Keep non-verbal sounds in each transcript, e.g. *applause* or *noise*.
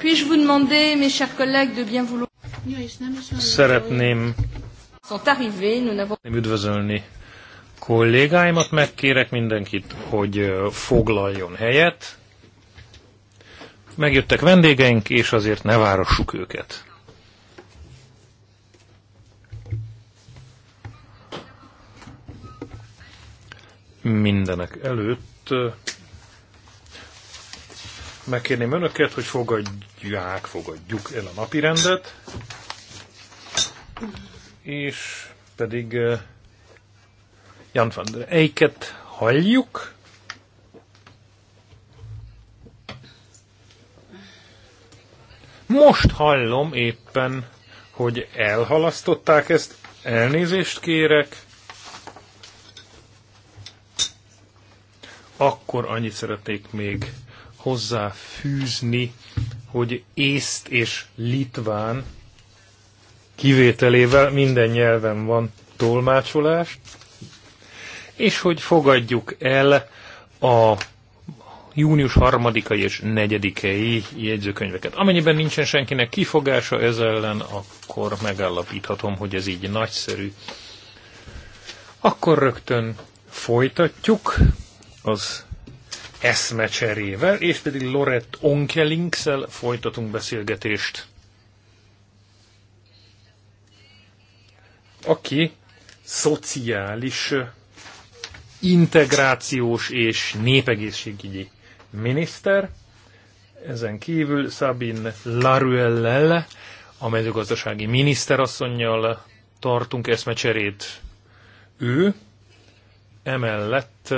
Puis-je vous demander, mes chers collègues, de bien vouloir... Szeretném üdvözölni kollégáimat, megkérek mindenkit, hogy foglaljon helyet. Megjöttek vendégeink, és azért ne várassuk őket. Mindenek előtt megkérném önöket, hogy fogadják, fogadjuk el a rendet. és pedig eh, Jan van der Eyket halljuk. Most hallom éppen, hogy elhalasztották ezt, elnézést kérek. Akkor annyit szeretnék még hozzáfűzni, hogy észt és litván kivételével minden nyelven van tolmácsolás, és hogy fogadjuk el a június 3-ai és 4-ei jegyzőkönyveket. Amennyiben nincsen senkinek kifogása ez ellen, akkor megállapíthatom, hogy ez így nagyszerű. Akkor rögtön folytatjuk az eszmecserével, és pedig Lorett Onkelinkszel folytatunk beszélgetést. Aki szociális, integrációs és népegészségügyi miniszter, ezen kívül Sabine Laruellel, a mezőgazdasági miniszterasszonynal tartunk eszmecserét. Ő emellett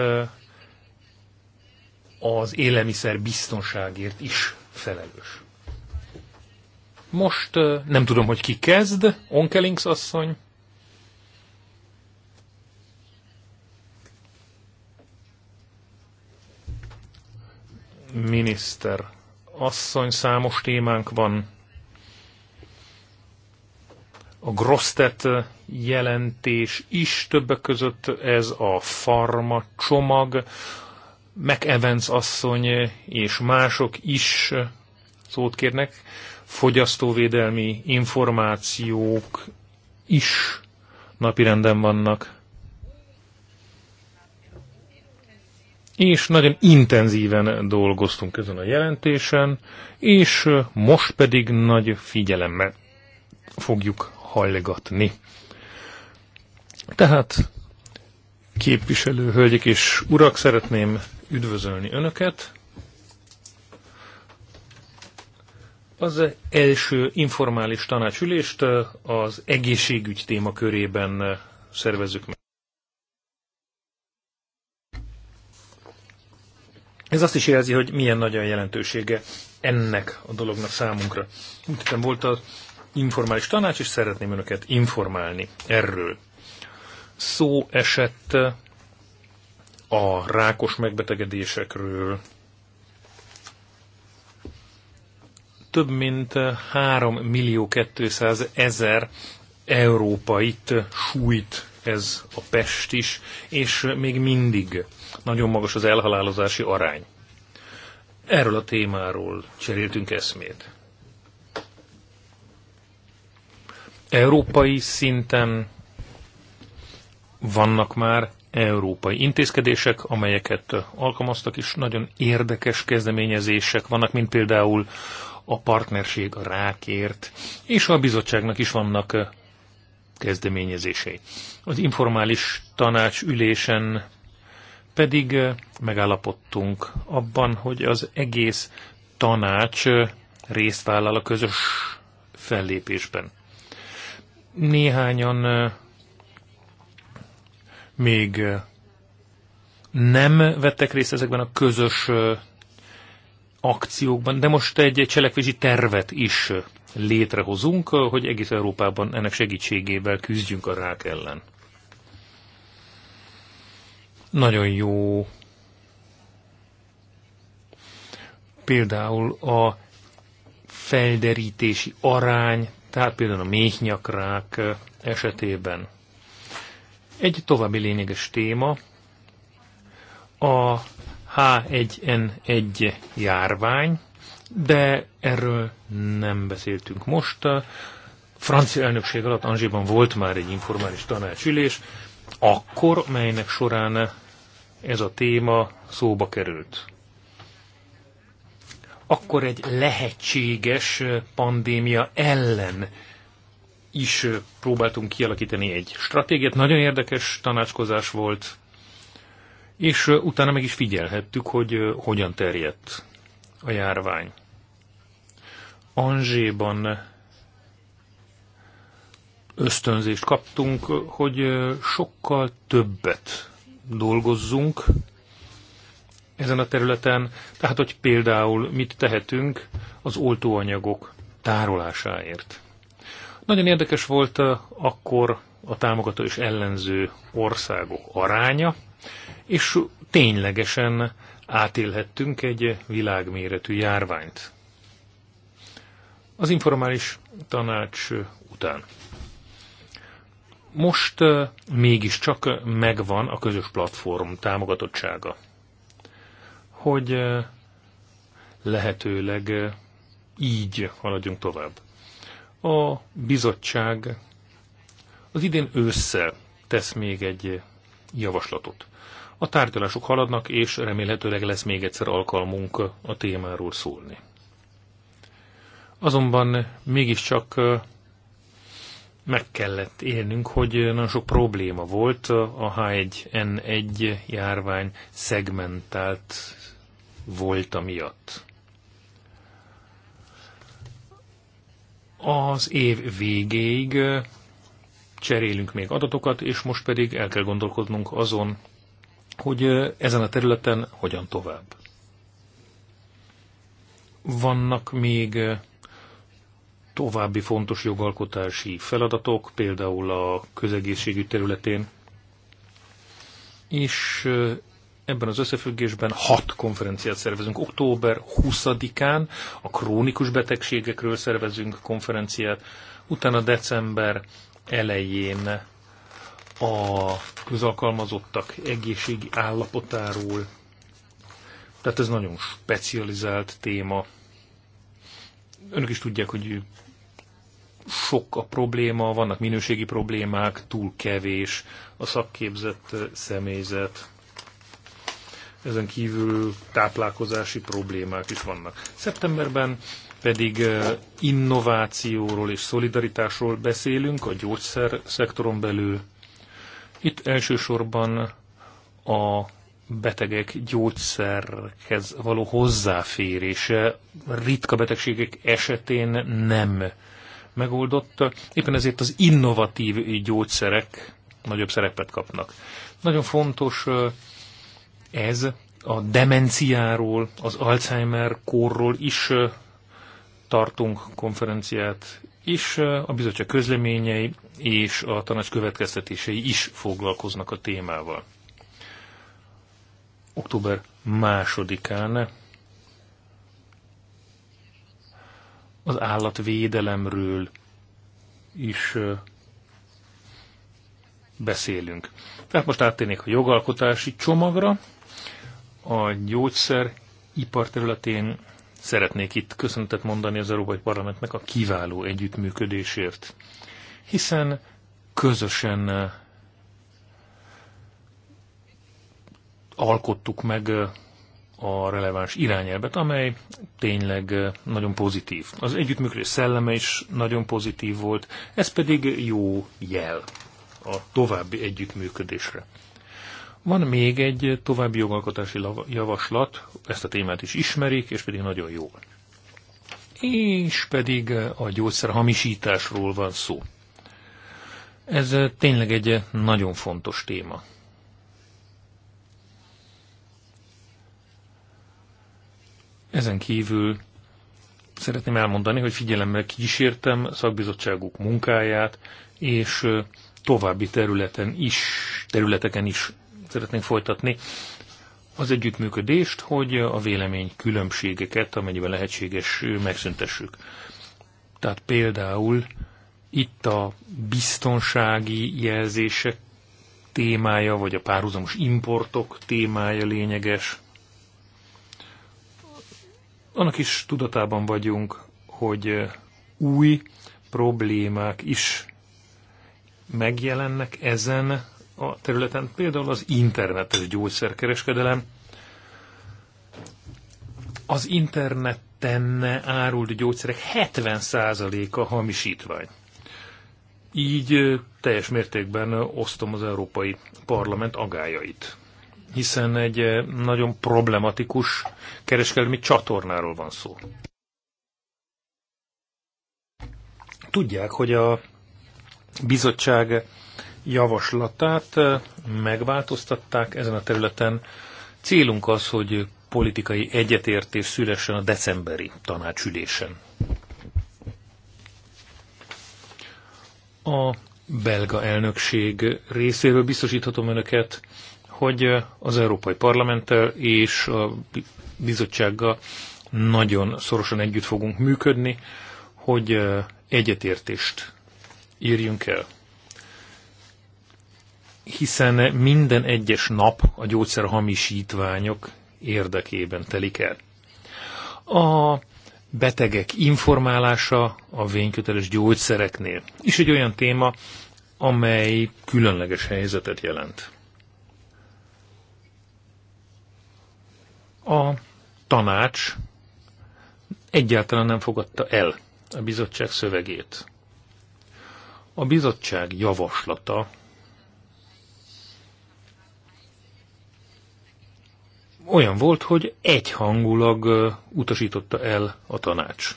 az élelmiszer biztonságért is felelős. Most nem tudom, hogy ki kezd, Onkelings asszony. Miniszter asszony, számos témánk van. A Grosztet jelentés is többek között ez a farma csomag, Evans asszony és mások is szót kérnek, fogyasztóvédelmi információk is napirenden vannak. És nagyon intenzíven dolgoztunk ezen a jelentésen, és most pedig nagy figyelemmel fogjuk hallgatni. Tehát képviselő hölgyek és urak, szeretném üdvözölni Önöket. Az első informális tanácsülést az egészségügy témakörében szervezzük meg. Ez azt is jelzi, hogy milyen nagy a jelentősége ennek a dolognak számunkra. Úgy volt az informális tanács, és szeretném önöket informálni erről. Szó esett a rákos megbetegedésekről. Több mint 3 millió 200 ezer európait sújt ez a pest is, és még mindig nagyon magas az elhalálozási arány. Erről a témáról cseréltünk eszmét. Európai szinten vannak már európai intézkedések, amelyeket alkalmaztak, és nagyon érdekes kezdeményezések vannak, mint például a partnerség a rákért, és a bizottságnak is vannak eh, kezdeményezései. Az informális tanács ülésen pedig eh, megállapodtunk abban, hogy az egész tanács eh, részt vállal a közös fellépésben. Néhányan még nem vettek részt ezekben a közös akciókban, de most egy cselekvési tervet is létrehozunk, hogy egész Európában ennek segítségével küzdjünk a rák ellen. Nagyon jó például a felderítési arány, tehát például a méhnyakrák esetében egy további lényeges téma a H1N1 járvány, de erről nem beszéltünk most. A francia elnökség alatt Anzséban volt már egy informális tanácsülés, akkor, melynek során ez a téma szóba került. Akkor egy lehetséges pandémia ellen is próbáltunk kialakítani egy stratégiát. Nagyon érdekes tanácskozás volt, és utána meg is figyelhettük, hogy hogyan terjedt a járvány. Anzséban ösztönzést kaptunk, hogy sokkal többet dolgozzunk ezen a területen, tehát hogy például mit tehetünk az oltóanyagok tárolásáért. Nagyon érdekes volt eh, akkor a támogató és ellenző országok aránya, és ténylegesen átélhettünk egy világméretű járványt. Az informális tanács után. Most eh, mégiscsak megvan a közös platform támogatottsága, hogy eh, lehetőleg így haladjunk tovább. A bizottság az idén ősszel tesz még egy javaslatot. A tárgyalások haladnak, és remélhetőleg lesz még egyszer alkalmunk a témáról szólni. Azonban mégiscsak meg kellett élnünk, hogy nagyon sok probléma volt a H1N1 járvány szegmentált volta miatt. Az év végéig cserélünk még adatokat, és most pedig el kell gondolkodnunk azon, hogy ezen a területen hogyan tovább. Vannak még további fontos jogalkotási feladatok, például a közegészségügy területén, és Ebben az összefüggésben hat konferenciát szervezünk. Október 20-án a krónikus betegségekről szervezünk konferenciát, utána december elején a közalkalmazottak egészségi állapotáról. Tehát ez nagyon specializált téma. Önök is tudják, hogy sok a probléma, vannak minőségi problémák, túl kevés a szakképzett személyzet ezen kívül táplálkozási problémák is vannak. Szeptemberben pedig eh, innovációról és szolidaritásról beszélünk a gyógyszer szektoron belül. Itt elsősorban a betegek gyógyszerhez való hozzáférése ritka betegségek esetén nem megoldott. Éppen ezért az innovatív gyógyszerek nagyobb szerepet kapnak. Nagyon fontos eh, ez a demenciáról, az Alzheimer korról is tartunk konferenciát, és a bizottság közleményei és a tanács következtetései is foglalkoznak a témával. Október másodikán az állatvédelemről is beszélünk. Tehát most áttérnék a jogalkotási csomagra, a gyógyszer ipar területén szeretnék itt köszöntet mondani az Európai Parlamentnek a kiváló együttműködésért, hiszen közösen eh, alkottuk meg eh, a releváns irányelvet, amely tényleg eh, nagyon pozitív. Az együttműködés szelleme is nagyon pozitív volt, ez pedig jó jel a további együttműködésre. Van még egy további jogalkotási javaslat, ezt a témát is ismerik, és pedig nagyon jó. És pedig a gyógyszer hamisításról van szó. Ez tényleg egy nagyon fontos téma. Ezen kívül szeretném elmondani, hogy figyelemmel kísértem szakbizottságuk munkáját, és további területen is, területeken is szeretnénk folytatni az együttműködést, hogy a vélemény különbségeket, amennyiben lehetséges, megszüntessük. Tehát például itt a biztonsági jelzések témája, vagy a párhuzamos importok témája lényeges. Annak is tudatában vagyunk, hogy új problémák is megjelennek ezen a területen, például az internetes gyógyszerkereskedelem. Az interneten árult gyógyszerek 70%-a hamisítvány. Így teljes mértékben osztom az Európai Parlament agájait, hiszen egy nagyon problematikus kereskedelmi csatornáról van szó. Tudják, hogy a bizottság javaslatát megváltoztatták ezen a területen. Célunk az, hogy politikai egyetértés szülessen a decemberi tanácsülésen. A belga elnökség részéről biztosíthatom önöket, hogy az Európai Parlamenttel és a bizottsággal nagyon szorosan együtt fogunk működni, hogy egyetértést írjunk el hiszen minden egyes nap a gyógyszer hamisítványok érdekében telik el. A betegek informálása a vényköteles gyógyszereknél is egy olyan téma, amely különleges helyzetet jelent. A tanács egyáltalán nem fogadta el a bizottság szövegét. A bizottság javaslata olyan volt, hogy egyhangulag utasította el a tanács.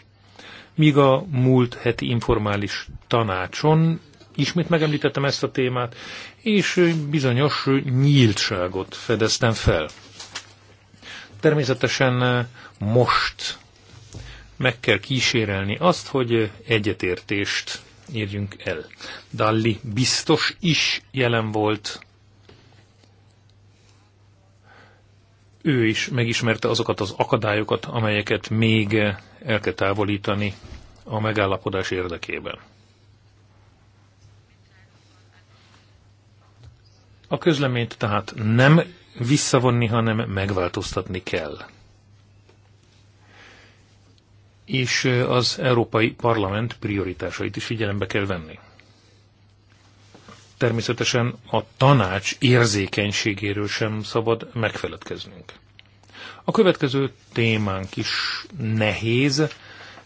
Míg a múlt heti informális tanácson ismét megemlítettem ezt a témát, és bizonyos nyíltságot fedeztem fel. Természetesen most meg kell kísérelni azt, hogy egyetértést érjünk el. Dalli biztos is jelen volt ő is megismerte azokat az akadályokat, amelyeket még el kell távolítani a megállapodás érdekében. A közleményt tehát nem visszavonni, hanem megváltoztatni kell. És az Európai Parlament prioritásait is figyelembe kell venni természetesen a tanács érzékenységéről sem szabad megfeledkeznünk. A következő témánk is nehéz,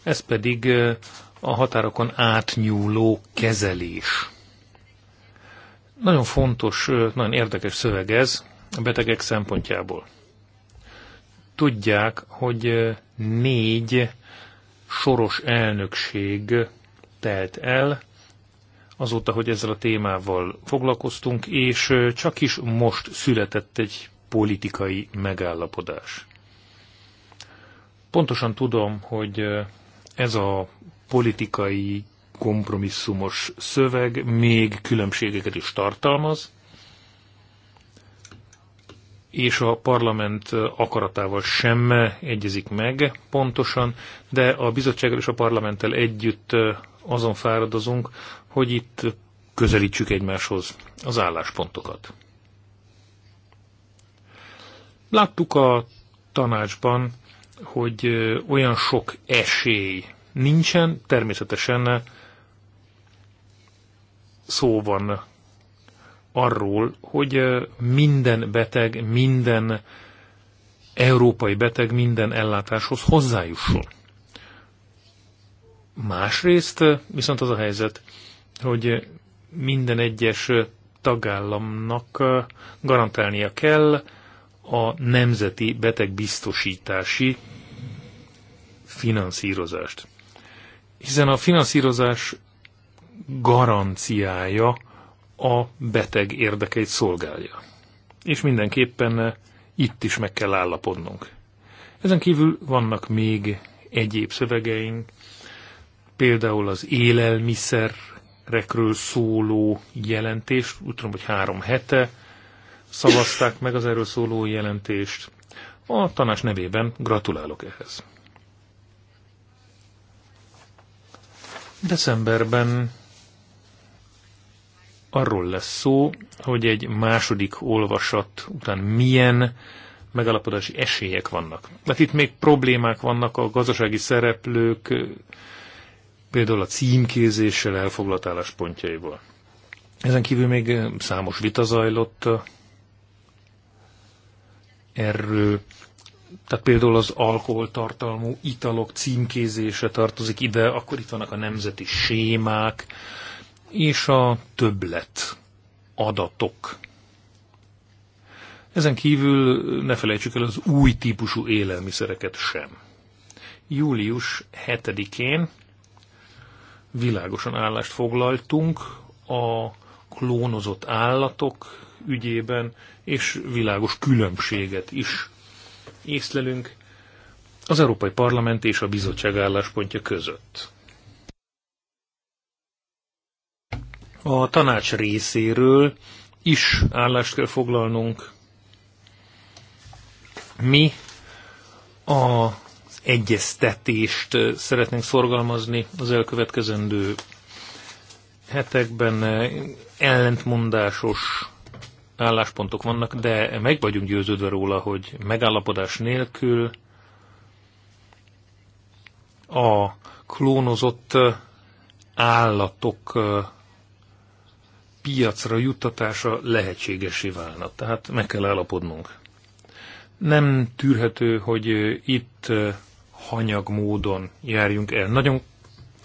ez pedig eh, a határokon átnyúló kezelés. Nagyon fontos, eh, nagyon érdekes szöveg ez a betegek szempontjából. Tudják, hogy eh, négy soros elnökség telt el, azóta, hogy ezzel a témával foglalkoztunk, és csak is most született egy politikai megállapodás. Pontosan tudom, hogy ez a politikai kompromisszumos szöveg még különbségeket is tartalmaz, és a parlament akaratával sem egyezik meg pontosan, de a bizottsággal és a parlamenttel együtt azon fáradozunk, hogy itt közelítsük egymáshoz az álláspontokat. Láttuk a tanácsban, hogy olyan sok esély nincsen, természetesen szó van arról, hogy minden beteg, minden európai beteg minden ellátáshoz hozzájusson. Másrészt viszont az a helyzet, hogy minden egyes tagállamnak garantálnia kell a nemzeti betegbiztosítási finanszírozást. Hiszen a finanszírozás garanciája a beteg érdekeit szolgálja. És mindenképpen itt is meg kell állapodnunk. Ezen kívül vannak még egyéb szövegeink, például az élelmiszer rekről szóló jelentést, úgy tudom, hogy három hete szavazták meg az erről szóló jelentést. A tanács nevében gratulálok ehhez. Decemberben arról lesz szó, hogy egy második olvasat után milyen megalapodási esélyek vannak. Mert hát itt még problémák vannak a gazdasági szereplők például a címkézéssel elfoglalt álláspontjaiból. Ezen kívül még számos vita zajlott uh, erről, tehát például az alkoholtartalmú italok címkézése tartozik ide, akkor itt vannak a nemzeti sémák, és a többlet adatok. Ezen kívül ne felejtsük el az új típusú élelmiszereket sem. Július 7-én világosan állást foglaltunk a klónozott állatok ügyében, és világos különbséget is észlelünk az Európai Parlament és a bizottság álláspontja között. A tanács részéről is állást kell foglalnunk. Mi a egyeztetést szeretnénk szorgalmazni az elkövetkezendő hetekben. Ellentmondásos álláspontok vannak, de meg vagyunk győződve róla, hogy megállapodás nélkül a klónozott állatok piacra juttatása lehetségesé válna. Tehát meg kell állapodnunk. Nem tűrhető, hogy itt hanyag módon járjunk el. Nagyon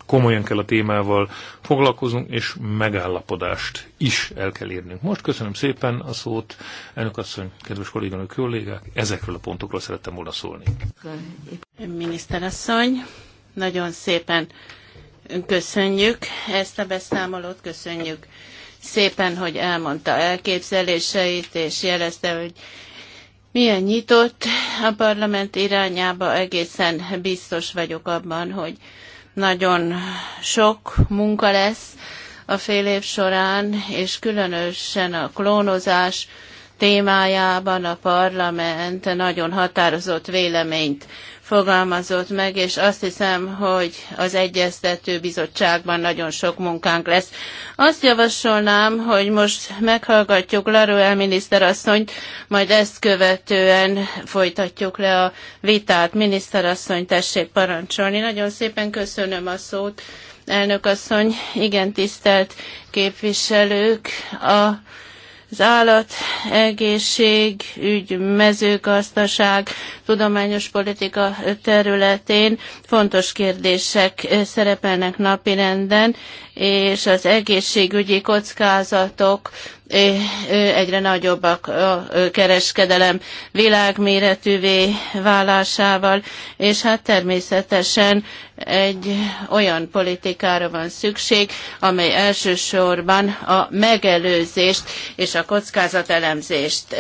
komolyan kell a témával foglalkozunk, és megállapodást is el kell érnünk. Most köszönöm szépen a szót, elnök asszony, kedves kolléganők, kollégák, ezekről a pontokról szerettem volna szólni. Miniszterasszony, nagyon szépen köszönjük ezt a beszámolót, köszönjük szépen, hogy elmondta elképzeléseit, és jelezte, hogy milyen nyitott a parlament irányába, egészen biztos vagyok abban, hogy nagyon sok munka lesz a fél év során, és különösen a klónozás témájában a parlament nagyon határozott véleményt fogalmazott meg, és azt hiszem, hogy az Egyeztető Bizottságban nagyon sok munkánk lesz. Azt javasolnám, hogy most meghallgatjuk Laró miniszterasszonyt, majd ezt követően folytatjuk le a vitát. Miniszterasszony, tessék parancsolni. Nagyon szépen köszönöm a szót. Elnök asszony, igen tisztelt képviselők, a az állat, egészség, ügy, mezőgazdaság, tudományos politika területén fontos kérdések szerepelnek napirenden, és az egészségügyi kockázatok egyre nagyobbak a kereskedelem világméretűvé válásával, és hát természetesen egy olyan politikára van szükség, amely elsősorban a megelőzést és a kockázatelemzést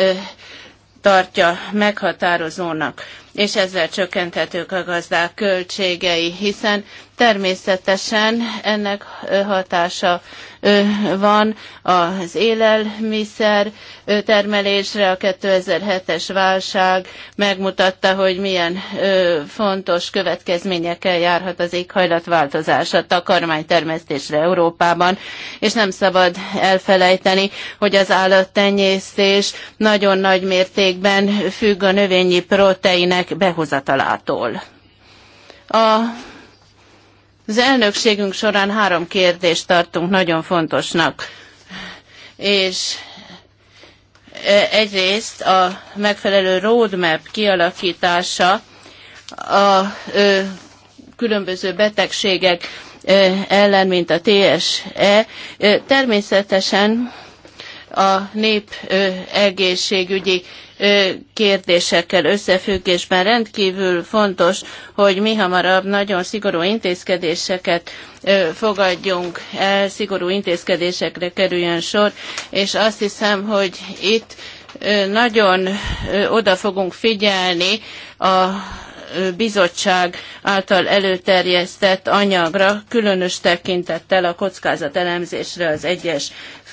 tartja meghatározónak és ezzel csökkenthetők a gazdák költségei, hiszen természetesen ennek hatása van az élelmiszer termelésre. A 2007-es válság megmutatta, hogy milyen fontos következményekkel járhat az éghajlatváltozás a takarmánytermesztésre Európában, és nem szabad elfelejteni, hogy az állattenyésztés nagyon nagy mértékben függ a növényi proteinek ennek behozatalától. A az elnökségünk során három kérdést tartunk nagyon fontosnak, és e, egyrészt a megfelelő roadmap kialakítása a különböző betegségek e, ellen, mint a TSE. E, természetesen a nép egészségügyi kérdésekkel összefüggésben rendkívül fontos, hogy mi hamarabb nagyon szigorú intézkedéseket fogadjunk el, szigorú intézkedésekre kerüljön sor, és azt hiszem, hogy itt nagyon oda fogunk figyelni a bizottság által előterjesztett anyagra, különös tekintettel a kockázatelemzésre az egyes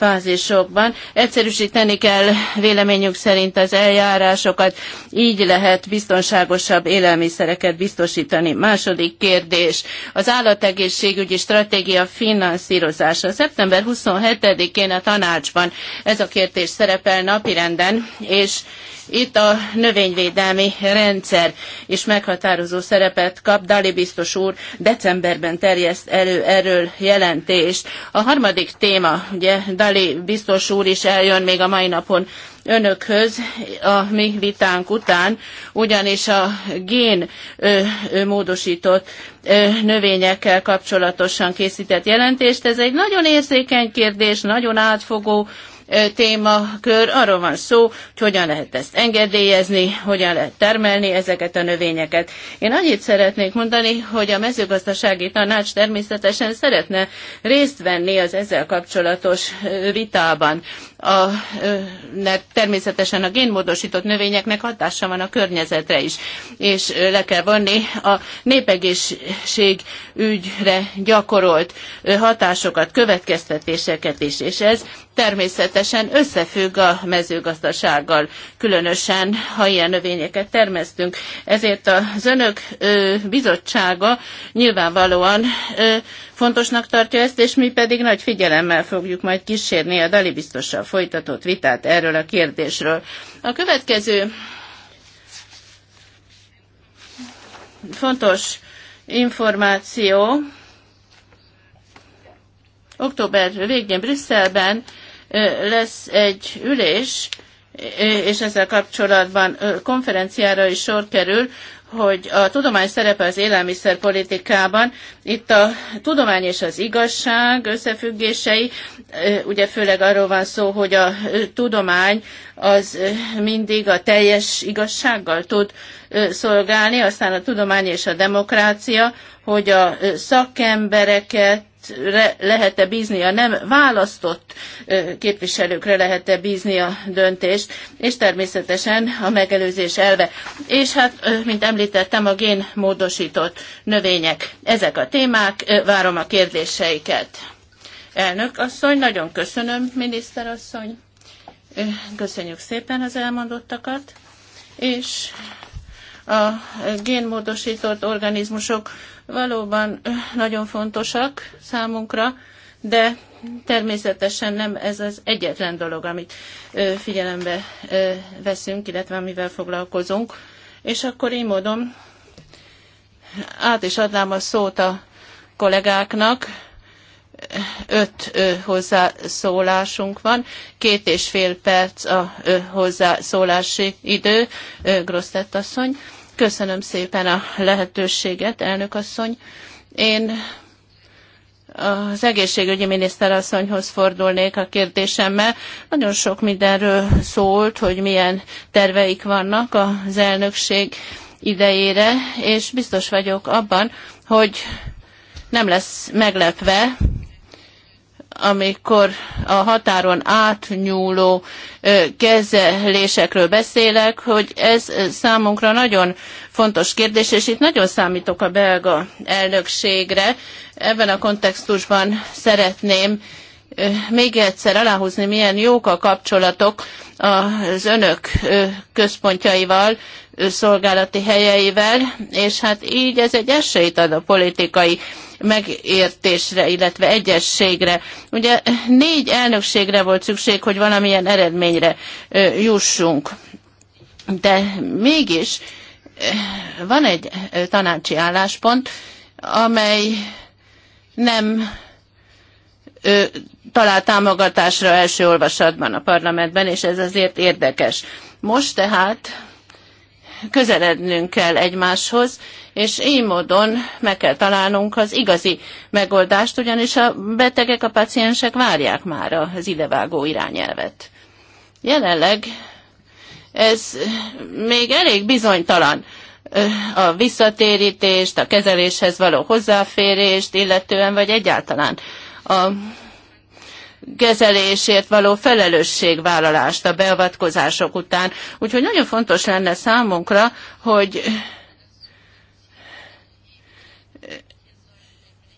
fázisokban. Egyszerűsíteni kell véleményük szerint az eljárásokat, így lehet biztonságosabb élelmiszereket biztosítani. Második kérdés. Az állategészségügyi stratégia finanszírozása. Szeptember 27-én a tanácsban ez a kérdés szerepel napirenden, és itt a növényvédelmi rendszer is meghatározó szerepet kap. Dali biztos úr decemberben terjeszt elő erről jelentést. A harmadik téma, ugye Dali biztos úr is eljön még a mai napon önökhöz a mi vitánk után, ugyanis a gén ö, ö, módosított ö, növényekkel kapcsolatosan készített jelentést. Ez egy nagyon érzékeny kérdés, nagyon átfogó, témakör. Arról van szó, hogy hogyan lehet ezt engedélyezni, hogyan lehet termelni ezeket a növényeket. Én annyit szeretnék mondani, hogy a mezőgazdasági tanács természetesen szeretne részt venni az ezzel kapcsolatos vitában a, természetesen a génmódosított növényeknek hatása van a környezetre is, és le kell vonni a ügyre gyakorolt hatásokat, következtetéseket is, és ez természetesen összefügg a mezőgazdasággal, különösen, ha ilyen növényeket termesztünk. Ezért az önök bizottsága nyilvánvalóan fontosnak tartja ezt, és mi pedig nagy figyelemmel fogjuk majd kísérni a Dali biztossal folytatott vitát erről a kérdésről. A következő fontos információ október végén Brüsszelben lesz egy ülés, és ezzel kapcsolatban konferenciára is sor kerül, hogy a tudomány szerepe az élelmiszerpolitikában, itt a tudomány és az igazság összefüggései, ugye főleg arról van szó, hogy a tudomány az mindig a teljes igazsággal tud szolgálni, aztán a tudomány és a demokrácia, hogy a szakembereket lehet-e bízni a nem választott képviselőkre lehet-e bízni a döntést, és természetesen a megelőzés elve. És hát, mint említettem, a génmódosított növények. Ezek a témák, várom a kérdéseiket. Elnök asszony, nagyon köszönöm, miniszter asszony. Köszönjük szépen az elmondottakat, és a génmódosított organizmusok valóban nagyon fontosak számunkra, de természetesen nem ez az egyetlen dolog, amit figyelembe veszünk, illetve amivel foglalkozunk. És akkor így módon át is adnám a szót a kollégáknak öt hozzászólásunk van, két és fél perc a hozzászólási idő, Grosztett asszony. Köszönöm szépen a lehetőséget, elnök asszony. Én az egészségügyi asszonyhoz fordulnék a kérdésemmel. Nagyon sok mindenről szólt, hogy milyen terveik vannak az elnökség idejére, és biztos vagyok abban, hogy nem lesz meglepve, amikor a határon átnyúló kezelésekről beszélek, hogy ez számunkra nagyon fontos kérdés, és itt nagyon számítok a belga elnökségre. Ebben a kontextusban szeretném még egyszer aláhúzni, milyen jók a kapcsolatok az önök központjaival, szolgálati helyeivel, és hát így ez egy esélyt ad a politikai megértésre, illetve egyességre. Ugye négy elnökségre volt szükség, hogy valamilyen eredményre jussunk. De mégis van egy tanácsi álláspont, amely nem talál támogatásra első olvasatban a parlamentben, és ez azért érdekes. Most tehát közelednünk kell egymáshoz, és így módon meg kell találnunk az igazi megoldást, ugyanis a betegek, a paciensek várják már az idevágó irányelvet. Jelenleg ez még elég bizonytalan a visszatérítést, a kezeléshez való hozzáférést illetően, vagy egyáltalán a kezelésért való felelősségvállalást a beavatkozások után. Úgyhogy nagyon fontos lenne számunkra, hogy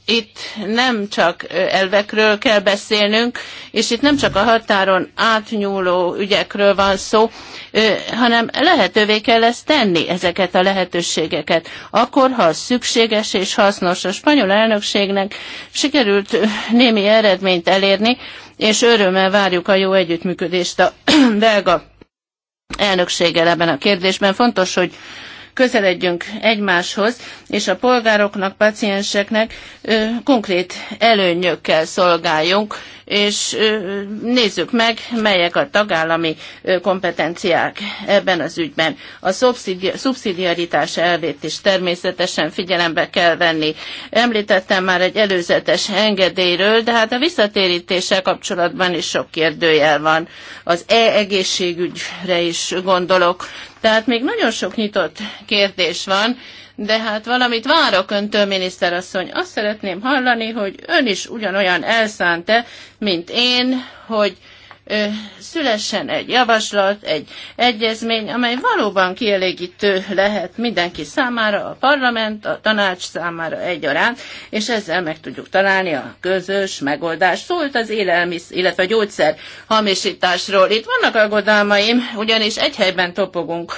itt nem csak elvekről kell beszélnünk, és itt nem csak a határon átnyúló ügyekről van szó, hanem lehetővé kell ezt tenni, ezeket a lehetőségeket. Akkor, ha szükséges és hasznos a spanyol elnökségnek, sikerült némi eredményt elérni, és örömmel várjuk a jó együttműködést a *clears throat* belga elnökséggel ebben a kérdésben. Fontos, hogy közeledjünk egymáshoz, és a polgároknak, pacienseknek konkrét előnyökkel szolgáljunk, és nézzük meg, melyek a tagállami kompetenciák ebben az ügyben. A szubszidiaritás elvét is természetesen figyelembe kell venni. Említettem már egy előzetes engedélyről, de hát a visszatérítéssel kapcsolatban is sok kérdőjel van. Az e-egészségügyre is gondolok. Tehát még nagyon sok nyitott kérdés van, de hát valamit várok öntől, miniszterasszony. Azt szeretném hallani, hogy ön is ugyanolyan elszánte, mint én, hogy szülessen egy javaslat, egy egyezmény, amely valóban kielégítő lehet mindenki számára, a parlament, a tanács számára egyaránt, és ezzel meg tudjuk találni a közös megoldást. Szólt az élelmisz, illetve a gyógyszer hamisításról. Itt vannak aggodalmaim, ugyanis egy helyben topogunk.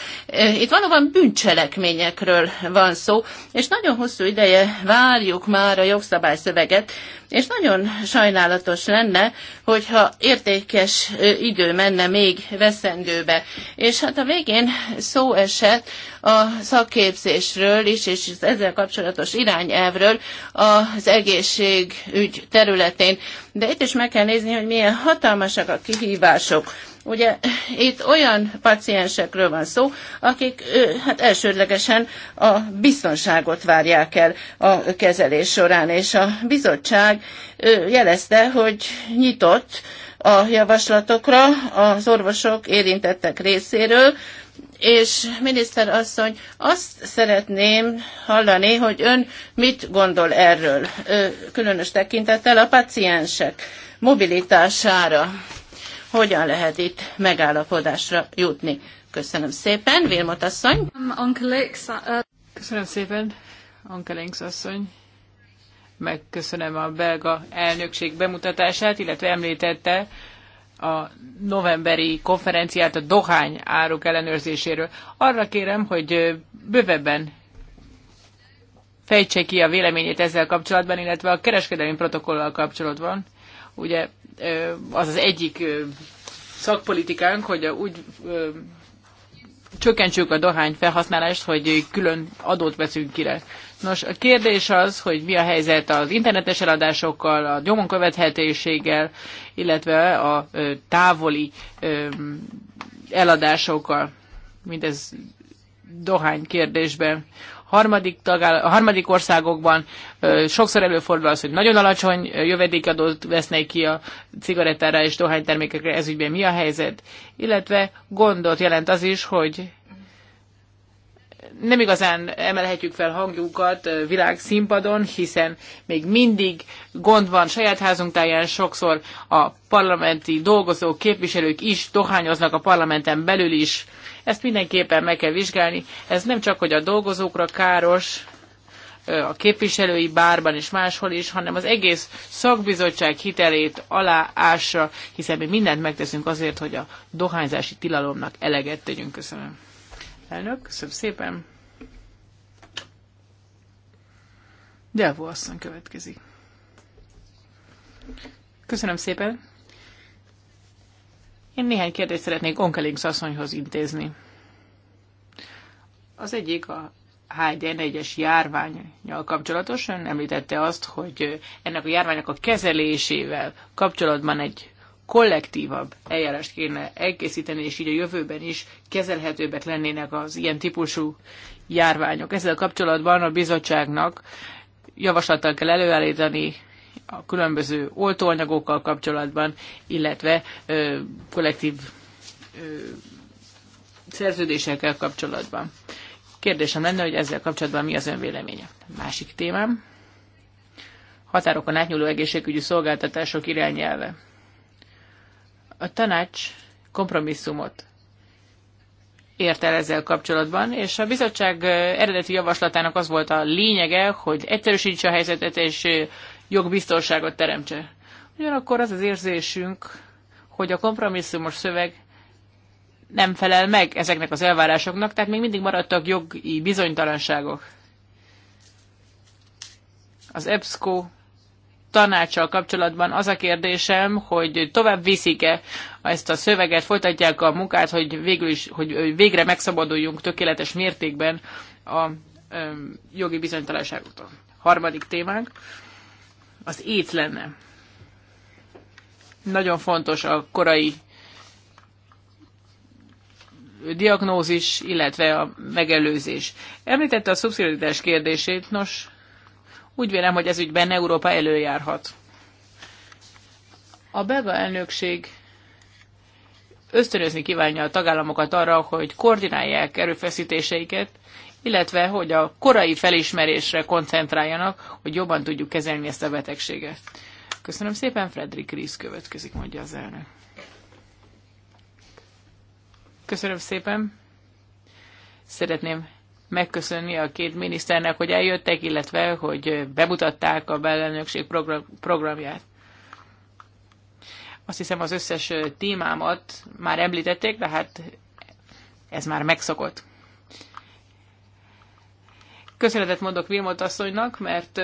Itt valóban bűncselekményekről van szó, és nagyon hosszú ideje várjuk már a jogszabályszöveget, és nagyon sajnálatos lenne, hogyha értékes idő menne még veszendőbe. És hát a végén szó esett a szakképzésről is, és az ezzel kapcsolatos irányelvről az egészségügy területén. De itt is meg kell nézni, hogy milyen hatalmasak a kihívások Ugye itt olyan paciensekről van szó, akik hát elsődlegesen a biztonságot várják el a kezelés során, és a bizottság jelezte, hogy nyitott a javaslatokra az orvosok érintettek részéről, és miniszter asszony, azt szeretném hallani, hogy ön mit gondol erről, különös tekintettel a paciensek mobilitására hogyan lehet itt megállapodásra jutni. Köszönöm szépen, Vilmot asszony. Um, uh, Köszönöm szépen, Ankelinks asszony. Megköszönöm a belga elnökség bemutatását, illetve említette a novemberi konferenciát a dohány áruk ellenőrzéséről. Arra kérem, hogy bővebben fejtse ki a véleményét ezzel kapcsolatban, illetve a kereskedelmi protokollal kapcsolatban. Ugye az az egyik szakpolitikánk, hogy úgy csökkentsük a dohány felhasználást, hogy külön adót veszünk kire. Nos, a kérdés az, hogy mi a helyzet az internetes eladásokkal, a nyomon követhetőséggel, illetve a távoli eladásokkal, mindez dohány kérdésben harmadik, tagáll- a harmadik országokban sokszor előfordul az, hogy nagyon alacsony jövedékadót vesznek ki a cigarettára és dohánytermékekre, ez ügyben mi a helyzet, illetve gondot jelent az is, hogy nem igazán emelhetjük fel hangjukat világszínpadon, hiszen még mindig gond van saját házunk táján, sokszor a parlamenti dolgozók, képviselők is dohányoznak a parlamenten belül is, ezt mindenképpen meg kell vizsgálni. Ez nem csak, hogy a dolgozókra káros, a képviselői bárban és máshol is, hanem az egész szakbizottság hitelét aláássa, hiszen mi mindent megteszünk azért, hogy a dohányzási tilalomnak eleget tegyünk. Köszönöm. Elnök, köszönöm szépen. Delvo asszony következik. Köszönöm szépen. Én néhány kérdést szeretnék Onkelings asszonyhoz intézni. Az egyik a H1N1-es járványjal kapcsolatos. Ön említette azt, hogy ennek a járványnak a kezelésével kapcsolatban egy kollektívabb eljárást kéne elkészíteni, és így a jövőben is kezelhetőbbek lennének az ilyen típusú járványok. Ezzel kapcsolatban a bizottságnak javaslattal kell előállítani a különböző oltóanyagokkal kapcsolatban, illetve ö, kollektív ö, szerződésekkel kapcsolatban. Kérdésem lenne, hogy ezzel kapcsolatban mi az önvéleménye. Másik témám, határokon átnyúló egészségügyi szolgáltatások irányelve. A tanács kompromisszumot ért el ezzel kapcsolatban, és a bizottság eredeti javaslatának az volt a lényege, hogy egyszerűsítse a helyzetet, és jogbiztonságot teremtse. Ugyanakkor az az érzésünk, hogy a kompromisszumos szöveg nem felel meg ezeknek az elvárásoknak, tehát még mindig maradtak jogi bizonytalanságok. Az EBSCO tanácsal kapcsolatban az a kérdésem, hogy tovább viszik-e ezt a szöveget, folytatják a munkát, hogy, végül is, hogy végre megszabaduljunk tökéletes mértékben a jogi bizonytalanságoktól. Harmadik témánk az éc lenne. Nagyon fontos a korai diagnózis, illetve a megelőzés. Említette a szubszidiaritás kérdését, nos, úgy vélem, hogy ez ügyben Európa előjárhat. A belga elnökség ösztönözni kívánja a tagállamokat arra, hogy koordinálják erőfeszítéseiket, illetve hogy a korai felismerésre koncentráljanak, hogy jobban tudjuk kezelni ezt a betegséget. Köszönöm szépen, Fredrik Ries következik, mondja az elnök. Köszönöm szépen. Szeretném megköszönni a két miniszternek, hogy eljöttek, illetve hogy bemutatták a belelnökség program, programját. Azt hiszem az összes témámat már említették, de hát ez már megszokott. Köszönetet mondok Vilmot asszonynak, mert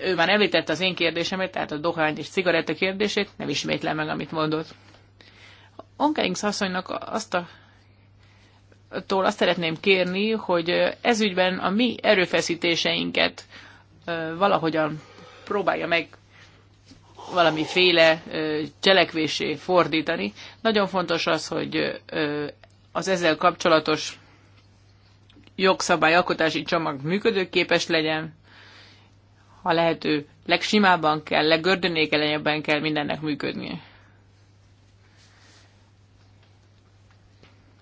ő már említette az én kérdésemet, tehát a dohány és cigaretta kérdését, nem ismétlem meg, amit mondott. Onkelings asszonynak azt a tól azt szeretném kérni, hogy ezügyben a mi erőfeszítéseinket valahogyan próbálja meg valamiféle cselekvésé fordítani. Nagyon fontos az, hogy az ezzel kapcsolatos jogszabályalkotási csomag működőképes legyen, ha lehető legsimábban kell, legördönékelenjebben kell mindennek működni.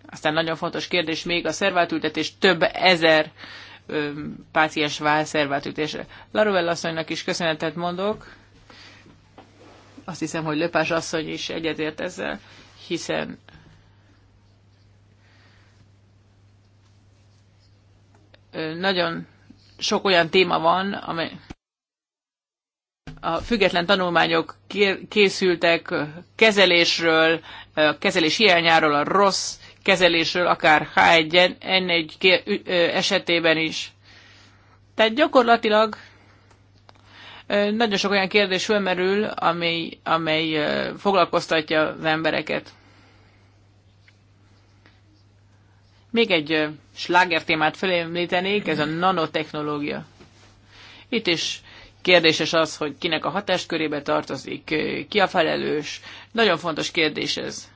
Aztán nagyon fontos kérdés még a szerváltültetés több ezer ö, páciens vál szerváltültésre. Laruel asszonynak is köszönetet mondok. Azt hiszem, hogy Löpás asszony is egyetért ezzel, hiszen nagyon sok olyan téma van, amely a független tanulmányok készültek kezelésről, a kezelés hiányáról, a rossz kezelésről, akár H1N1 esetében is. Tehát gyakorlatilag nagyon sok olyan kérdés fölmerül, amely, amely foglalkoztatja az embereket. Még egy sláger témát felemlítenék, ez a nanotechnológia. Itt is kérdéses az, hogy kinek a hatáskörébe tartozik, ki a felelős. Nagyon fontos kérdés ez.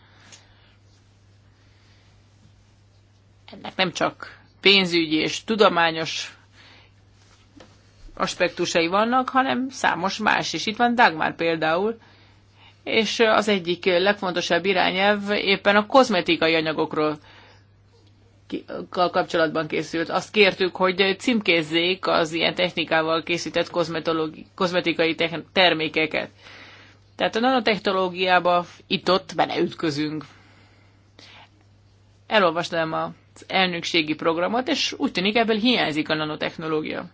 Ennek nem csak pénzügyi és tudományos aspektusai vannak, hanem számos más is. Itt van Dagmar például, és az egyik legfontosabb irányelv éppen a kozmetikai anyagokról kapcsolatban készült. Azt kértük, hogy címkézzék az ilyen technikával készített kozmetikai termékeket. Tehát a nanotechnológiába itt-ott beleütközünk. Elolvastam az elnökségi programot, és úgy tűnik ebből hiányzik a nanotechnológia.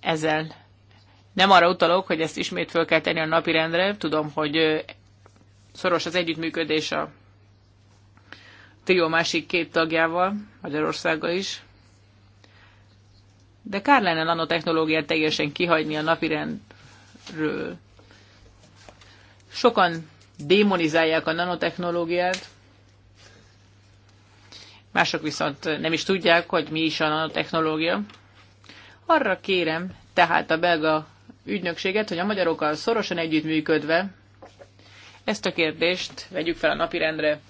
Ezzel nem arra utalok, hogy ezt ismét fel kell tenni a napirendre, tudom, hogy szoros az együttműködés a trió másik két tagjával, Magyarországgal is. De kár lenne nanotechnológiát teljesen kihagyni a napirendről. Sokan démonizálják a nanotechnológiát, mások viszont nem is tudják, hogy mi is a nanotechnológia. Arra kérem tehát a belga ügynökséget, hogy a magyarokkal szorosan együttműködve ezt a kérdést vegyük fel a napirendre,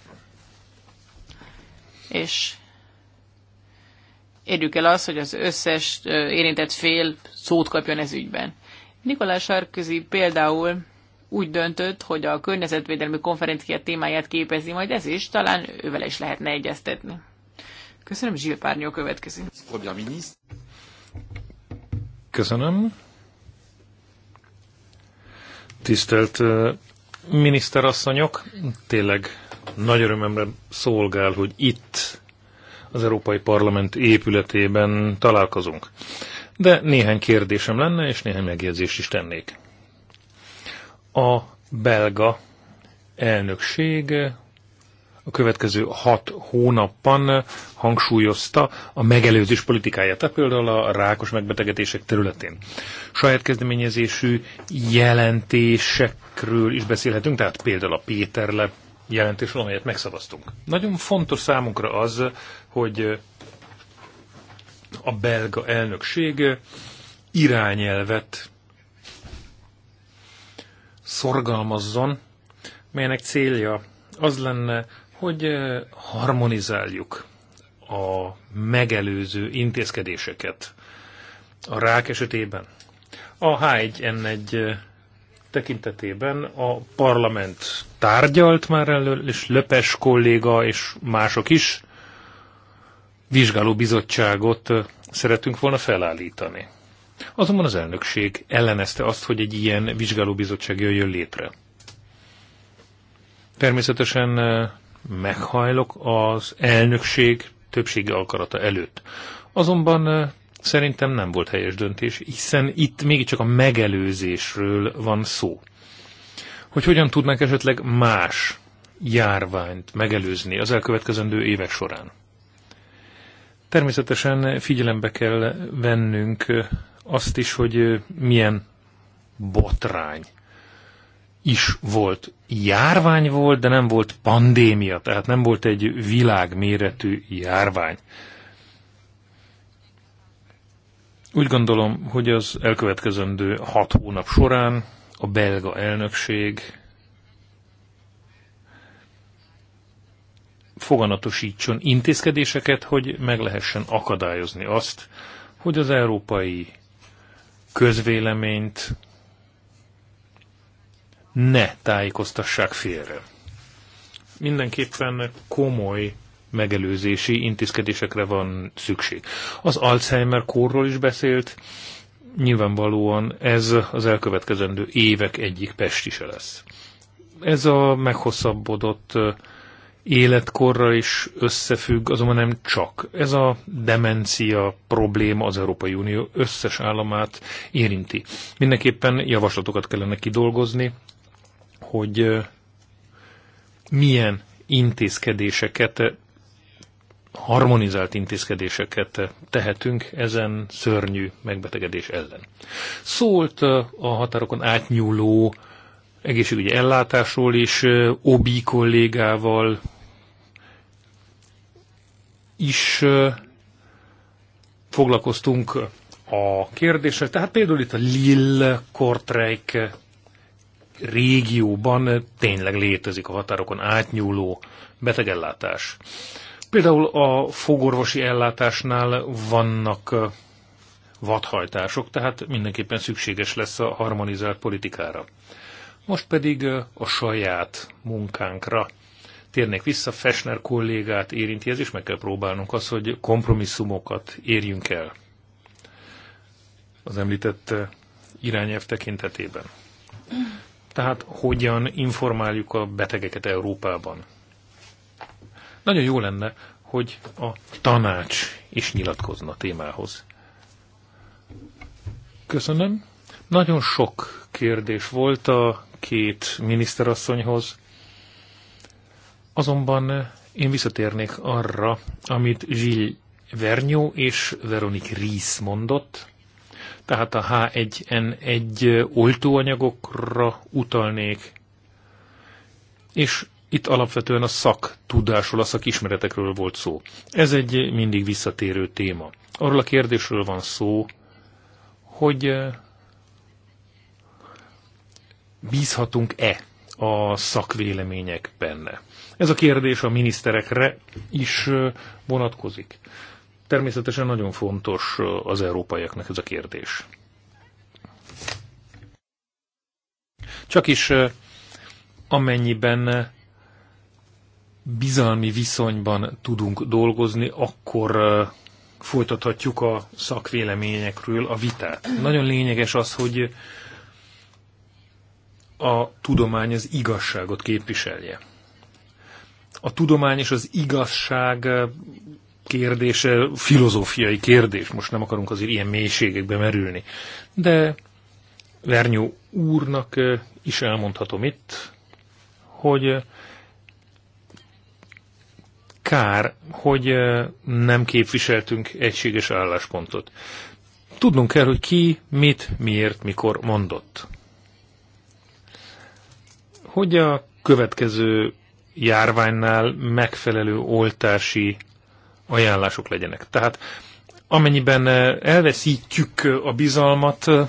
és érjük el azt, hogy az összes érintett fél szót kapjon ez ügyben. Nikolás Sarközi például úgy döntött, hogy a környezetvédelmi konferencia témáját képezi majd ez is, talán ővel is lehetne egyeztetni. Köszönöm, Zsil Párnyó következik. Köszönöm. Tisztelt miniszterasszonyok, tényleg nagy örömemre szolgál, hogy itt az Európai Parlament épületében találkozunk. De néhány kérdésem lenne, és néhány megjegyzést is tennék. A belga elnökség a következő hat hónapban hangsúlyozta a megelőzés politikáját, tehát például a rákos megbetegedések területén. Saját kezdeményezésű jelentésekről is beszélhetünk, tehát például a Péterle jelentésről, amelyet megszavaztunk. Nagyon fontos számunkra az, hogy a belga elnökség irányelvet szorgalmazzon, melynek célja az lenne, hogy harmonizáljuk a megelőző intézkedéseket a rák esetében. A H1N1 tekintetében a parlament tárgyalt már elől, és Löpes kolléga és mások is vizsgálóbizottságot szeretünk volna felállítani. Azonban az elnökség ellenezte azt, hogy egy ilyen vizsgálóbizottság jöjjön létre. Természetesen meghajlok az elnökség többségi alkarata előtt. Azonban szerintem nem volt helyes döntés, hiszen itt mégiscsak a megelőzésről van szó. Hogy hogyan tudnánk esetleg más járványt megelőzni az elkövetkezendő évek során. Természetesen figyelembe kell vennünk azt is, hogy milyen botrány is volt. Járvány volt, de nem volt pandémia, tehát nem volt egy világméretű járvány. Úgy gondolom, hogy az elkövetkezendő hat hónap során a belga elnökség foganatosítson intézkedéseket, hogy meg lehessen akadályozni azt, hogy az európai közvéleményt ne tájékoztassák félre. Mindenképpen komoly megelőzési intézkedésekre van szükség. Az Alzheimer kórról is beszélt, nyilvánvalóan ez az elkövetkezendő évek egyik pestise lesz. Ez a meghosszabbodott életkorra is összefügg, azonban nem csak. Ez a demencia probléma az Európai Unió összes államát érinti. Mindenképpen javaslatokat kellene kidolgozni hogy milyen intézkedéseket, harmonizált intézkedéseket tehetünk ezen szörnyű megbetegedés ellen. Szólt a határokon átnyúló egészségügyi ellátásról is, OBI kollégával is foglalkoztunk a kérdéssel. Tehát például itt a Lille Kortrijk régióban tényleg létezik a határokon átnyúló betegellátás. Például a fogorvosi ellátásnál vannak vadhajtások, tehát mindenképpen szükséges lesz a harmonizált politikára. Most pedig a saját munkánkra térnék vissza, Fesner kollégát érinti ez, és meg kell próbálnunk az, hogy kompromisszumokat érjünk el az említett irányelv tekintetében. Tehát hogyan informáljuk a betegeket Európában? Nagyon jó lenne, hogy a tanács is nyilatkozna témához. Köszönöm. Nagyon sok kérdés volt a két miniszterasszonyhoz, azonban én visszatérnék arra, amit Gilles Vernyó és Veronique Ries mondott, tehát a H1N1 oltóanyagokra utalnék, és itt alapvetően a szaktudásról, a szakismeretekről volt szó. Ez egy mindig visszatérő téma. Arról a kérdésről van szó, hogy eh, bízhatunk-e a szakvélemények benne. Ez a kérdés a miniszterekre is eh, vonatkozik. Természetesen nagyon fontos az európaiaknak ez a kérdés. Csak is amennyiben bizalmi viszonyban tudunk dolgozni, akkor folytathatjuk a szakvéleményekről a vitát. Nagyon lényeges az, hogy a tudomány az igazságot képviselje. A tudomány és az igazság kérdése filozófiai kérdés, most nem akarunk azért ilyen mélységekbe merülni. De Vernyó úrnak is elmondhatom itt, hogy kár, hogy nem képviseltünk egységes álláspontot. Tudnunk kell, hogy ki, mit, miért, mikor mondott. Hogy a következő járványnál megfelelő oltási ajánlások legyenek. Tehát amennyiben eh, elveszítjük eh, a bizalmat, eh,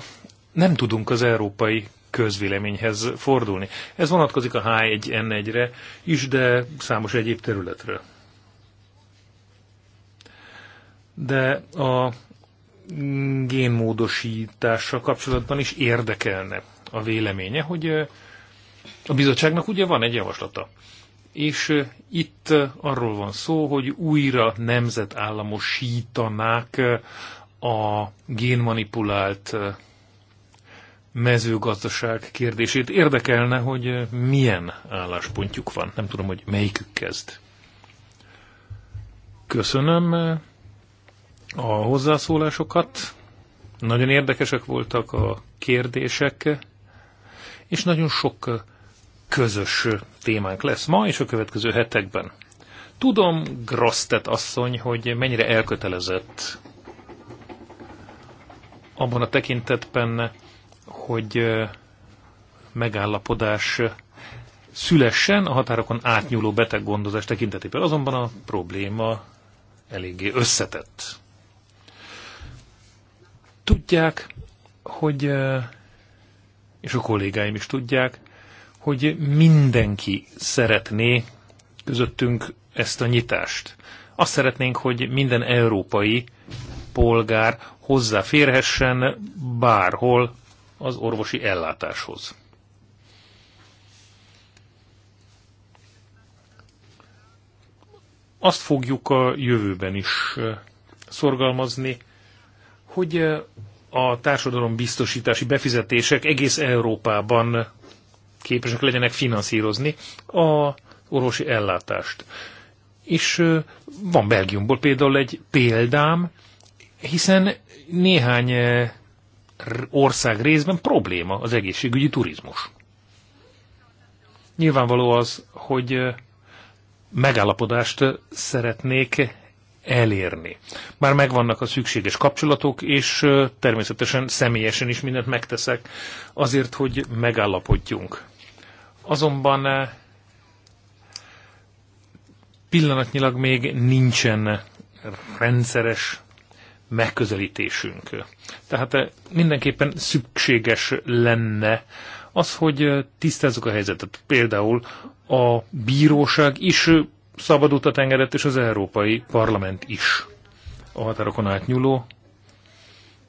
nem tudunk az európai közvéleményhez fordulni. Ez vonatkozik a H1N1-re is, de számos egyéb területre. De a génmódosítással kapcsolatban is érdekelne a véleménye, hogy a bizottságnak ugye van egy javaslata. És itt arról van szó, hogy újra nemzetállamosítanák a génmanipulált mezőgazdaság kérdését. Érdekelne, hogy milyen álláspontjuk van. Nem tudom, hogy melyikük kezd. Köszönöm a hozzászólásokat. Nagyon érdekesek voltak a kérdések, és nagyon sok közös témánk lesz ma és a következő hetekben. Tudom, Grosztet asszony, hogy mennyire elkötelezett abban a tekintetben, hogy megállapodás szülessen a határokon átnyúló beteggondozás tekintetében. Azonban a probléma eléggé összetett. Tudják, hogy, és a kollégáim is tudják, hogy mindenki szeretné közöttünk ezt a nyitást. Azt szeretnénk, hogy minden európai polgár hozzáférhessen bárhol az orvosi ellátáshoz. Azt fogjuk a jövőben is szorgalmazni, hogy a társadalombiztosítási befizetések egész Európában képesek legyenek finanszírozni a orvosi ellátást. És van Belgiumból például egy példám, hiszen néhány ország részben probléma az egészségügyi turizmus. Nyilvánvaló az, hogy megállapodást szeretnék elérni. Már megvannak a szükséges kapcsolatok, és természetesen személyesen is mindent megteszek azért, hogy megállapodjunk. Azonban eh, pillanatnyilag még nincsen rendszeres megközelítésünk. Tehát eh, mindenképpen szükséges lenne az, hogy eh, tisztázzuk a helyzetet. Például a bíróság is szabad utat engedett, és az Európai Parlament is a határokon átnyúló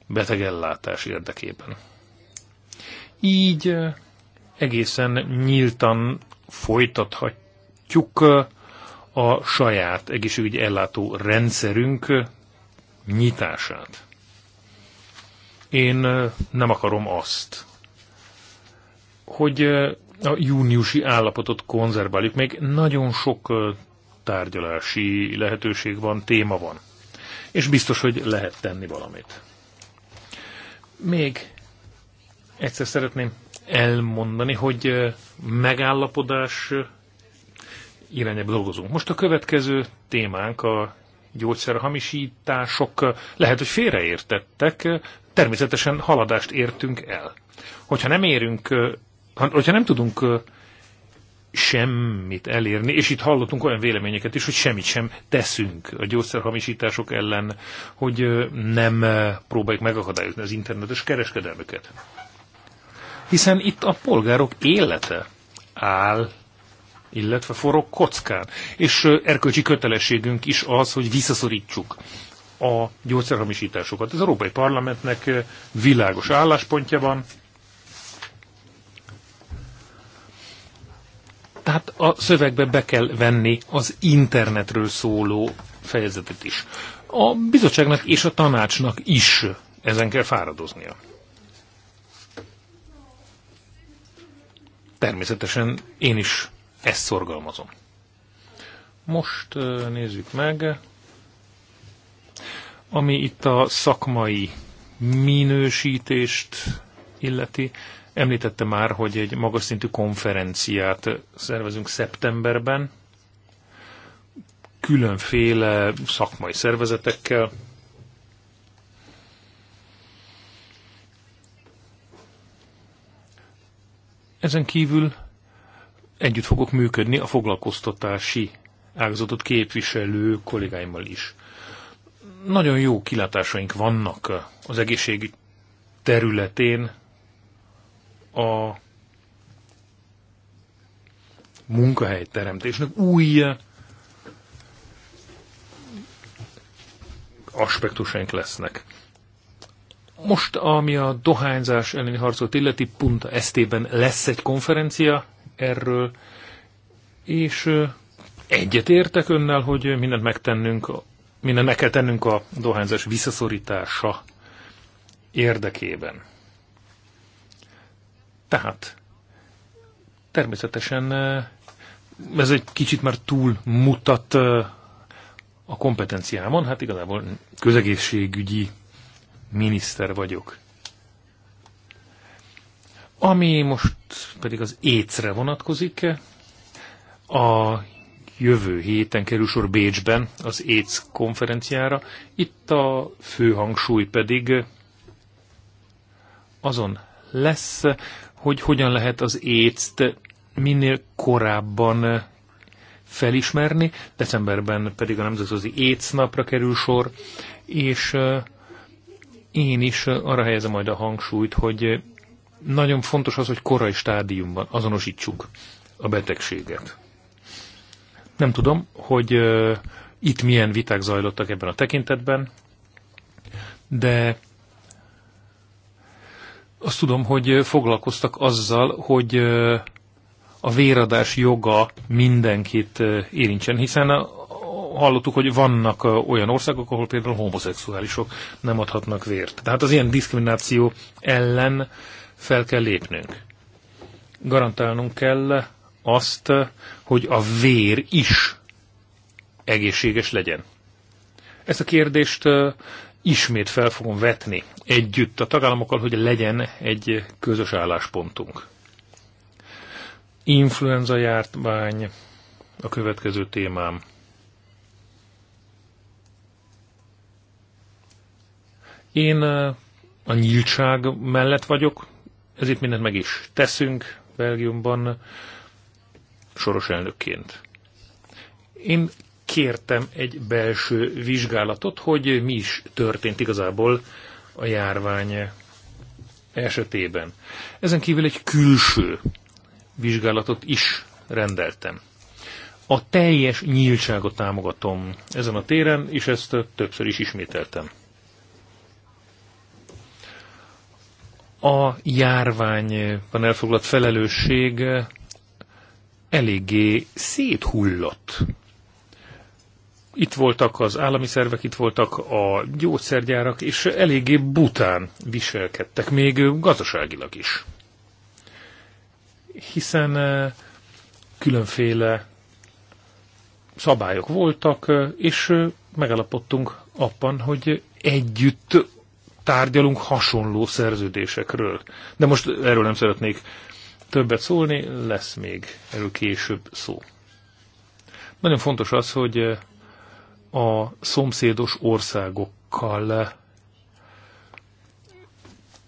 betegellátás érdekében. Így egészen nyíltan folytathatjuk uh, a saját egészségügyi ellátó rendszerünk uh, nyitását. Én uh, nem akarom azt, hogy a júniusi állapotot konzerváljuk. Még nagyon sok tárgyalási lehetőség van, téma van. És biztos, hogy lehet tenni valamit. Még egyszer szeretném elmondani, hogy megállapodás irányába dolgozunk. Most a következő témánk a gyógyszerhamisítások. Lehet, hogy félreértettek, természetesen haladást értünk el. Hogyha nem érünk, hogyha nem tudunk semmit elérni, és itt hallottunk olyan véleményeket is, hogy semmit sem teszünk a gyógyszerhamisítások ellen, hogy nem próbáljuk megakadályozni az internetes kereskedelmüket hiszen itt a polgárok élete áll, illetve forog kockán. És erkölcsi kötelességünk is az, hogy visszaszorítsuk a gyógyszerhamisításokat. Az Európai Parlamentnek világos álláspontja van. Tehát a szövegbe be kell venni az internetről szóló fejezetet is. A bizottságnak és a tanácsnak is ezen kell fáradoznia. természetesen én is ezt szorgalmazom. Most nézzük meg, ami itt a szakmai minősítést illeti. Említette már, hogy egy magas szintű konferenciát szervezünk szeptemberben, különféle szakmai szervezetekkel, Ezen kívül együtt fogok működni a foglalkoztatási ágazatot képviselő kollégáimmal is. Nagyon jó kilátásaink vannak az egészségügy területén a munkahelyteremtésnek új aspektusaink lesznek. Most, ami a dohányzás elleni harcot illeti, pont Esztében lesz egy konferencia erről, és egyet értek önnel, hogy mindent megtennünk, mindent meg kell tennünk a dohányzás visszaszorítása érdekében. Tehát természetesen ez egy kicsit már túl mutat a kompetenciámon, hát igazából közegészségügyi miniszter vagyok. Ami most pedig az écre vonatkozik, a jövő héten kerül sor Bécsben az ÉC konferenciára, itt a fő hangsúly pedig azon lesz, hogy hogyan lehet az écet minél korábban felismerni, decemberben pedig a Nemzetközi éc napra kerül sor, és én is arra helyezem majd a hangsúlyt, hogy nagyon fontos az, hogy korai stádiumban azonosítsuk a betegséget. Nem tudom, hogy itt milyen viták zajlottak ebben a tekintetben, de azt tudom, hogy foglalkoztak azzal, hogy a véradás joga mindenkit érintsen, hiszen hallottuk, hogy vannak olyan országok, ahol például homoszexuálisok nem adhatnak vért. Tehát az ilyen diszkrimináció ellen fel kell lépnünk. Garantálnunk kell azt, hogy a vér is egészséges legyen. Ezt a kérdést ismét fel fogom vetni együtt a tagállamokkal, hogy legyen egy közös álláspontunk. Influenza bány a következő témám. Én a nyíltság mellett vagyok, ezért mindent meg is teszünk Belgiumban soros elnökként. Én kértem egy belső vizsgálatot, hogy mi is történt igazából a járvány esetében. Ezen kívül egy külső vizsgálatot is rendeltem. A teljes nyíltságot támogatom ezen a téren, és ezt többször is ismételtem. a járványban elfoglalt felelősség eléggé széthullott. Itt voltak az állami szervek, itt voltak a gyógyszergyárak, és eléggé bután viselkedtek, még gazdaságilag is. Hiszen eh, különféle szabályok voltak, eh, és eh, megalapodtunk abban, hogy együtt tárgyalunk hasonló szerződésekről. De most erről nem szeretnék többet szólni, lesz még erről később szó. Nagyon fontos az, hogy a szomszédos országokkal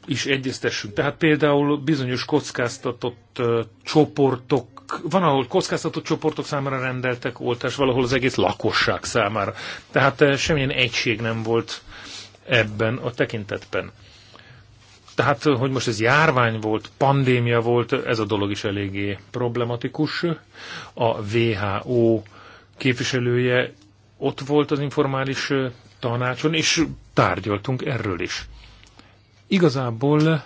is egyeztessünk. Tehát például bizonyos kockáztatott csoportok, van, ahol kockáztatott csoportok számára rendeltek oltást, valahol az egész lakosság számára. Tehát semmilyen egység nem volt ebben a tekintetben. Tehát, hogy most ez járvány volt, pandémia volt, ez a dolog is eléggé problematikus. A WHO képviselője ott volt az informális tanácson, és tárgyaltunk erről is. Igazából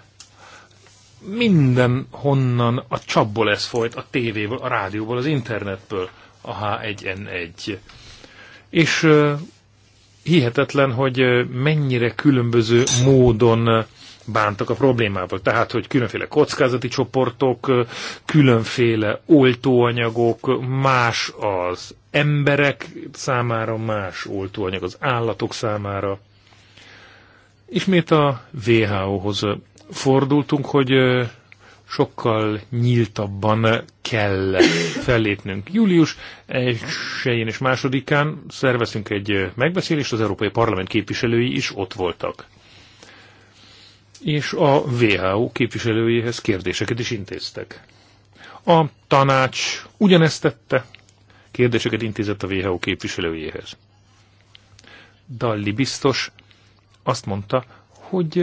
minden honnan a csapból ez folyt, a tévéből, a rádióból, az internetből, a H1N1. És hihetetlen, hogy mennyire különböző módon bántak a problémával. Tehát, hogy különféle kockázati csoportok, különféle oltóanyagok, más az emberek számára, más oltóanyag az állatok számára. Ismét a WHO-hoz fordultunk, hogy sokkal nyíltabban kell fellépnünk. Július 1-én és 2-án szerveztünk egy megbeszélést, az Európai Parlament képviselői is ott voltak. És a WHO képviselőjéhez kérdéseket is intéztek. A tanács ugyanezt tette, kérdéseket intézett a WHO képviselőjéhez. Dalli biztos azt mondta, hogy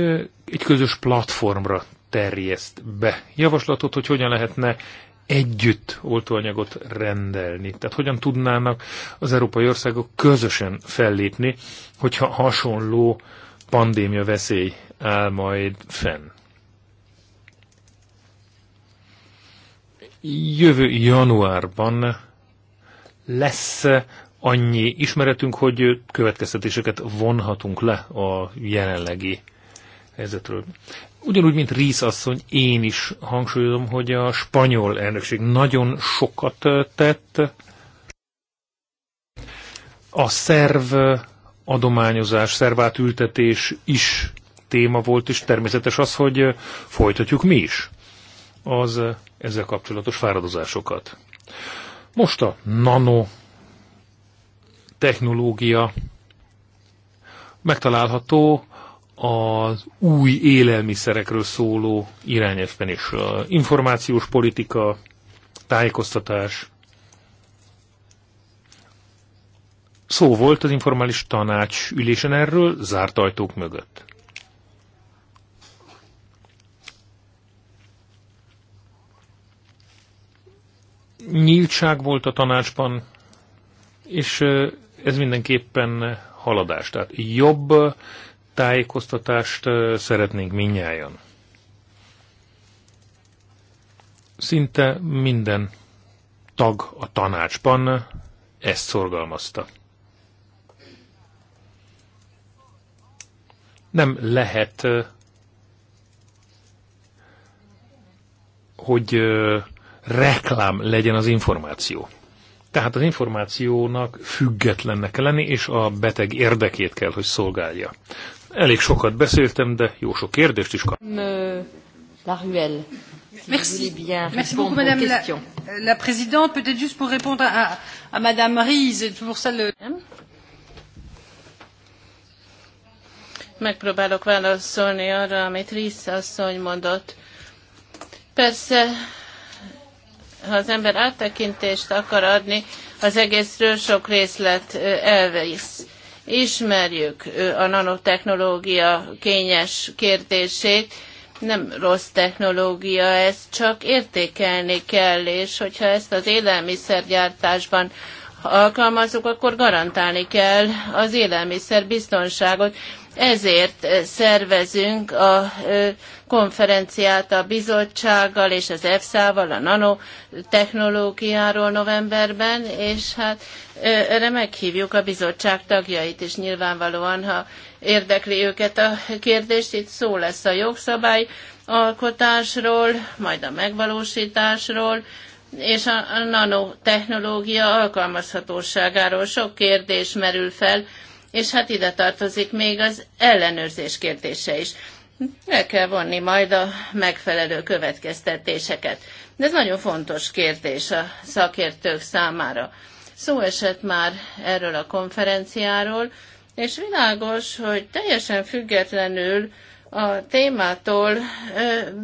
egy közös platformra terjeszt be javaslatot, hogy hogyan lehetne együtt oltóanyagot rendelni. Tehát hogyan tudnának az európai országok közösen fellépni, hogyha hasonló pandémia veszély áll majd fenn. Jövő januárban lesz annyi ismeretünk, hogy következtetéseket vonhatunk le a jelenlegi helyzetről. Ugyanúgy, mint Rísz asszony, én is hangsúlyozom, hogy a spanyol elnökség nagyon sokat tett. A szerv adományozás, szervátültetés is téma volt, és természetes az, hogy folytatjuk mi is az ezzel kapcsolatos fáradozásokat. Most a nano technológia megtalálható az új élelmiszerekről szóló irányelvben is. A információs politika, tájékoztatás. Szó volt az informális tanács ülésen erről, zárt ajtók mögött. Nyíltság volt a tanácsban, és ez mindenképpen haladás. Tehát jobb tájékoztatást szeretnénk minnyáján. Szinte minden tag a tanácsban ezt szorgalmazta. Nem lehet, hogy reklám legyen az információ. Tehát az információnak függetlennek kell lenni, és a beteg érdekét kell, hogy szolgálja. Elég sokat beszéltem, de jó sok kérdést is kaptam. Euh, la ruelle. Merci. Merci beaucoup, Madame la, la Présidente. Peut-être juste pour répondre à, à Madame Ries, c'est toujours ça le... Megpróbálok válaszolni arra, amit Ries asszony mondott. Persze, ha az ember áttekintést akar adni, az egészről sok részlet elvész ismerjük a nanotechnológia kényes kérdését, nem rossz technológia ez, csak értékelni kell, és hogyha ezt az élelmiszergyártásban alkalmazzuk, akkor garantálni kell az élelmiszer biztonságot, ezért eh, szervezünk a eh, konferenciát a bizottsággal és az EFSA-val a nanotechnológiáról novemberben, és hát eh, erre meghívjuk a bizottság tagjait, és nyilvánvalóan, ha érdekli őket a kérdést, itt szó lesz a jogszabály alkotásról, majd a megvalósításról, és a nanotechnológia alkalmazhatóságáról sok kérdés merül fel, és hát ide tartozik még az ellenőrzés kérdése is. Le kell vonni majd a megfelelő következtetéseket. De ez nagyon fontos kérdés a szakértők számára. Szó esett már erről a konferenciáról, és világos, hogy teljesen függetlenül a témától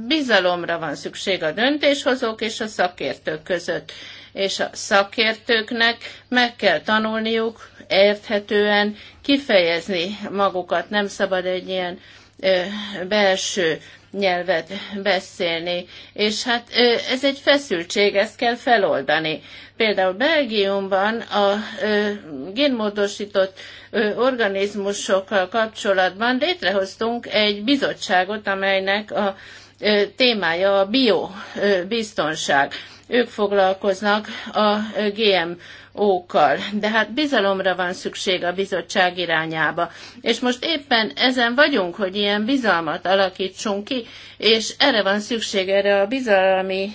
bizalomra van szükség a döntéshozók és a szakértők között. És a szakértőknek meg kell tanulniuk érthetően kifejezni magukat. Nem szabad egy ilyen belső nyelvet beszélni, és hát ez egy feszültség, ezt kell feloldani. Például Belgiumban a génmódosított organizmusokkal kapcsolatban létrehoztunk egy bizottságot, amelynek a témája a biobiztonság. Ők foglalkoznak a GM ókkal. De hát bizalomra van szükség a bizottság irányába. És most éppen ezen vagyunk, hogy ilyen bizalmat alakítsunk ki, és erre van szükség, erre a bizalmi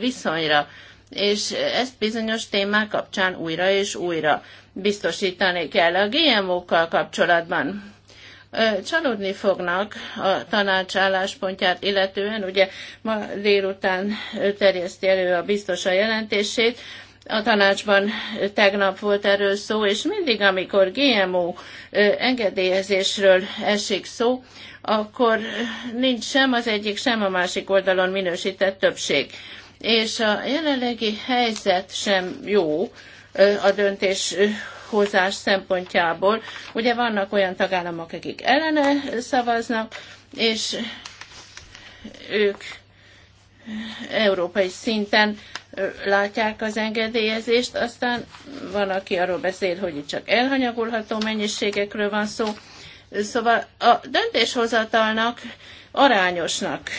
viszonyra. És ezt bizonyos témák kapcsán újra és újra biztosítani kell a GMO-kkal kapcsolatban csalódni fognak a tanács álláspontját illetően. Ugye ma délután terjeszti elő a biztos a jelentését, a tanácsban tegnap volt erről szó, és mindig, amikor GMO engedélyezésről esik szó, akkor nincs sem az egyik, sem a másik oldalon minősített többség. És a jelenlegi helyzet sem jó a döntés hozás szempontjából. Ugye vannak olyan tagállamok, akik ellene szavaznak, és ők európai szinten látják az engedélyezést, aztán van, aki arról beszél, hogy itt csak elhanyagolható mennyiségekről van szó. Szóval a döntéshozatalnak arányosnak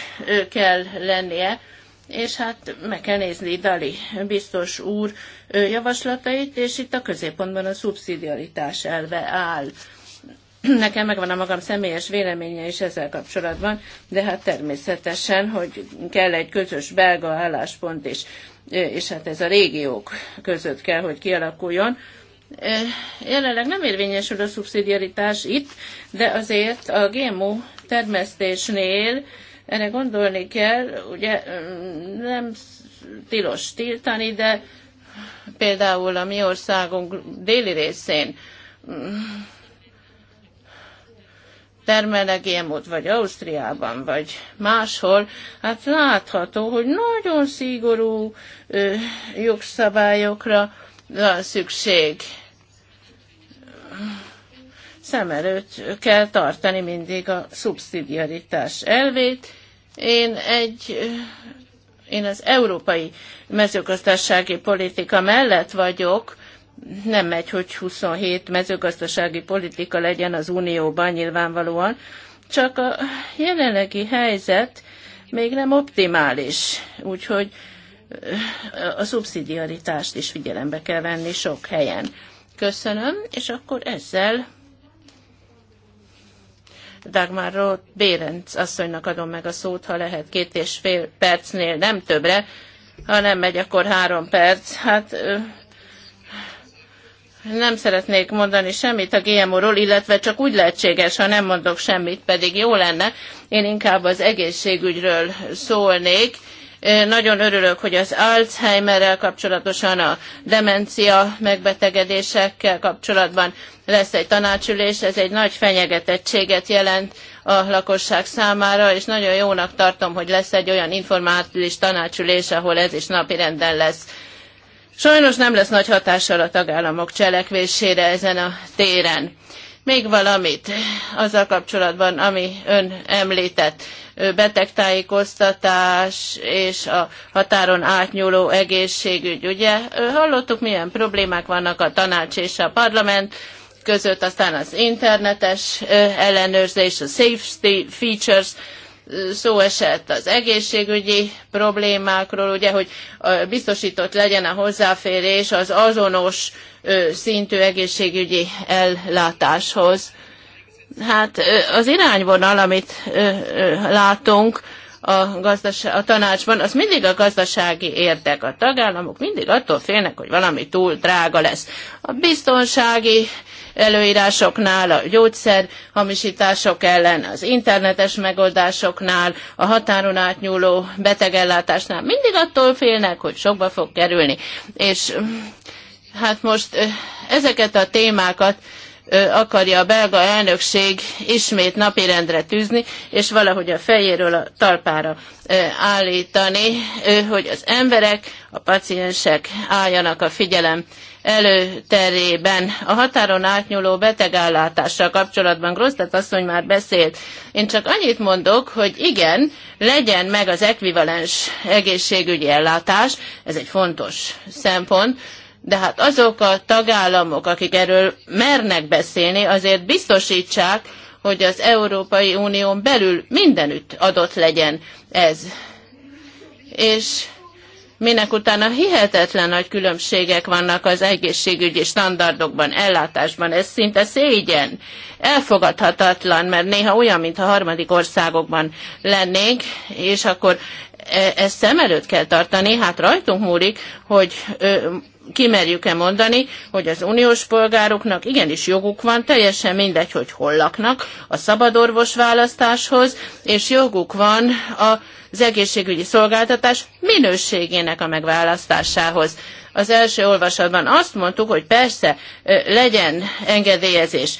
kell lennie, és hát meg kell nézni Dali biztos úr javaslatait, és itt a középpontban a szubszidiaritás elve áll. Nekem megvan a magam személyes véleménye is ezzel kapcsolatban, de hát természetesen, hogy kell egy közös belga álláspont is és hát ez a régiók között kell, hogy kialakuljon. Jelenleg nem érvényesül a szubszidiaritás itt, de azért a GMO termesztésnél erre gondolni kell, ugye nem tilos tiltani, de például a mi országunk déli részén termelne GMO-t, vagy Ausztriában, vagy máshol, hát látható, hogy nagyon szigorú ö, jogszabályokra van szükség. Szem előtt kell tartani mindig a szubszidiaritás elvét. Én egy én az európai mezőgazdasági politika mellett vagyok, nem megy, hogy 27 mezőgazdasági politika legyen az Unióban nyilvánvalóan, csak a jelenlegi helyzet még nem optimális, úgyhogy a szubszidiaritást is figyelembe kell venni sok helyen. Köszönöm, és akkor ezzel Dagmar Roth Bérenc asszonynak adom meg a szót, ha lehet két és fél percnél, nem többre, ha nem megy, akkor három perc. Hát nem szeretnék mondani semmit a GMO-ról, illetve csak úgy lehetséges, ha nem mondok semmit, pedig jó lenne. Én inkább az egészségügyről szólnék. Nagyon örülök, hogy az Alzheimerrel kapcsolatosan, a demencia megbetegedésekkel kapcsolatban lesz egy tanácsülés. Ez egy nagy fenyegetettséget jelent a lakosság számára, és nagyon jónak tartom, hogy lesz egy olyan informális tanácsülés, ahol ez is napirenden lesz Sajnos nem lesz nagy hatással a tagállamok cselekvésére ezen a téren. Még valamit azzal kapcsolatban, ami ön említett, betegtájékoztatás és a határon átnyúló egészségügy. Ugye hallottuk, milyen problémák vannak a tanács és a parlament között, aztán az internetes ellenőrzés, a safety features, szó esett az egészségügyi problémákról, ugye, hogy biztosított legyen a hozzáférés az azonos szintű egészségügyi ellátáshoz. Hát az irányvonal, amit látunk, a, gazdaság, a tanácsban, az mindig a gazdasági érdek. A tagállamok mindig attól félnek, hogy valami túl drága lesz. A biztonsági előírásoknál, a gyógyszer hamisítások ellen, az internetes megoldásoknál, a határon átnyúló betegellátásnál. Mindig attól félnek, hogy sokba fog kerülni. És hát most ezeket a témákat akarja a belga elnökség ismét napirendre tűzni, és valahogy a fejéről a talpára állítani, hogy az emberek, a paciensek álljanak a figyelem előterében. A határon átnyúló betegállátással kapcsolatban azt asszony már beszélt. Én csak annyit mondok, hogy igen, legyen meg az ekvivalens egészségügyi ellátás, ez egy fontos szempont, de hát azok a tagállamok, akik erről mernek beszélni, azért biztosítsák, hogy az Európai Unión belül mindenütt adott legyen ez. És minek utána hihetetlen nagy különbségek vannak az egészségügyi standardokban, ellátásban. Ez szinte szégyen. Elfogadhatatlan, mert néha olyan, mintha harmadik országokban lennénk, és akkor e- ezt szem előtt kell tartani, hát rajtunk múlik, hogy kimerjük-e mondani, hogy az uniós polgároknak igenis joguk van, teljesen mindegy, hogy hol laknak, a szabadorvos választáshoz, és joguk van az egészségügyi szolgáltatás minőségének a megválasztásához az első olvasatban azt mondtuk, hogy persze legyen engedélyezés,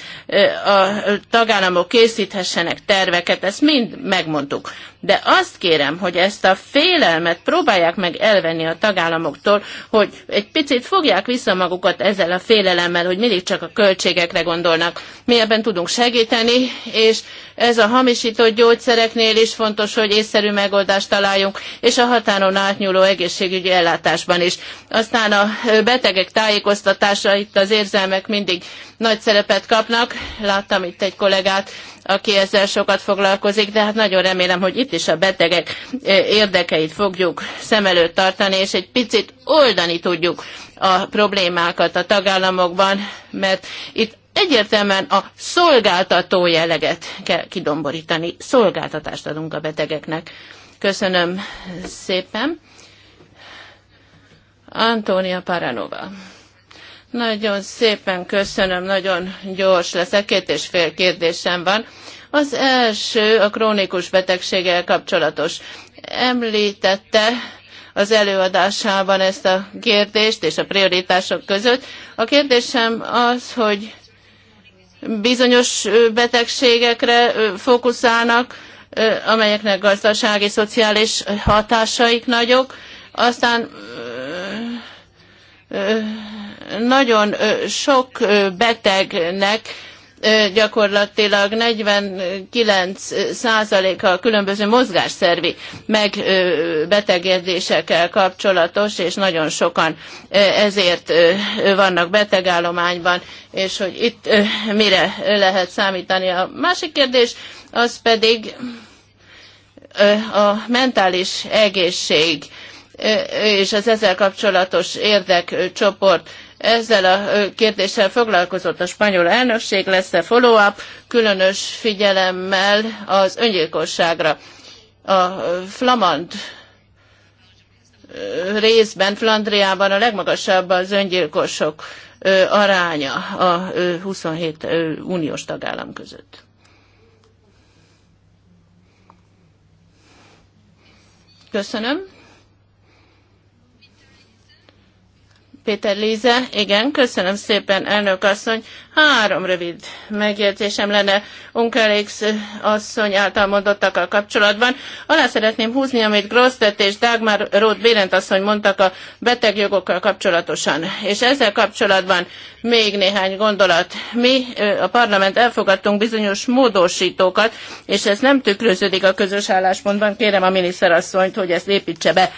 a tagállamok készíthessenek terveket, ezt mind megmondtuk de azt kérem, hogy ezt a félelmet próbálják meg elvenni a tagállamoktól, hogy egy picit fogják vissza magukat ezzel a félelemmel, hogy mindig csak a költségekre gondolnak. Mi ebben tudunk segíteni, és ez a hamisított gyógyszereknél is fontos, hogy észszerű megoldást találjunk, és a határon átnyúló egészségügyi ellátásban is. Aztán a betegek tájékoztatása, itt az érzelmek mindig nagy szerepet kapnak. Láttam itt egy kollégát, aki ezzel sokat foglalkozik, de hát nagyon remélem, hogy itt is a betegek eh, érdekeit fogjuk szem előtt tartani, és egy picit oldani tudjuk a problémákat a tagállamokban, mert itt egyértelműen a szolgáltató jelleget kell kidomborítani. Szolgáltatást adunk a betegeknek. Köszönöm szépen. Antónia Paranova. Nagyon szépen köszönöm, nagyon gyors leszek, két és fél kérdésem van. Az első a krónikus betegséggel kapcsolatos. Említette az előadásában ezt a kérdést és a prioritások között. A kérdésem az, hogy bizonyos betegségekre fókuszálnak, amelyeknek gazdasági, szociális hatásaik nagyok, aztán nagyon sok betegnek gyakorlatilag 49%-a a különböző mozgásszervi megbetegedésekkel kapcsolatos, és nagyon sokan ezért vannak betegállományban, és hogy itt mire lehet számítani. A másik kérdés az pedig a mentális egészség és az ezzel kapcsolatos érdekcsoport ezzel a kérdéssel foglalkozott a spanyol elnökség, lesz-e follow-up, különös figyelemmel az öngyilkosságra. A flamand részben, Flandriában a legmagasabb az öngyilkosok aránya a 27 uniós tagállam között. Köszönöm. Péter Líze, igen, köszönöm szépen, elnök asszony. Három rövid megjegyzésem lenne Unkelix asszony által mondottakkal kapcsolatban. Alá szeretném húzni, amit Grosztet és Dagmar Roth Bérent asszony mondtak a betegjogokkal kapcsolatosan. És ezzel kapcsolatban még néhány gondolat. Mi a parlament elfogadtunk bizonyos módosítókat, és ez nem tükröződik a közös álláspontban. Kérem a miniszterasszonyt, hogy ezt építse be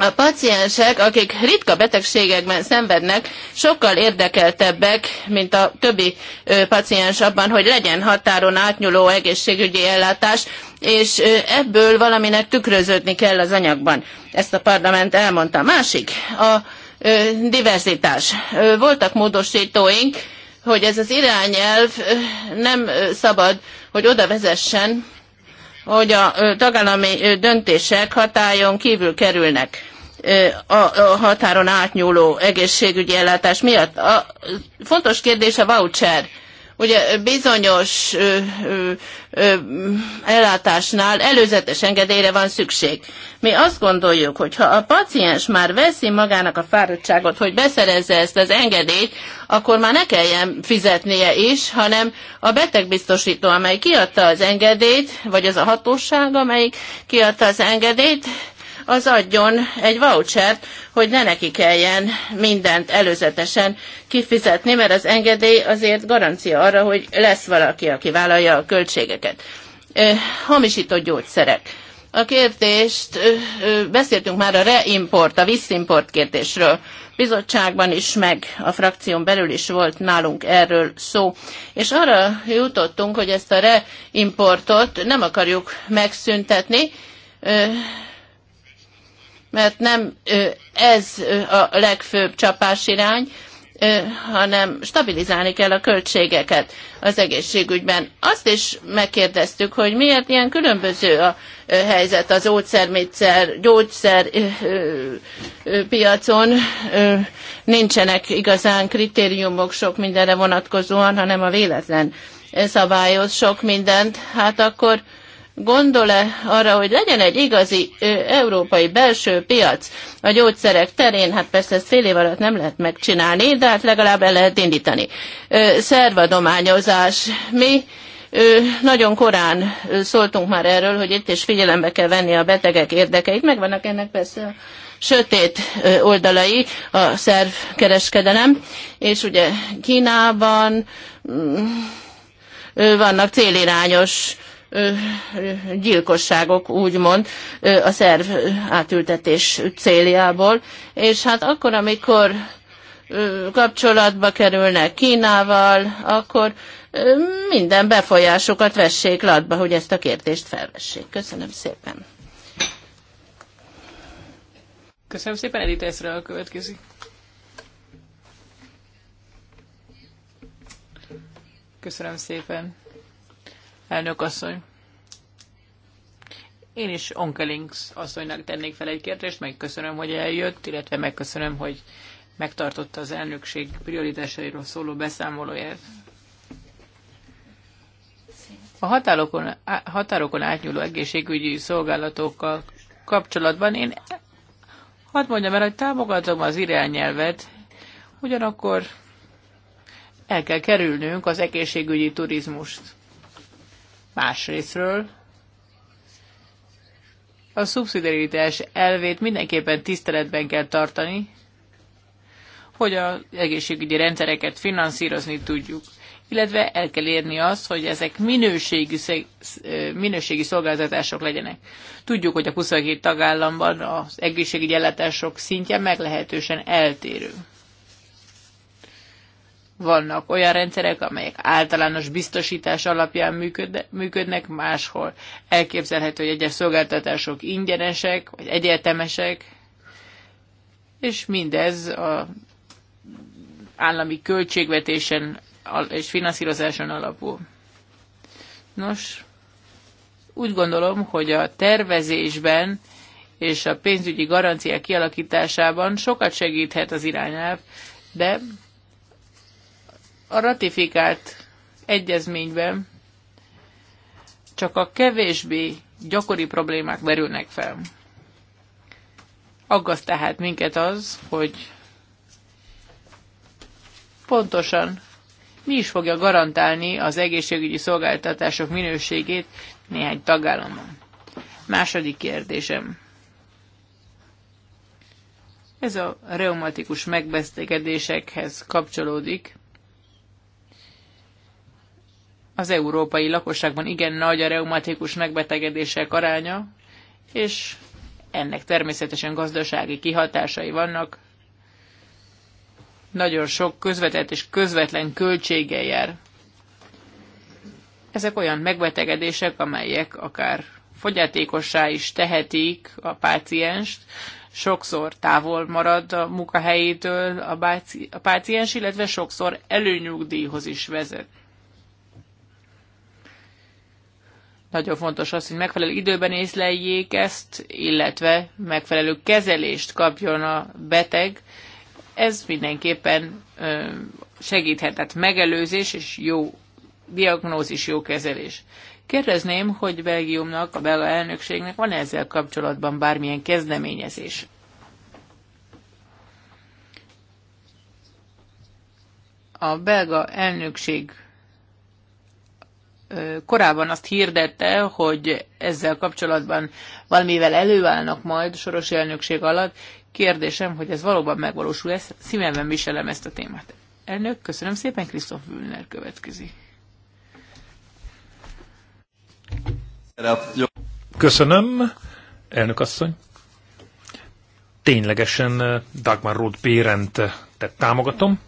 a paciensek, akik ritka betegségekben szenvednek, sokkal érdekeltebbek, mint a többi paciens abban, hogy legyen határon átnyúló egészségügyi ellátás, és ebből valaminek tükröződni kell az anyagban. Ezt a parlament elmondta. Másik, a diverzitás. Voltak módosítóink, hogy ez az irányelv nem szabad, hogy oda vezessen, hogy a tagállami döntések hatályon kívül kerülnek a határon átnyúló egészségügyi ellátás miatt. A fontos kérdés a voucher. Ugye bizonyos ö, ö, ö, ellátásnál előzetes engedélyre van szükség. Mi azt gondoljuk, hogy ha a paciens már veszi magának a fáradtságot, hogy beszerezze ezt az engedélyt, akkor már ne kelljen fizetnie is, hanem a betegbiztosító, amely kiadta az engedélyt, vagy az a hatóság, amelyik kiadta az engedélyt, az adjon egy vouchert, hogy ne neki kelljen mindent előzetesen kifizetni, mert az engedély azért garancia arra, hogy lesz valaki, aki vállalja a költségeket. Hamisított gyógyszerek. A kérdést, beszéltünk már a reimport, a visszimport kérdésről bizottságban is, meg a frakción belül is volt nálunk erről szó. És arra jutottunk, hogy ezt a reimportot nem akarjuk megszüntetni, mert nem ez a legfőbb csapásirány, hanem stabilizálni kell a költségeket az egészségügyben. Azt is megkérdeztük, hogy miért ilyen különböző a helyzet az ógyszermétszer, gyógyszer piacon. Nincsenek igazán kritériumok sok mindenre vonatkozóan, hanem a véletlen szabályoz sok mindent. Hát akkor gondol-e arra, hogy legyen egy igazi ö, európai belső piac a gyógyszerek terén, hát persze ezt fél év alatt nem lehet megcsinálni, de hát legalább el lehet indítani. Ö, szervadományozás. Mi ö, nagyon korán szóltunk már erről, hogy itt is figyelembe kell venni a betegek érdekeit, megvannak ennek persze sötét oldalai a szervkereskedelem, és ugye Kínában mm, vannak célirányos gyilkosságok, úgymond, a szerv átültetés céljából. És hát akkor, amikor kapcsolatba kerülnek Kínával, akkor minden befolyásukat vessék latba, hogy ezt a kérdést felvessék. Köszönöm szépen. Köszönöm szépen, Edith Eszre a következik. Köszönöm szépen elnök asszony. Én is Onkelings asszonynak tennék fel egy kérdést, megköszönöm, hogy eljött, illetve megköszönöm, hogy megtartotta az elnökség prioritásairól szóló beszámolóját. A határokon, határokon átnyúló egészségügyi szolgálatokkal kapcsolatban én hadd mondjam el, hogy támogatom az irányelvet, ugyanakkor el kell kerülnünk az egészségügyi turizmust. Másrésztről a szubszidiaritás elvét mindenképpen tiszteletben kell tartani, hogy az egészségügyi rendszereket finanszírozni tudjuk, illetve el kell érni azt, hogy ezek minőségi, minőségi szolgáltatások legyenek. Tudjuk, hogy a 27 tagállamban az egészségügyi ellátások szintje meglehetősen eltérő. Vannak olyan rendszerek, amelyek általános biztosítás alapján működnek, máshol elképzelhető, hogy egyes szolgáltatások ingyenesek, vagy egyetemesek, és mindez a állami költségvetésen és finanszírozáson alapul. Nos, úgy gondolom, hogy a tervezésben és a pénzügyi garanciák kialakításában sokat segíthet az irányelv, de a ratifikált egyezményben csak a kevésbé gyakori problémák merülnek fel. Aggaszt tehát minket az, hogy pontosan mi is fogja garantálni az egészségügyi szolgáltatások minőségét néhány tagállamon. Második kérdésem. Ez a reumatikus megbeszélgetésekhez kapcsolódik az európai lakosságban igen nagy a reumatikus megbetegedések aránya, és ennek természetesen gazdasági kihatásai vannak. Nagyon sok közvetett és közvetlen költsége jár. Ezek olyan megbetegedések, amelyek akár fogyatékossá is tehetik a pácienst, sokszor távol marad a munkahelyétől a, a páciens, illetve sokszor előnyugdíjhoz is vezet. Nagyon fontos az, hogy megfelelő időben észleljék ezt, illetve megfelelő kezelést kapjon a beteg. Ez mindenképpen segíthet, tehát megelőzés és jó diagnózis, jó kezelés. Kérdezném, hogy Belgiumnak, a belga elnökségnek van -e ezzel kapcsolatban bármilyen kezdeményezés? A belga elnökség korábban azt hirdette, hogy ezzel kapcsolatban valamivel előállnak majd soros elnökség alatt. Kérdésem, hogy ez valóban megvalósul lesz. Szívemben viselem ezt a témát. Elnök, köszönöm szépen, Krisztof Bülner következik. Köszönöm, elnök asszony. Ténylegesen Dagmar Roth Bérent támogatom.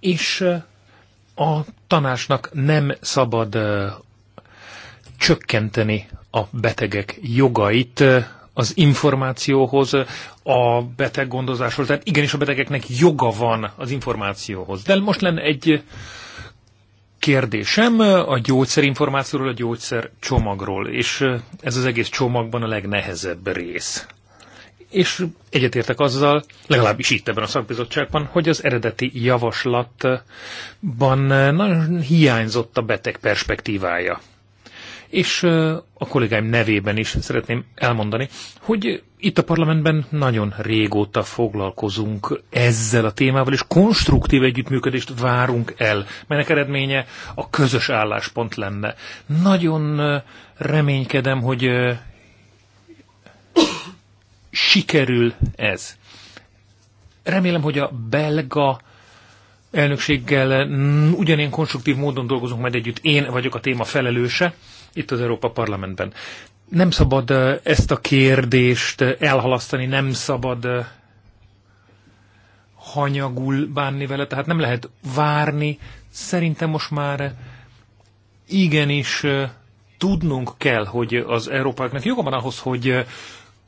És a tanácsnak nem szabad csökkenteni a betegek jogait az információhoz, a beteggondozáshoz. Tehát igenis a betegeknek joga van az információhoz. De most lenne egy kérdésem a gyógyszerinformációról, a gyógyszer csomagról, és ez az egész csomagban a legnehezebb rész és egyetértek azzal, legalábbis itt ebben a szakbizottságban, hogy az eredeti javaslatban nagyon hiányzott a beteg perspektívája. És a kollégáim nevében is szeretném elmondani, hogy itt a parlamentben nagyon régóta foglalkozunk ezzel a témával, és konstruktív együttműködést várunk el, melynek eredménye a közös álláspont lenne. Nagyon reménykedem, hogy sikerül ez. Remélem, hogy a belga elnökséggel mm, ugyanilyen konstruktív módon dolgozunk majd együtt. Én vagyok a téma felelőse itt az Európa Parlamentben. Nem szabad ezt a kérdést elhalasztani, nem szabad hanyagul bánni vele, tehát nem lehet várni. Szerintem most már igenis tudnunk kell, hogy az európáknak joga van ahhoz, hogy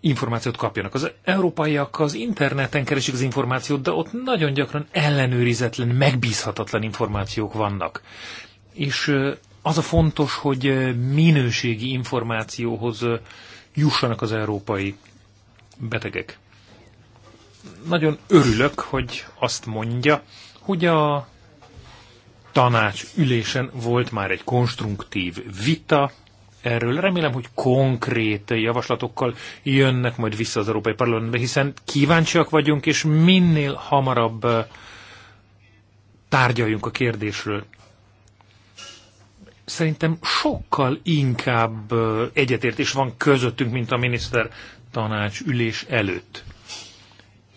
információt kapjanak. Az európaiak az interneten keresik az információt, de ott nagyon gyakran ellenőrizetlen, megbízhatatlan információk vannak. És az a fontos, hogy minőségi információhoz jussanak az európai betegek. Nagyon örülök, hogy azt mondja, hogy a tanács ülésen volt már egy konstruktív vita erről. Remélem, hogy konkrét javaslatokkal jönnek majd vissza az Európai Parlamentbe, hiszen kíváncsiak vagyunk, és minél hamarabb tárgyaljunk a kérdésről. Szerintem sokkal inkább egyetértés van közöttünk, mint a miniszter tanács ülés előtt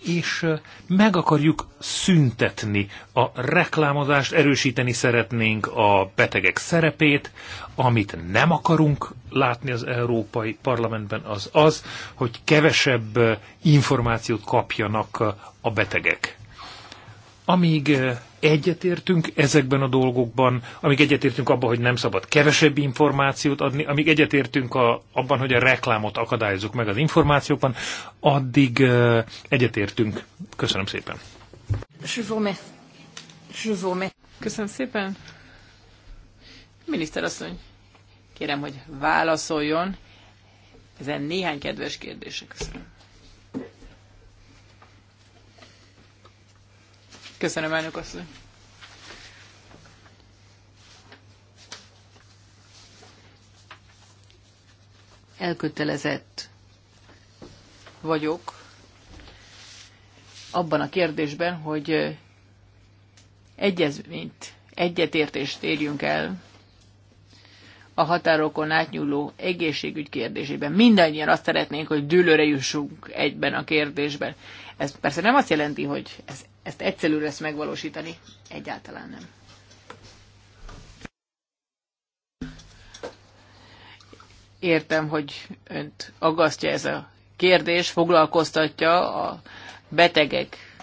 és meg akarjuk szüntetni a reklámozást, erősíteni szeretnénk a betegek szerepét, amit nem akarunk látni az Európai Parlamentben, az az, hogy kevesebb eh, információt kapjanak eh, a betegek. Amíg eh, egyetértünk ezekben a dolgokban, amíg egyetértünk abban, hogy nem szabad kevesebb információt adni, amíg egyetértünk a, abban, hogy a reklámot akadályozzuk meg az információkban, addig egyetértünk. Köszönöm szépen. Köszönöm szépen. Miniszterasszony, kérem, hogy válaszoljon ezen néhány kedves kérdésre. Köszönöm. Köszönöm, elnök asszony. Elkötelezett vagyok abban a kérdésben, hogy egyezményt, egyetértést érjünk el a határokon átnyúló egészségügy kérdésében. Mindannyian azt szeretnénk, hogy dőlőre jussunk egyben a kérdésben. Ez persze nem azt jelenti, hogy ez, ezt egyszerű lesz megvalósítani. Egyáltalán nem. Értem, hogy önt aggasztja ez a kérdés, foglalkoztatja a betegek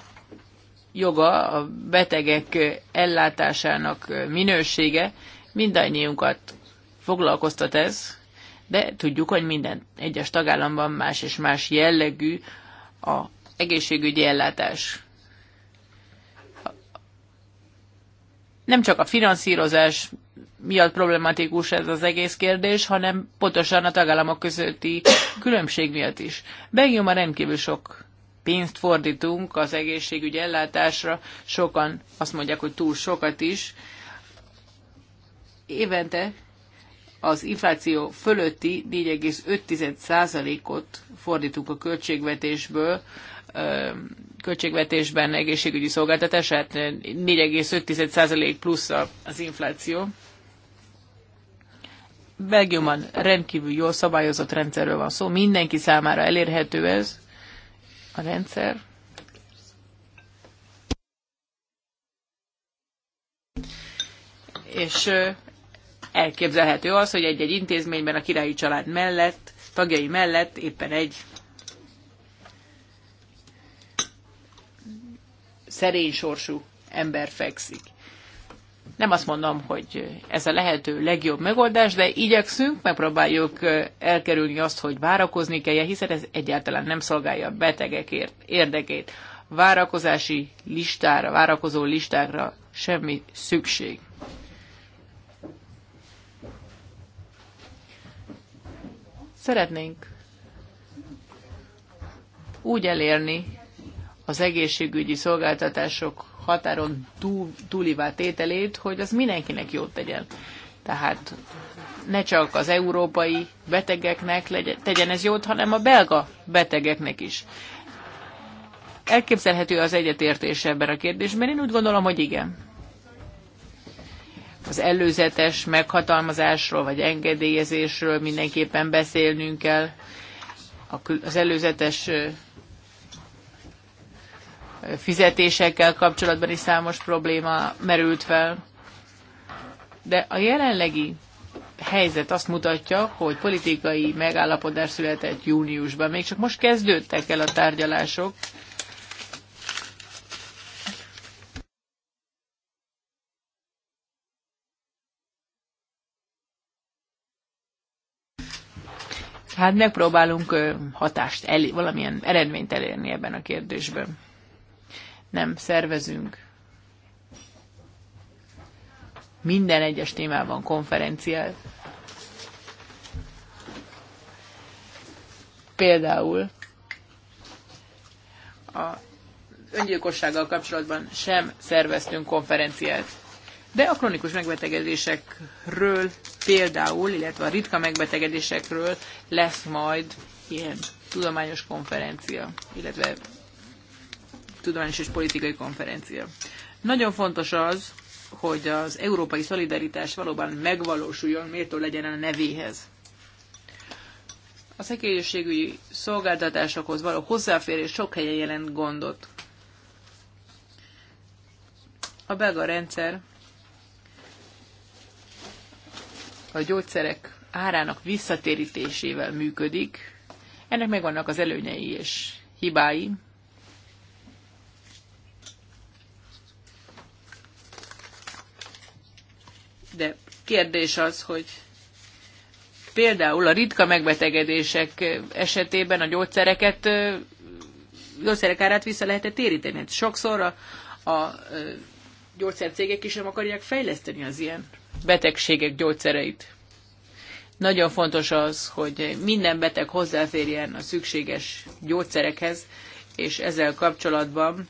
joga, a betegek ellátásának minősége mindannyiunkat foglalkoztat ez, de tudjuk, hogy minden egyes tagállamban más és más jellegű a egészségügyi ellátás. Nem csak a finanszírozás miatt problematikus ez az egész kérdés, hanem pontosan a tagállamok közötti különbség miatt is. a rendkívül sok pénzt fordítunk az egészségügyi ellátásra, sokan azt mondják, hogy túl sokat is. Évente az infláció fölötti 4,5%-ot fordítunk a költségvetésből, költségvetésben egészségügyi szolgáltatását, 4,5% plusz az infláció. Belgiumban rendkívül jól szabályozott rendszerről van szó, mindenki számára elérhető ez a rendszer. És elképzelhető az, hogy egy-egy intézményben a királyi család mellett, tagjai mellett éppen egy szerény sorsú ember fekszik. Nem azt mondom, hogy ez a lehető legjobb megoldás, de igyekszünk, megpróbáljuk elkerülni azt, hogy várakozni kell, hiszen ez egyáltalán nem szolgálja a betegek érdekét. Várakozási listára, várakozó listákra semmi szükség. Szeretnénk úgy elérni az egészségügyi szolgáltatások határon túlivá tételét, hogy az mindenkinek jót tegyen. Tehát ne csak az európai betegeknek legyen, tegyen ez jót, hanem a belga betegeknek is. Elképzelhető az egyetértés ebben a kérdésben? Én úgy gondolom, hogy igen az előzetes meghatalmazásról vagy engedélyezésről mindenképpen beszélnünk kell. Az előzetes fizetésekkel kapcsolatban is számos probléma merült fel. De a jelenlegi helyzet azt mutatja, hogy politikai megállapodás született júniusban. Még csak most kezdődtek el a tárgyalások, hát megpróbálunk hatást, elé, valamilyen eredményt elérni ebben a kérdésben. Nem szervezünk minden egyes témában konferenciát. Például a öngyilkossággal kapcsolatban sem szerveztünk konferenciát. De a kronikus megbetegedésekről például, illetve a ritka megbetegedésekről lesz majd ilyen tudományos konferencia, illetve tudományos és politikai konferencia. Nagyon fontos az, hogy az európai szolidaritás valóban megvalósuljon, méltó legyen a nevéhez. A szegénységügyi szolgáltatásokhoz való hozzáférés sok helyen jelent gondot. A belga rendszer a gyógyszerek árának visszatérítésével működik. Ennek megvannak az előnyei és hibái. De kérdés az, hogy például a ritka megbetegedések esetében a gyógyszereket, gyógyszerek árát vissza lehet -e téríteni. Hát sokszor a, a gyógyszercégek is nem akarják fejleszteni az ilyen betegségek gyógyszereit. Nagyon fontos az, hogy minden beteg hozzáférjen a szükséges gyógyszerekhez, és ezzel kapcsolatban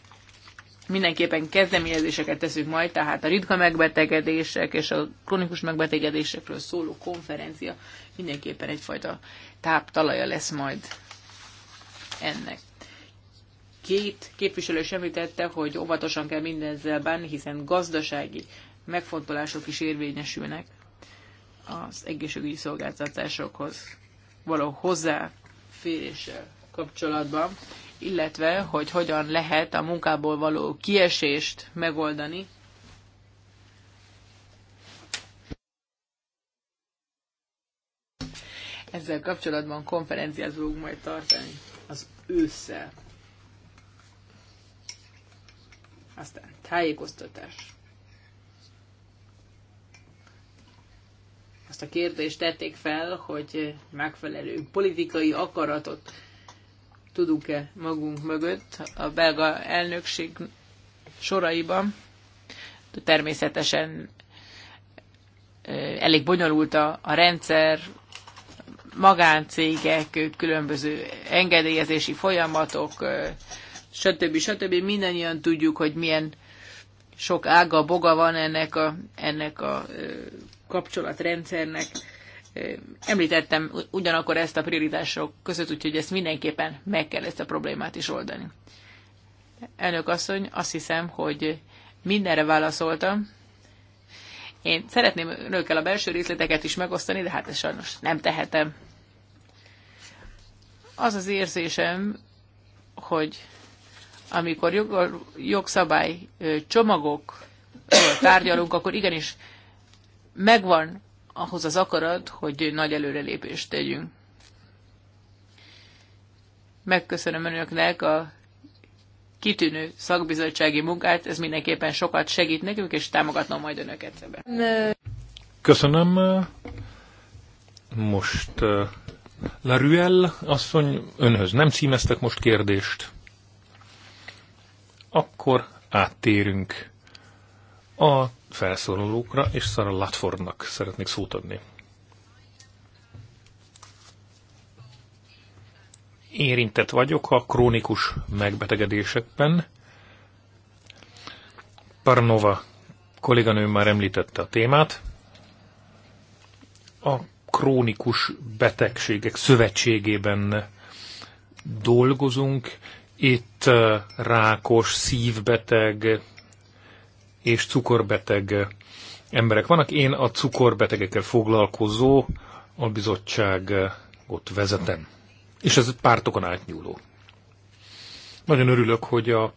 mindenképpen kezdeményezéseket teszünk majd, tehát a ritka megbetegedések és a kronikus megbetegedésekről szóló konferencia mindenképpen egyfajta táptalaja lesz majd ennek. Két képviselő sem hogy óvatosan kell mindezzel bánni, hiszen gazdasági megfontolások is érvényesülnek az egészségügyi szolgáltatásokhoz való hozzáféréssel kapcsolatban, illetve hogy hogyan lehet a munkából való kiesést megoldani. Ezzel kapcsolatban konferenciát fogunk majd tartani az ősszel. Aztán tájékoztatás. a kérdést tették fel, hogy megfelelő politikai akaratot tudunk-e magunk mögött a belga elnökség soraiban. Természetesen elég bonyolult a, a rendszer, magáncégek, különböző engedélyezési folyamatok, stb. stb. Mindannyian tudjuk, hogy milyen sok ága, boga van ennek a, ennek a kapcsolatrendszernek. Említettem ugyanakkor ezt a prioritások között, úgyhogy ezt mindenképpen meg kell ezt a problémát is oldani. Elnök asszony, azt hiszem, hogy mindenre válaszoltam. Én szeretném önökkel a belső részleteket is megosztani, de hát ezt sajnos nem tehetem. Az az érzésem, hogy amikor jog, jogszabály csomagokról tárgyalunk, akkor igenis megvan ahhoz az akarat, hogy nagy előrelépést tegyünk. Megköszönöm önöknek a kitűnő szakbizottsági munkát, ez mindenképpen sokat segít nekünk, és támogatnom majd önöket ebben. Köszönöm. Most uh, Laruel asszony, önhöz nem címeztek most kérdést. Akkor áttérünk a felszólalókra, és Sarah Latfordnak szeretnék szót adni. Érintett vagyok a krónikus megbetegedésekben. Parnova kolléganő már említette a témát. A krónikus betegségek szövetségében dolgozunk. Itt uh, rákos, szívbeteg, és cukorbeteg emberek vannak. Én a cukorbetegekkel foglalkozó albizottságot vezetem. És ez pártokon átnyúló. Nagyon örülök, hogy a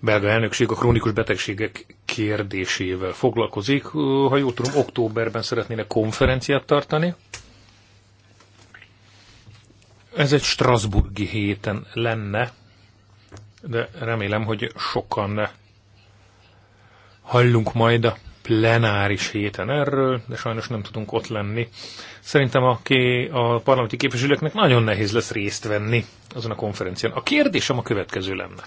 belga elnökség a krónikus betegségek kérdésével foglalkozik. Ha jól tudom, októberben szeretnének konferenciát tartani. Ez egy Strasburgi héten lenne, de remélem, hogy sokan hallunk majd a plenáris héten erről, de sajnos nem tudunk ott lenni. Szerintem a, ké, a parlamenti képviselőknek nagyon nehéz lesz részt venni azon a konferencián. A kérdésem a következő lenne.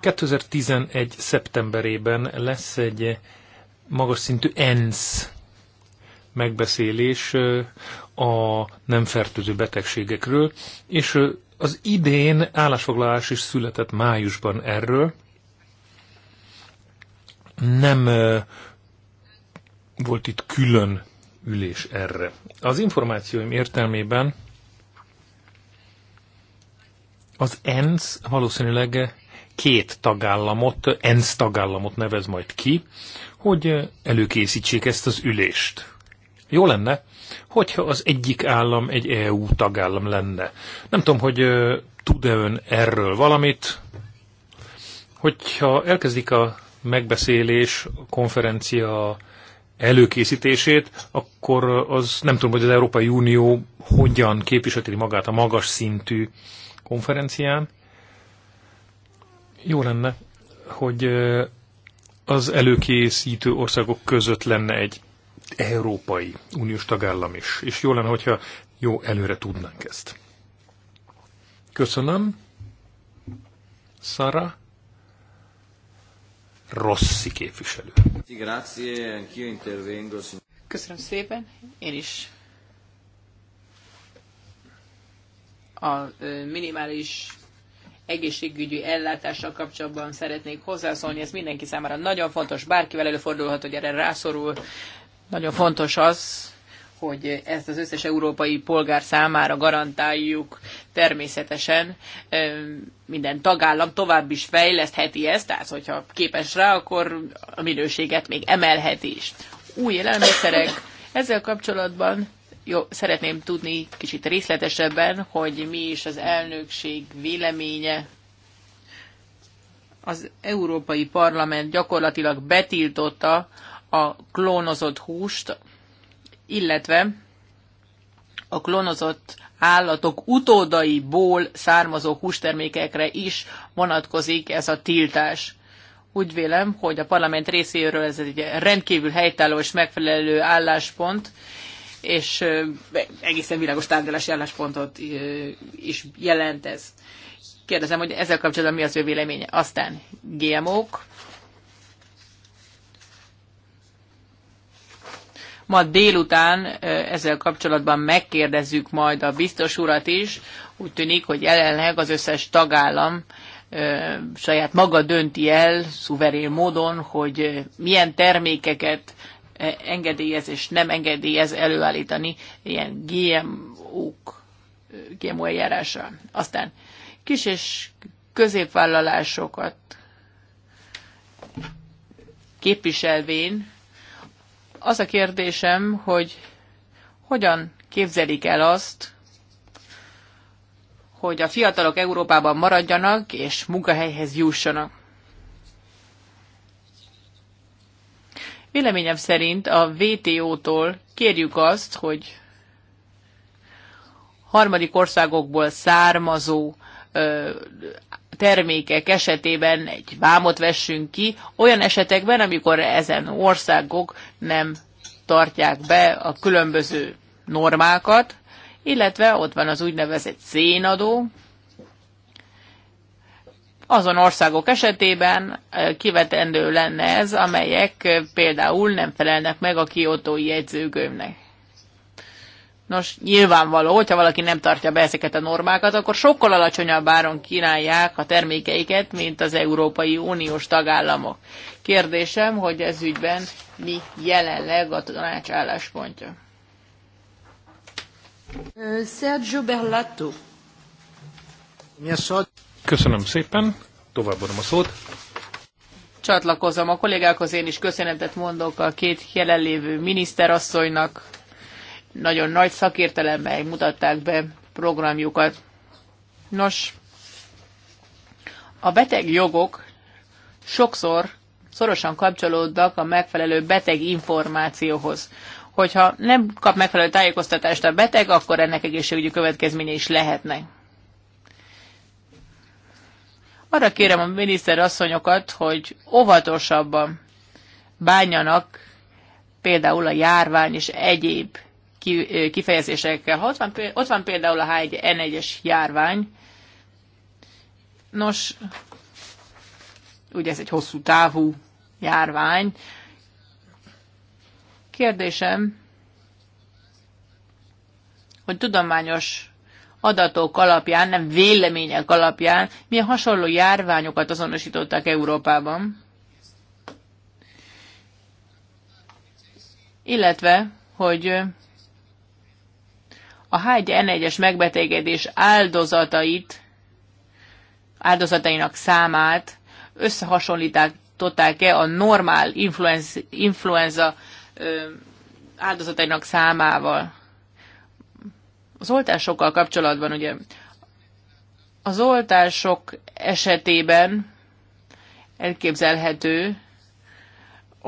2011. szeptemberében lesz egy magas szintű ENSZ megbeszélés a nem fertőző betegségekről, és az idén állásfoglalás is született májusban erről, nem volt itt külön ülés erre. Az információim értelmében az ENSZ valószínűleg két tagállamot, ENSZ tagállamot nevez majd ki, hogy előkészítsék ezt az ülést. Jó lenne, hogyha az egyik állam egy EU tagállam lenne. Nem tudom, hogy tud-e ön erről valamit, hogyha elkezdik a megbeszélés, konferencia előkészítését, akkor az nem tudom, hogy az Európai Unió hogyan képviseli magát a magas szintű konferencián. Jó lenne, hogy az előkészítő országok között lenne egy Európai Uniós tagállam is, és jó lenne, hogyha jó előre tudnánk ezt. Köszönöm. Sara. Rossi képviselő. Köszönöm szépen, én is a minimális egészségügyi ellátással kapcsolatban szeretnék hozzászólni. Ez mindenki számára nagyon fontos, bárkivel előfordulhat, hogy erre rászorul. Nagyon fontos az, hogy ezt az összes európai polgár számára garantáljuk természetesen. Minden tagállam tovább is fejlesztheti ezt, tehát hogyha képes rá, akkor a minőséget még emelheti is. Új élelmiszerek, ezzel kapcsolatban jó, szeretném tudni kicsit részletesebben, hogy mi is az elnökség véleménye. Az Európai Parlament gyakorlatilag betiltotta a klónozott húst illetve a klónozott állatok utódaiból származó hústermékekre is vonatkozik ez a tiltás. Úgy vélem, hogy a parlament részéről ez egy rendkívül helytálló és megfelelő álláspont, és egészen világos tárgyalási álláspontot is jelent ez. Kérdezem, hogy ezzel kapcsolatban mi az ő véleménye. Aztán GMO-k, Ma délután ezzel kapcsolatban megkérdezzük majd a biztos urat is. Úgy tűnik, hogy jelenleg az összes tagállam saját maga dönti el szuverén módon, hogy milyen termékeket engedélyez és nem engedélyez előállítani ilyen GMO-k, GMO eljárással. Aztán kis és középvállalásokat képviselvén az a kérdésem, hogy hogyan képzelik el azt, hogy a fiatalok Európában maradjanak és munkahelyhez jussanak. Véleményem szerint a VTO-tól kérjük azt, hogy harmadik országokból származó termékek esetében egy vámot vessünk ki, olyan esetekben, amikor ezen országok nem tartják be a különböző normákat, illetve ott van az úgynevezett szénadó, azon országok esetében kivetendő lenne ez, amelyek például nem felelnek meg a kiotói jegyzőkönyvnek. Nos, nyilvánvaló, hogyha valaki nem tartja be ezeket a normákat, akkor sokkal alacsonyabb áron kínálják a termékeiket, mint az Európai Uniós tagállamok. Kérdésem, hogy ez ügyben mi jelenleg a tanács álláspontja. Sergio Berlato. Köszönöm szépen, továbbadom a szót. Csatlakozom a kollégákhoz, én is köszönetet mondok a két jelenlévő miniszterasszonynak, nagyon nagy szakértelemmel mutatták be programjukat. Nos, a beteg jogok sokszor szorosan kapcsolódnak a megfelelő beteg információhoz. Hogyha nem kap megfelelő tájékoztatást a beteg, akkor ennek egészségügyi következménye is lehetnek. Arra kérem a miniszter asszonyokat, hogy óvatosabban bánjanak például a járvány és egyéb kifejezésekkel. ott, van, ott van például a H1N1-es járvány, nos, ugye ez egy hosszú távú járvány. Kérdésem, hogy tudományos adatok alapján, nem vélemények alapján, milyen hasonló járványokat azonosítottak Európában? Illetve, hogy a H1N1-es megbetegedés áldozatait, áldozatainak számát összehasonlították-e a normál influenza, influenza áldozatainak számával. Az oltásokkal kapcsolatban ugye az oltások esetében elképzelhető,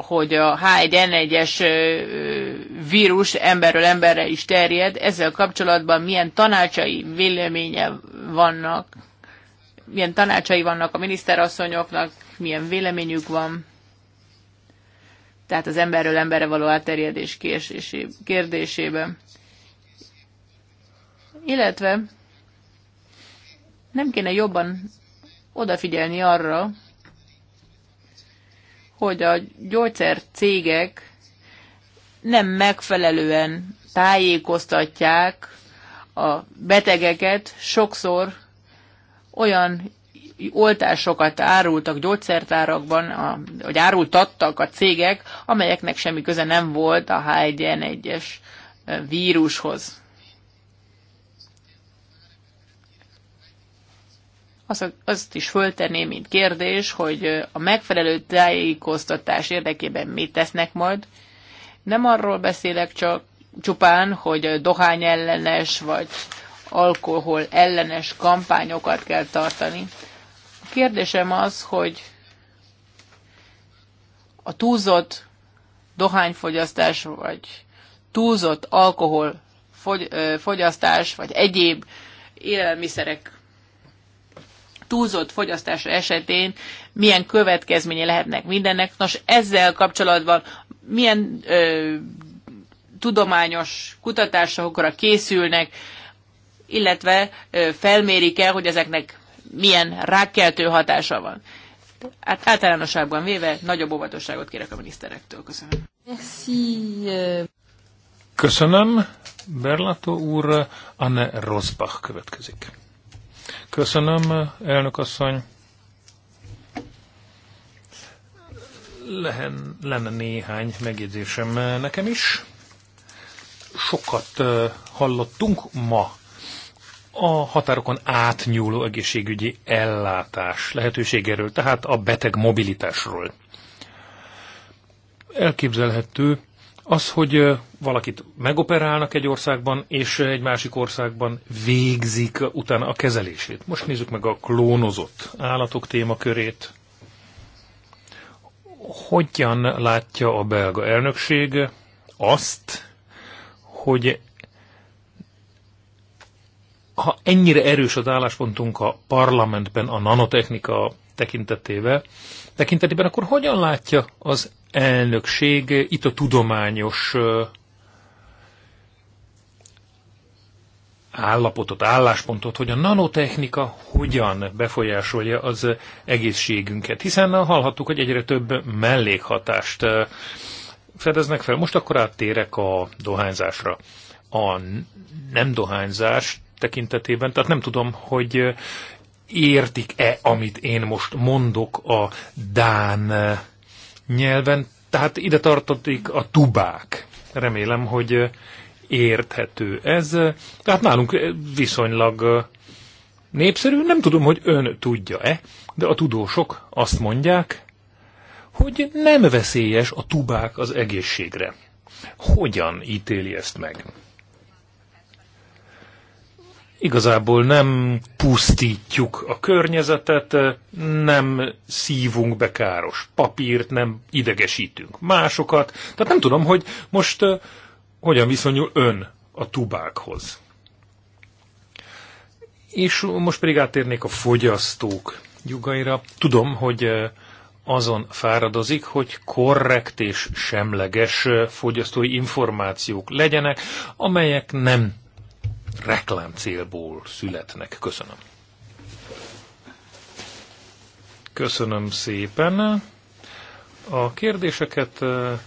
hogy a H1N1-es vírus emberről emberre is terjed, ezzel kapcsolatban milyen tanácsai véleménye vannak, milyen tanácsai vannak a miniszterasszonyoknak, milyen véleményük van, tehát az emberről emberre való átterjedés kérdésében. Illetve nem kéne jobban odafigyelni arra, hogy a gyógyszer cégek nem megfelelően tájékoztatják a betegeket, sokszor olyan oltásokat árultak gyógyszertárakban, a, vagy árultattak a cégek, amelyeknek semmi köze nem volt a H1N1-es vírushoz. azt, azt is föltenném, mint kérdés, hogy a megfelelő tájékoztatás érdekében mit tesznek majd. Nem arról beszélek csak csupán, hogy dohány ellenes vagy alkohol ellenes kampányokat kell tartani. A kérdésem az, hogy a túlzott dohányfogyasztás vagy túlzott alkohol fogyasztás vagy egyéb élelmiszerek túlzott fogyasztása esetén milyen következménye lehetnek mindennek. Nos, ezzel kapcsolatban milyen ö, tudományos kutatásokra készülnek, illetve ö, felmérik el, hogy ezeknek milyen rákkeltő hatása van. Hát általánosságban véve nagyobb óvatosságot kérek a miniszterektől. Köszönöm. Merci. Köszönöm. Berlato úr, Anne Rosbach következik. Köszönöm, elnök asszony. Lehen, lenne néhány megjegyzésem nekem is. Sokat hallottunk ma a határokon átnyúló egészségügyi ellátás lehetőségéről, tehát a beteg mobilitásról. Elképzelhető, az, hogy valakit megoperálnak egy országban, és egy másik országban végzik utána a kezelését. Most nézzük meg a klónozott állatok témakörét. Hogyan látja a belga elnökség azt, hogy ha ennyire erős az álláspontunk a parlamentben a nanotechnika tekintetével, tekintetében, akkor hogyan látja az elnökség itt a tudományos állapotot, álláspontot, hogy a nanotechnika hogyan befolyásolja az egészségünket, hiszen hallhattuk, hogy egyre több mellékhatást fedeznek fel. Most akkor áttérek a dohányzásra. A nem dohányzás tekintetében, tehát nem tudom, hogy értik-e, amit én most mondok a Dán nyelven. Tehát ide tartotik a tubák. Remélem, hogy érthető ez. Tehát nálunk viszonylag népszerű. Nem tudom, hogy ön tudja-e, de a tudósok azt mondják, hogy nem veszélyes a tubák az egészségre. Hogyan ítéli ezt meg? igazából nem pusztítjuk a környezetet, nem szívunk be káros papírt, nem idegesítünk másokat. Tehát nem tudom, hogy most hogyan viszonyul ön a tubákhoz. És most pedig átérnék a fogyasztók jogaira. Tudom, hogy azon fáradozik, hogy korrekt és semleges fogyasztói információk legyenek, amelyek nem reklám célból születnek. Köszönöm. Köszönöm szépen. A kérdéseket eh,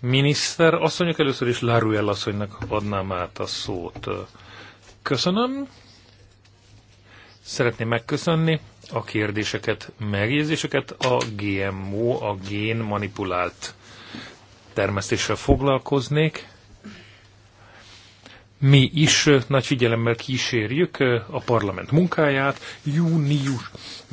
miniszter asszonyok először is Laruel asszonynak adnám át a szót. Köszönöm. Szeretném megköszönni a kérdéseket, megjegyzéseket. A GMO, a gén manipulált termesztéssel foglalkoznék mi is nagy figyelemmel kísérjük a parlament munkáját. Június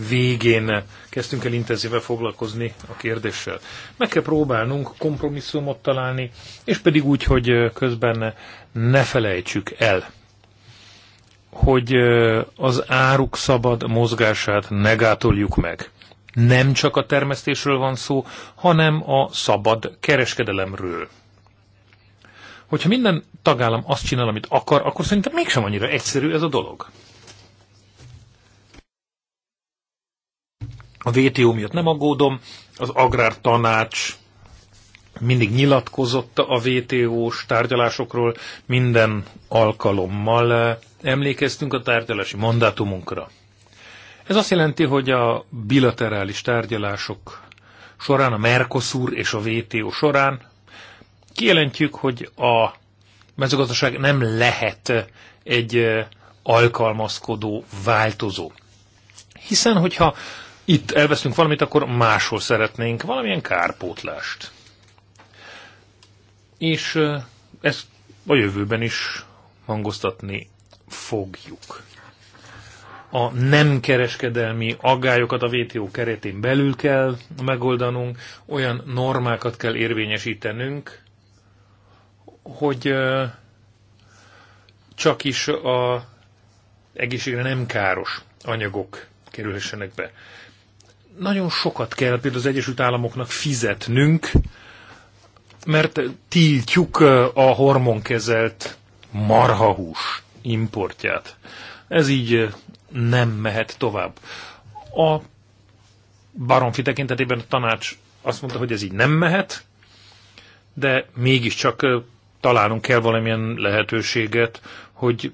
végén kezdtünk el intenzíve foglalkozni a kérdéssel. Meg kell próbálnunk kompromisszumot találni, és pedig úgy, hogy közben ne felejtsük el, hogy az áruk szabad mozgását ne gátoljuk meg. Nem csak a termesztésről van szó, hanem a szabad kereskedelemről Hogyha minden tagállam azt csinál, amit akar, akkor szerintem mégsem annyira egyszerű ez a dolog. A VTO miatt nem aggódom, az agrártanács mindig nyilatkozott a VTO-s tárgyalásokról, minden alkalommal emlékeztünk a tárgyalási mandátumunkra. Ez azt jelenti, hogy a bilaterális tárgyalások során, a Mercosur és a VTO során Kijelentjük, hogy a mezőgazdaság nem lehet egy alkalmazkodó változó. Hiszen, hogyha itt elveszünk valamit, akkor máshol szeretnénk valamilyen kárpótlást. És ezt a jövőben is hangoztatni fogjuk. A nem kereskedelmi aggályokat a WTO keretén belül kell megoldanunk, olyan normákat kell érvényesítenünk, hogy csak is a egészségre nem káros anyagok kerülhessenek be. Nagyon sokat kell például az Egyesült Államoknak fizetnünk, mert tiltjuk a hormonkezelt marhahús importját. Ez így nem mehet tovább. A baromfi tekintetében a tanács azt mondta, hogy ez így nem mehet, de mégiscsak találunk kell valamilyen lehetőséget, hogy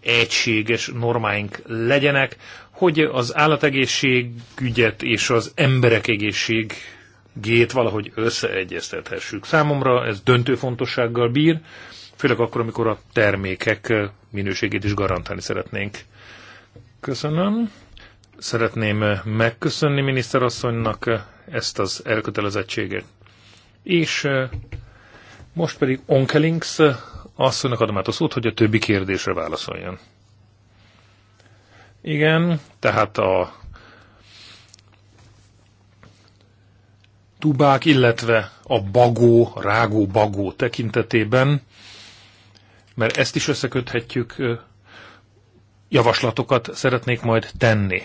egységes normáink legyenek, hogy az állategészségügyet és az emberek egészségét valahogy összeegyeztethessük. Számomra ez döntő fontossággal bír, főleg akkor, amikor a termékek minőségét is garantálni szeretnénk. Köszönöm. Szeretném megköszönni miniszterasszonynak ezt az elkötelezettséget. És most pedig Onkelings eh, asszonynak adom át a szót, hogy a többi kérdésre válaszoljon. Igen, tehát a tubák, illetve a bagó, rágó bagó tekintetében, mert ezt is összeköthetjük, eh, javaslatokat szeretnék majd tenni.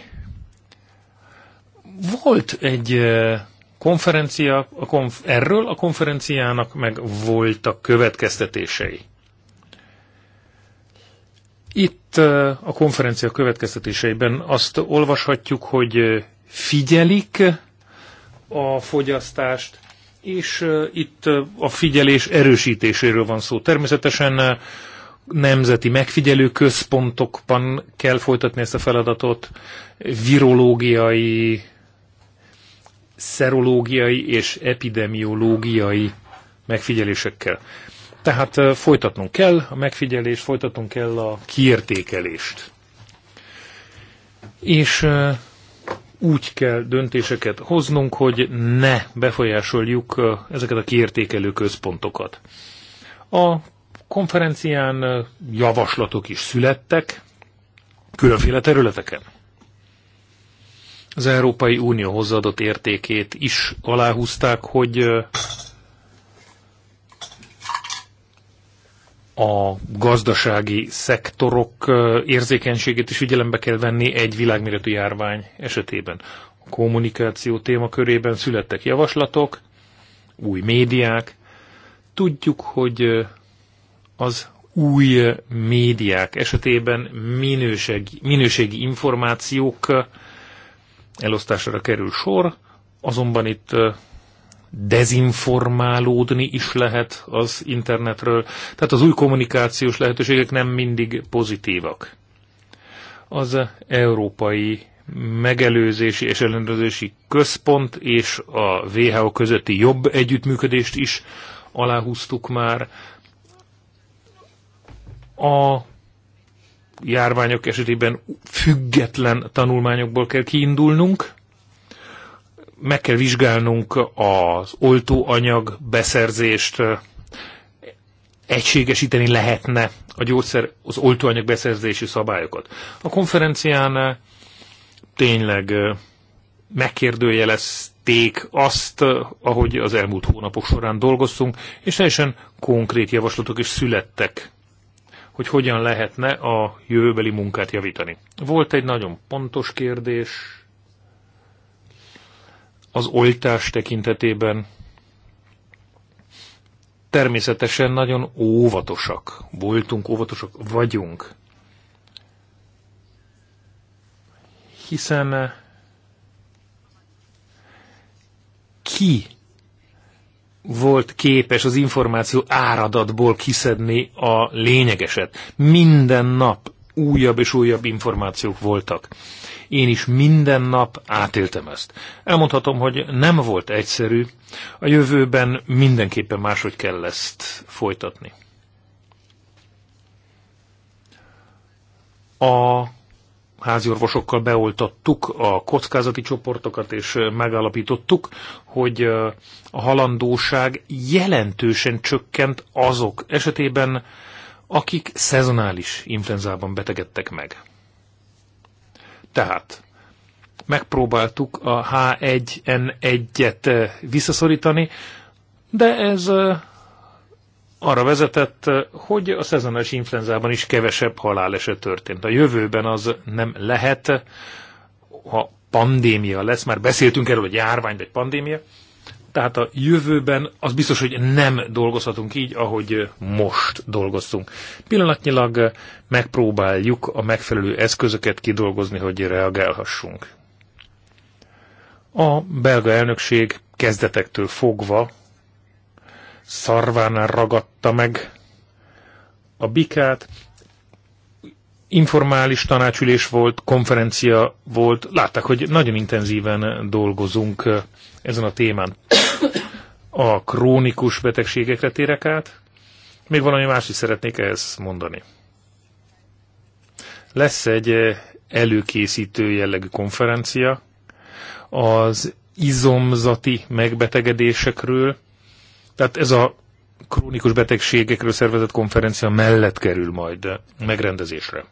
Volt egy eh, konferencia, a konf, erről a konferenciának meg voltak következtetései. Itt a konferencia következtetéseiben azt olvashatjuk, hogy figyelik a fogyasztást, és itt a figyelés erősítéséről van szó. Természetesen nemzeti megfigyelő központokban kell folytatni ezt a feladatot, virológiai szerológiai és epidemiológiai megfigyelésekkel. Tehát folytatnunk kell a megfigyelést, folytatnunk kell a kiértékelést. És úgy kell döntéseket hoznunk, hogy ne befolyásoljuk ezeket a kiértékelő központokat. A konferencián javaslatok is születtek, különféle területeken az Európai Unió hozzáadott értékét is aláhúzták, hogy a gazdasági szektorok érzékenységét is figyelembe kell venni egy világméretű járvány esetében. A kommunikáció témakörében születtek javaslatok, új médiák. Tudjuk, hogy az új médiák esetében minőség, minőségi információk elosztására kerül sor, azonban itt dezinformálódni is lehet az internetről, tehát az új kommunikációs lehetőségek nem mindig pozitívak. Az európai megelőzési és ellenőrzési központ és a WHO közötti jobb együttműködést is aláhúztuk már. A járványok esetében független tanulmányokból kell kiindulnunk, meg kell vizsgálnunk az oltóanyag beszerzést, egységesíteni lehetne a gyógyszer, az oltóanyag beszerzési szabályokat. A konferencián eh, tényleg eh, megkérdőjelezték azt, eh, ahogy az elmúlt hónapok során dolgoztunk, és teljesen konkrét javaslatok is születtek hogy hogyan lehetne a jövőbeli munkát javítani. Volt egy nagyon pontos kérdés az oltás tekintetében. Természetesen nagyon óvatosak voltunk, óvatosak vagyunk. Hiszen eh, ki volt képes az információ áradatból kiszedni a lényegeset. Minden nap újabb és újabb információk voltak. Én is minden nap átéltem ezt. Elmondhatom, hogy nem volt egyszerű, a jövőben mindenképpen máshogy kell ezt folytatni. A háziorvosokkal beoltattuk a kockázati csoportokat, és megállapítottuk, hogy a halandóság jelentősen csökkent azok esetében, akik szezonális influenzában betegedtek meg. Tehát megpróbáltuk a H1N1-et visszaszorítani, de ez arra vezetett, hogy a szezonális influenzában is kevesebb haláleset történt. A jövőben az nem lehet, ha pandémia lesz, már beszéltünk erről, hogy járvány vagy pandémia, tehát a jövőben az biztos, hogy nem dolgozhatunk így, ahogy most dolgoztunk. Pillanatnyilag megpróbáljuk a megfelelő eszközöket kidolgozni, hogy reagálhassunk. A belga elnökség kezdetektől fogva szarvánál ragadta meg a bikát. Informális tanácsülés volt, konferencia volt. Látták, hogy nagyon intenzíven dolgozunk eh, ezen a témán. A krónikus betegségekre térek át. Még valami más is szeretnék ehhez mondani. Lesz egy eh, előkészítő jellegű konferencia az izomzati megbetegedésekről, tehát ez a krónikus betegségekről szervezett konferencia mellett kerül majd megrendezésre.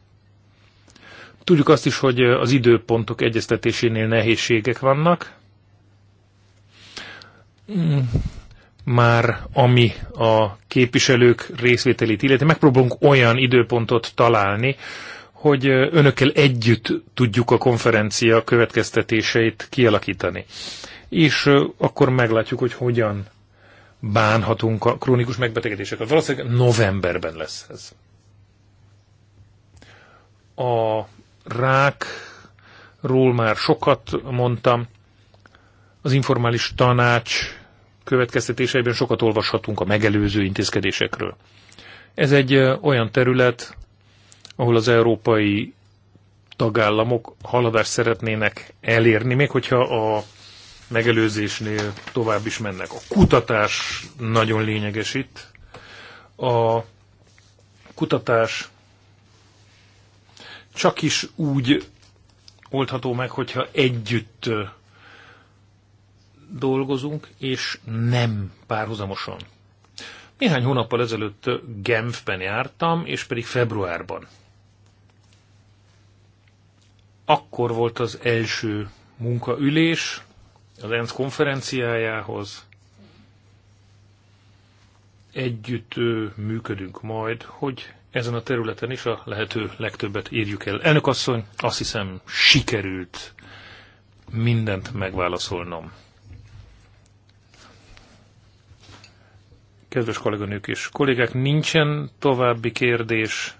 Tudjuk azt is, hogy az időpontok egyeztetésénél nehézségek vannak. Már ami a képviselők részvételét illeti, megpróbálunk olyan időpontot találni, hogy önökkel együtt tudjuk a konferencia következtetéseit kialakítani. És akkor meglátjuk, hogy hogyan bánhatunk a krónikus megbetegedésekkel. Valószínűleg novemberben lesz ez. A rákról már sokat mondtam. Az informális tanács következtetéseiben sokat olvashatunk a megelőző intézkedésekről. Ez egy olyan terület, ahol az európai tagállamok haladást szeretnének elérni, még hogyha a megelőzésnél tovább is mennek. A kutatás nagyon lényeges itt. A kutatás csak is úgy oldható meg, hogyha együtt dolgozunk, és nem párhuzamosan. Néhány hónappal ezelőtt Genfben jártam, és pedig februárban. Akkor volt az első munkaülés, az ENSZ konferenciájához. Együtt működünk majd, hogy ezen a területen is a lehető legtöbbet írjuk el. Elnök asszony, azt hiszem sikerült mindent megválaszolnom. Kedves kolléganők és kollégák, nincsen további kérdés,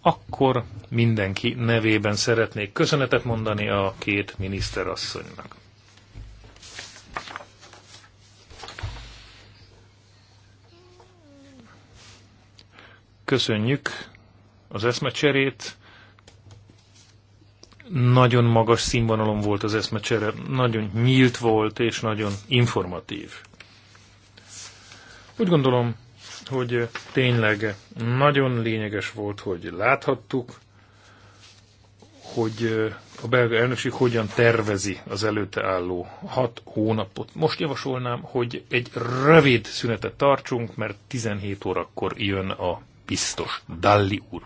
akkor mindenki nevében szeretnék köszönetet mondani a két miniszterasszonynak. Köszönjük az eszmecserét. Nagyon magas színvonalon volt az eszmecsere, nagyon nyílt volt és nagyon informatív. Úgy gondolom, hogy tényleg nagyon lényeges volt, hogy láthattuk, hogy a belga elnökség hogyan tervezi az előtte álló hat hónapot. Most javasolnám, hogy egy rövid szünetet tartsunk, mert 17 órakor jön a biztos. Dalli úr.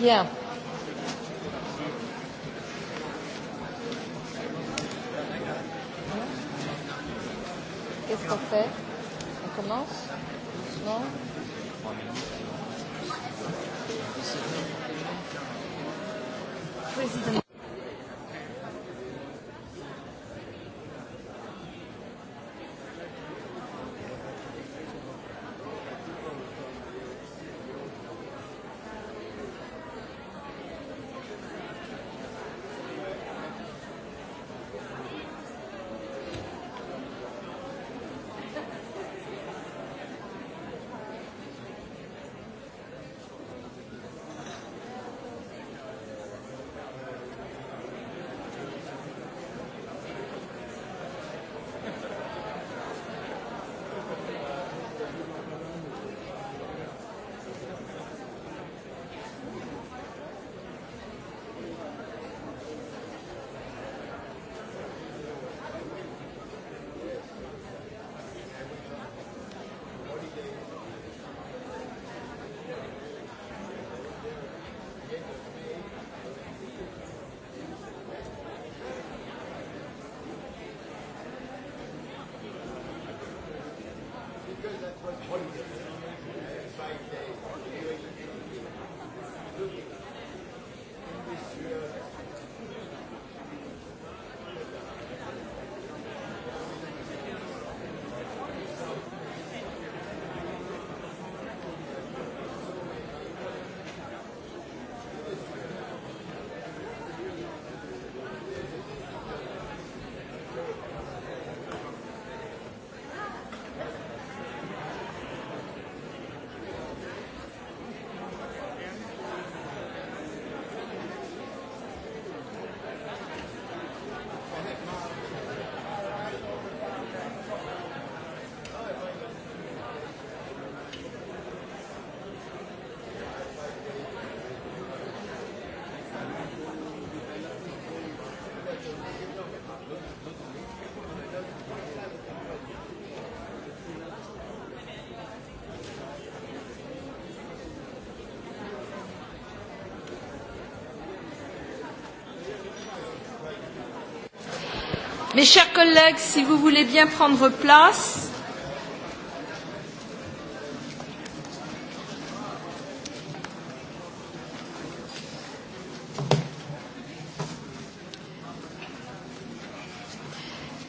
Bien. Qu'est-ce qu'on fait On commence Non Président. Mes chers collègues, si vous voulez bien prendre place.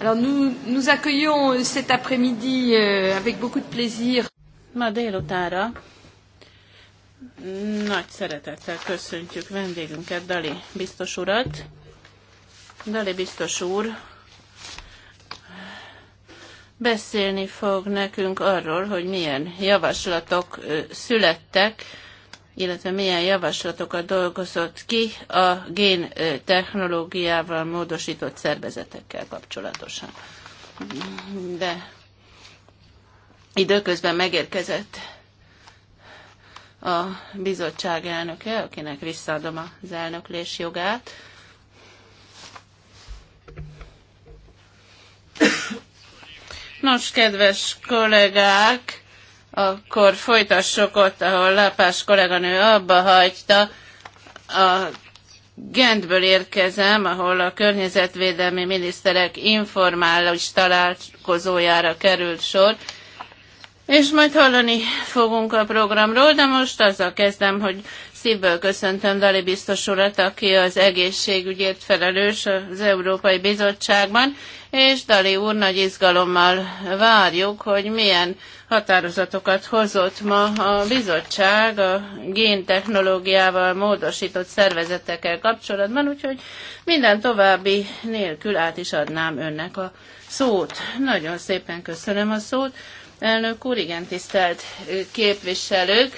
Alors nous, nous accueillons euh, cet après-midi euh, avec beaucoup de plaisir. Ma délutánra nagy szeretettel köszöntjük vendégünket, Dali biztos urat. Dali biztos úr beszélni fog nekünk arról, hogy milyen javaslatok születtek, illetve milyen javaslatokat dolgozott ki a gén technológiával módosított szervezetekkel kapcsolatosan. De időközben megérkezett a bizottság elnöke, akinek visszaadom az elnöklés jogát. Nos, kedves kollégák, akkor folytassuk ott, ahol Lápás kolléganő abba hagyta. A Gentből érkezem, ahol a környezetvédelmi miniszterek informális találkozójára került sor, és majd hallani fogunk a programról, de most azzal kezdem, hogy Szívből köszöntöm Dali biztos urat, aki az egészségügyért felelős az Európai Bizottságban, és Dali úr nagy izgalommal várjuk, hogy milyen határozatokat hozott ma a bizottság a géntechnológiával módosított szervezetekkel kapcsolatban, úgyhogy minden további nélkül át is adnám önnek a szót. Nagyon szépen köszönöm a szót. Elnök úr, igen tisztelt képviselők!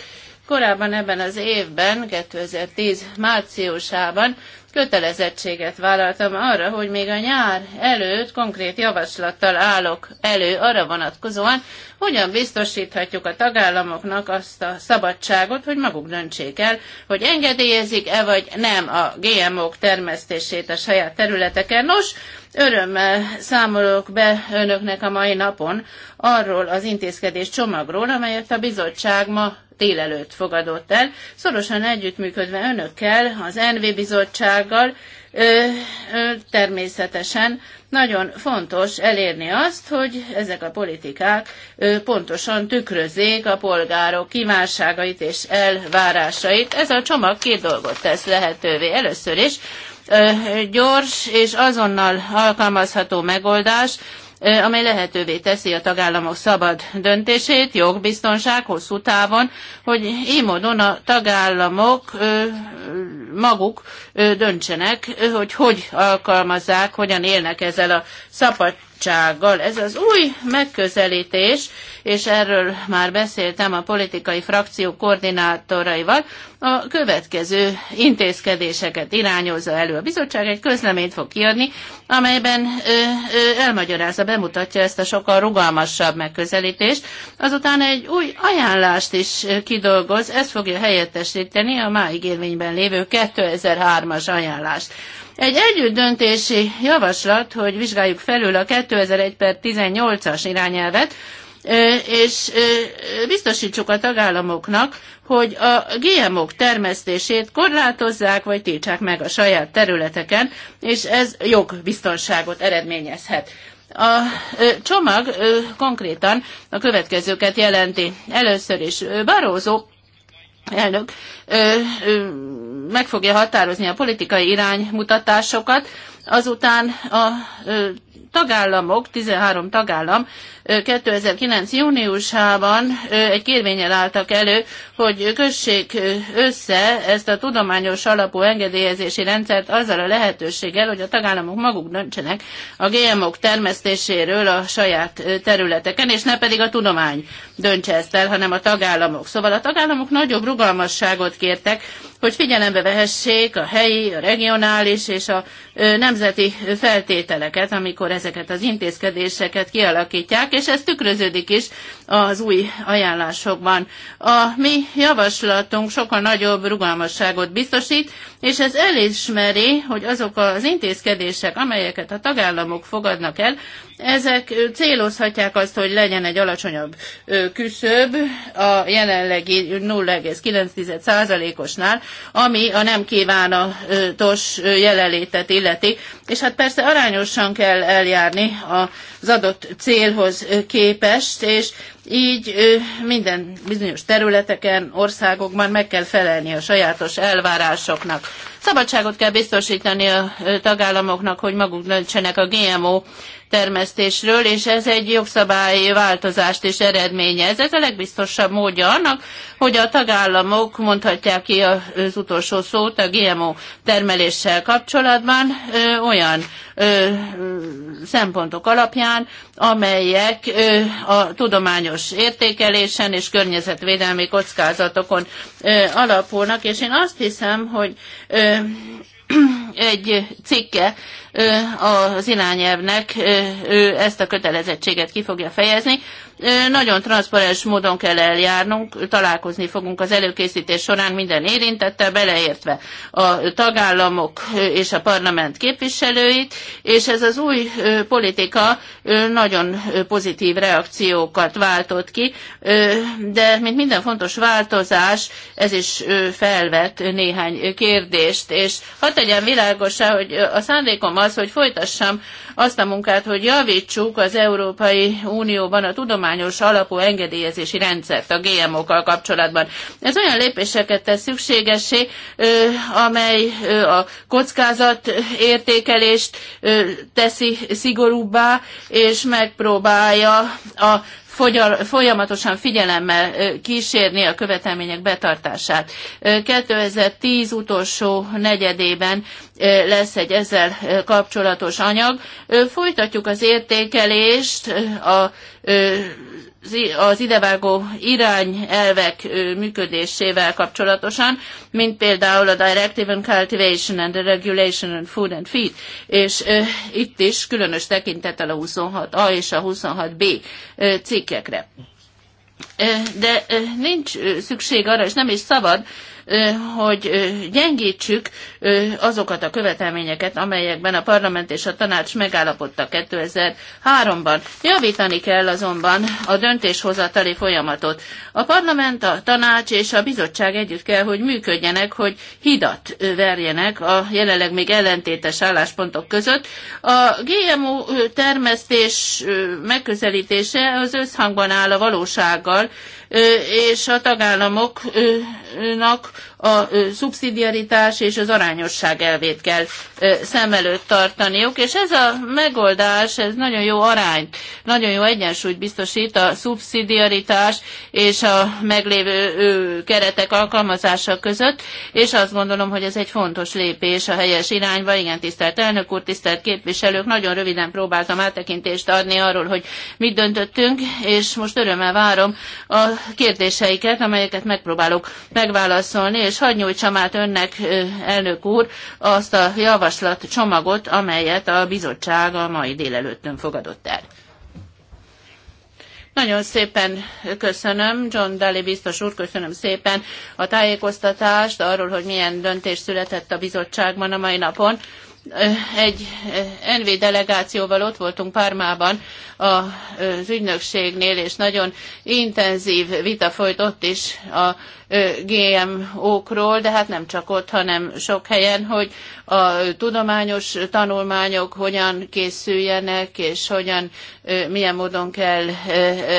Korábban ebben az évben, 2010 márciusában kötelezettséget vállaltam arra, hogy még a nyár előtt konkrét javaslattal állok elő arra vonatkozóan, hogyan biztosíthatjuk a tagállamoknak azt a szabadságot, hogy maguk döntsék el, hogy engedélyezik-e vagy nem a GMO-k termesztését a saját területeken. Nos, örömmel számolok be önöknek a mai napon arról az intézkedés csomagról, amelyet a bizottság ma délelőtt fogadott el, szorosan együttműködve önökkel, az NV bizottsággal, ö, ö, természetesen nagyon fontos elérni azt, hogy ezek a politikák ö, pontosan tükrözzék a polgárok kívánságait és elvárásait. Ez a csomag két dolgot tesz lehetővé. Először is gyors és azonnal alkalmazható megoldás amely lehetővé teszi a tagállamok szabad döntését, jogbiztonság hosszú távon, hogy így módon a tagállamok maguk döntsenek, hogy hogy alkalmazzák, hogyan élnek ezzel a szabad szabadsággal. Ez az új megközelítés, és erről már beszéltem a politikai frakció koordinátoraival, a következő intézkedéseket irányozza elő. A bizottság egy közleményt fog kiadni, amelyben ö, ö, elmagyarázza, bemutatja ezt a sokkal rugalmasabb megközelítést. Azután egy új ajánlást is kidolgoz, ez fogja helyettesíteni a máig érvényben lévő 2003-as ajánlást. Egy együttdöntési javaslat, hogy vizsgáljuk felül a 2001 per 18-as irányelvet, és biztosítsuk a tagállamoknak, hogy a GMO-k termesztését korlátozzák, vagy tiltsák meg a saját területeken, és ez jogbiztonságot eredményezhet. A csomag konkrétan a következőket jelenti. Először is Barózó elnök ö, ö, meg fogja határozni a politikai iránymutatásokat, azután a ö, tagállamok, 13 tagállam 2009. júniusában egy kérvényel álltak elő, hogy kössék össze ezt a tudományos alapú engedélyezési rendszert azzal a lehetőséggel, hogy a tagállamok maguk döntsenek a GMO-k termesztéséről a saját területeken, és ne pedig a tudomány döntse ezt el, hanem a tagállamok. Szóval a tagállamok nagyobb rugalmasságot kértek hogy figyelembe vehessék a helyi, a regionális és a nemzeti feltételeket, amikor ezeket az intézkedéseket kialakítják, és ez tükröződik is az új ajánlásokban. A mi javaslatunk sokkal nagyobb rugalmasságot biztosít, és ez elismeri, hogy azok az intézkedések, amelyeket a tagállamok fogadnak el, ezek célozhatják azt, hogy legyen egy alacsonyabb küszöb a jelenlegi 0,9%-osnál, ami a nem kívánatos jelenlétet illeti. És hát persze arányosan kell eljárni az adott célhoz képest, és így minden bizonyos területeken, országokban meg kell felelni a sajátos elvárásoknak. Szabadságot kell biztosítani a tagállamoknak, hogy maguk döntsenek a GMO termesztésről, és ez egy jogszabályi változást is eredményez. Ez a legbiztosabb módja annak, hogy a tagállamok mondhatják ki az utolsó szót a GMO termeléssel kapcsolatban ö, olyan ö, szempontok alapján, amelyek ö, a tudományos értékelésen és környezetvédelmi kockázatokon ö, alapulnak, és én azt hiszem, hogy ö, *clears throat* egy cikke az irányelvnek, ő ezt a kötelezettséget ki fogja fejezni. Nagyon transzparens módon kell eljárnunk, találkozni fogunk az előkészítés során minden érintette, beleértve a tagállamok és a parlament képviselőit, és ez az új politika nagyon pozitív reakciókat váltott ki, de mint minden fontos változás, ez is felvet néhány kérdést, és hadd tegyen világosá, hogy a szándékom az, hogy folytassam azt a munkát, hogy javítsuk az Európai Unióban a tudományos alapú engedélyezési rendszert a GMO-kkal kapcsolatban. Ez olyan lépéseket tesz szükségessé, amely a kockázat értékelést teszi szigorúbbá, és megpróbálja a folyamatosan figyelemmel kísérni a követelmények betartását. 2010 utolsó negyedében lesz egy ezzel kapcsolatos anyag. Folytatjuk az értékelést a az idevágó irányelvek működésével kapcsolatosan, mint például a Directive on Cultivation and the Regulation on Food and Feed, és ö, itt is különös tekintettel a 26A és a 26B ö, cikkekre. De nincs szükség arra, és nem is szabad, hogy gyengítsük azokat a követelményeket, amelyekben a parlament és a tanács megállapodtak 2003-ban. Javítani kell azonban a döntéshozatali folyamatot. A parlament, a tanács és a bizottság együtt kell, hogy működjenek, hogy hidat verjenek a jelenleg még ellentétes álláspontok között. A GMO termesztés megközelítése az összhangban áll a valósággal, és a tagállamoknak a szubszidiaritás és az arányosság elvét kell szem előtt tartaniuk, és ez a megoldás, ez nagyon jó arány, nagyon jó egyensúlyt biztosít a szubszidiaritás és a meglévő keretek alkalmazása között, és azt gondolom, hogy ez egy fontos lépés a helyes irányba. Igen, tisztelt elnök úr, tisztelt képviselők, nagyon röviden próbáltam áttekintést adni arról, hogy mit döntöttünk, és most örömmel várom a kérdéseiket, amelyeket megpróbálok megválaszolni, és hadd nyújtsam át önnek, elnök úr, azt a javaslat csomagot, amelyet a bizottság a mai délelőttön fogadott el. Nagyon szépen köszönöm, John Daly biztos úr, köszönöm szépen a tájékoztatást arról, hogy milyen döntés született a bizottságban a mai napon egy NV delegációval ott voltunk Pármában az ügynökségnél, és nagyon intenzív vita folyt ott is a GMO-król, de hát nem csak ott, hanem sok helyen, hogy a tudományos tanulmányok hogyan készüljenek, és hogyan, milyen módon kell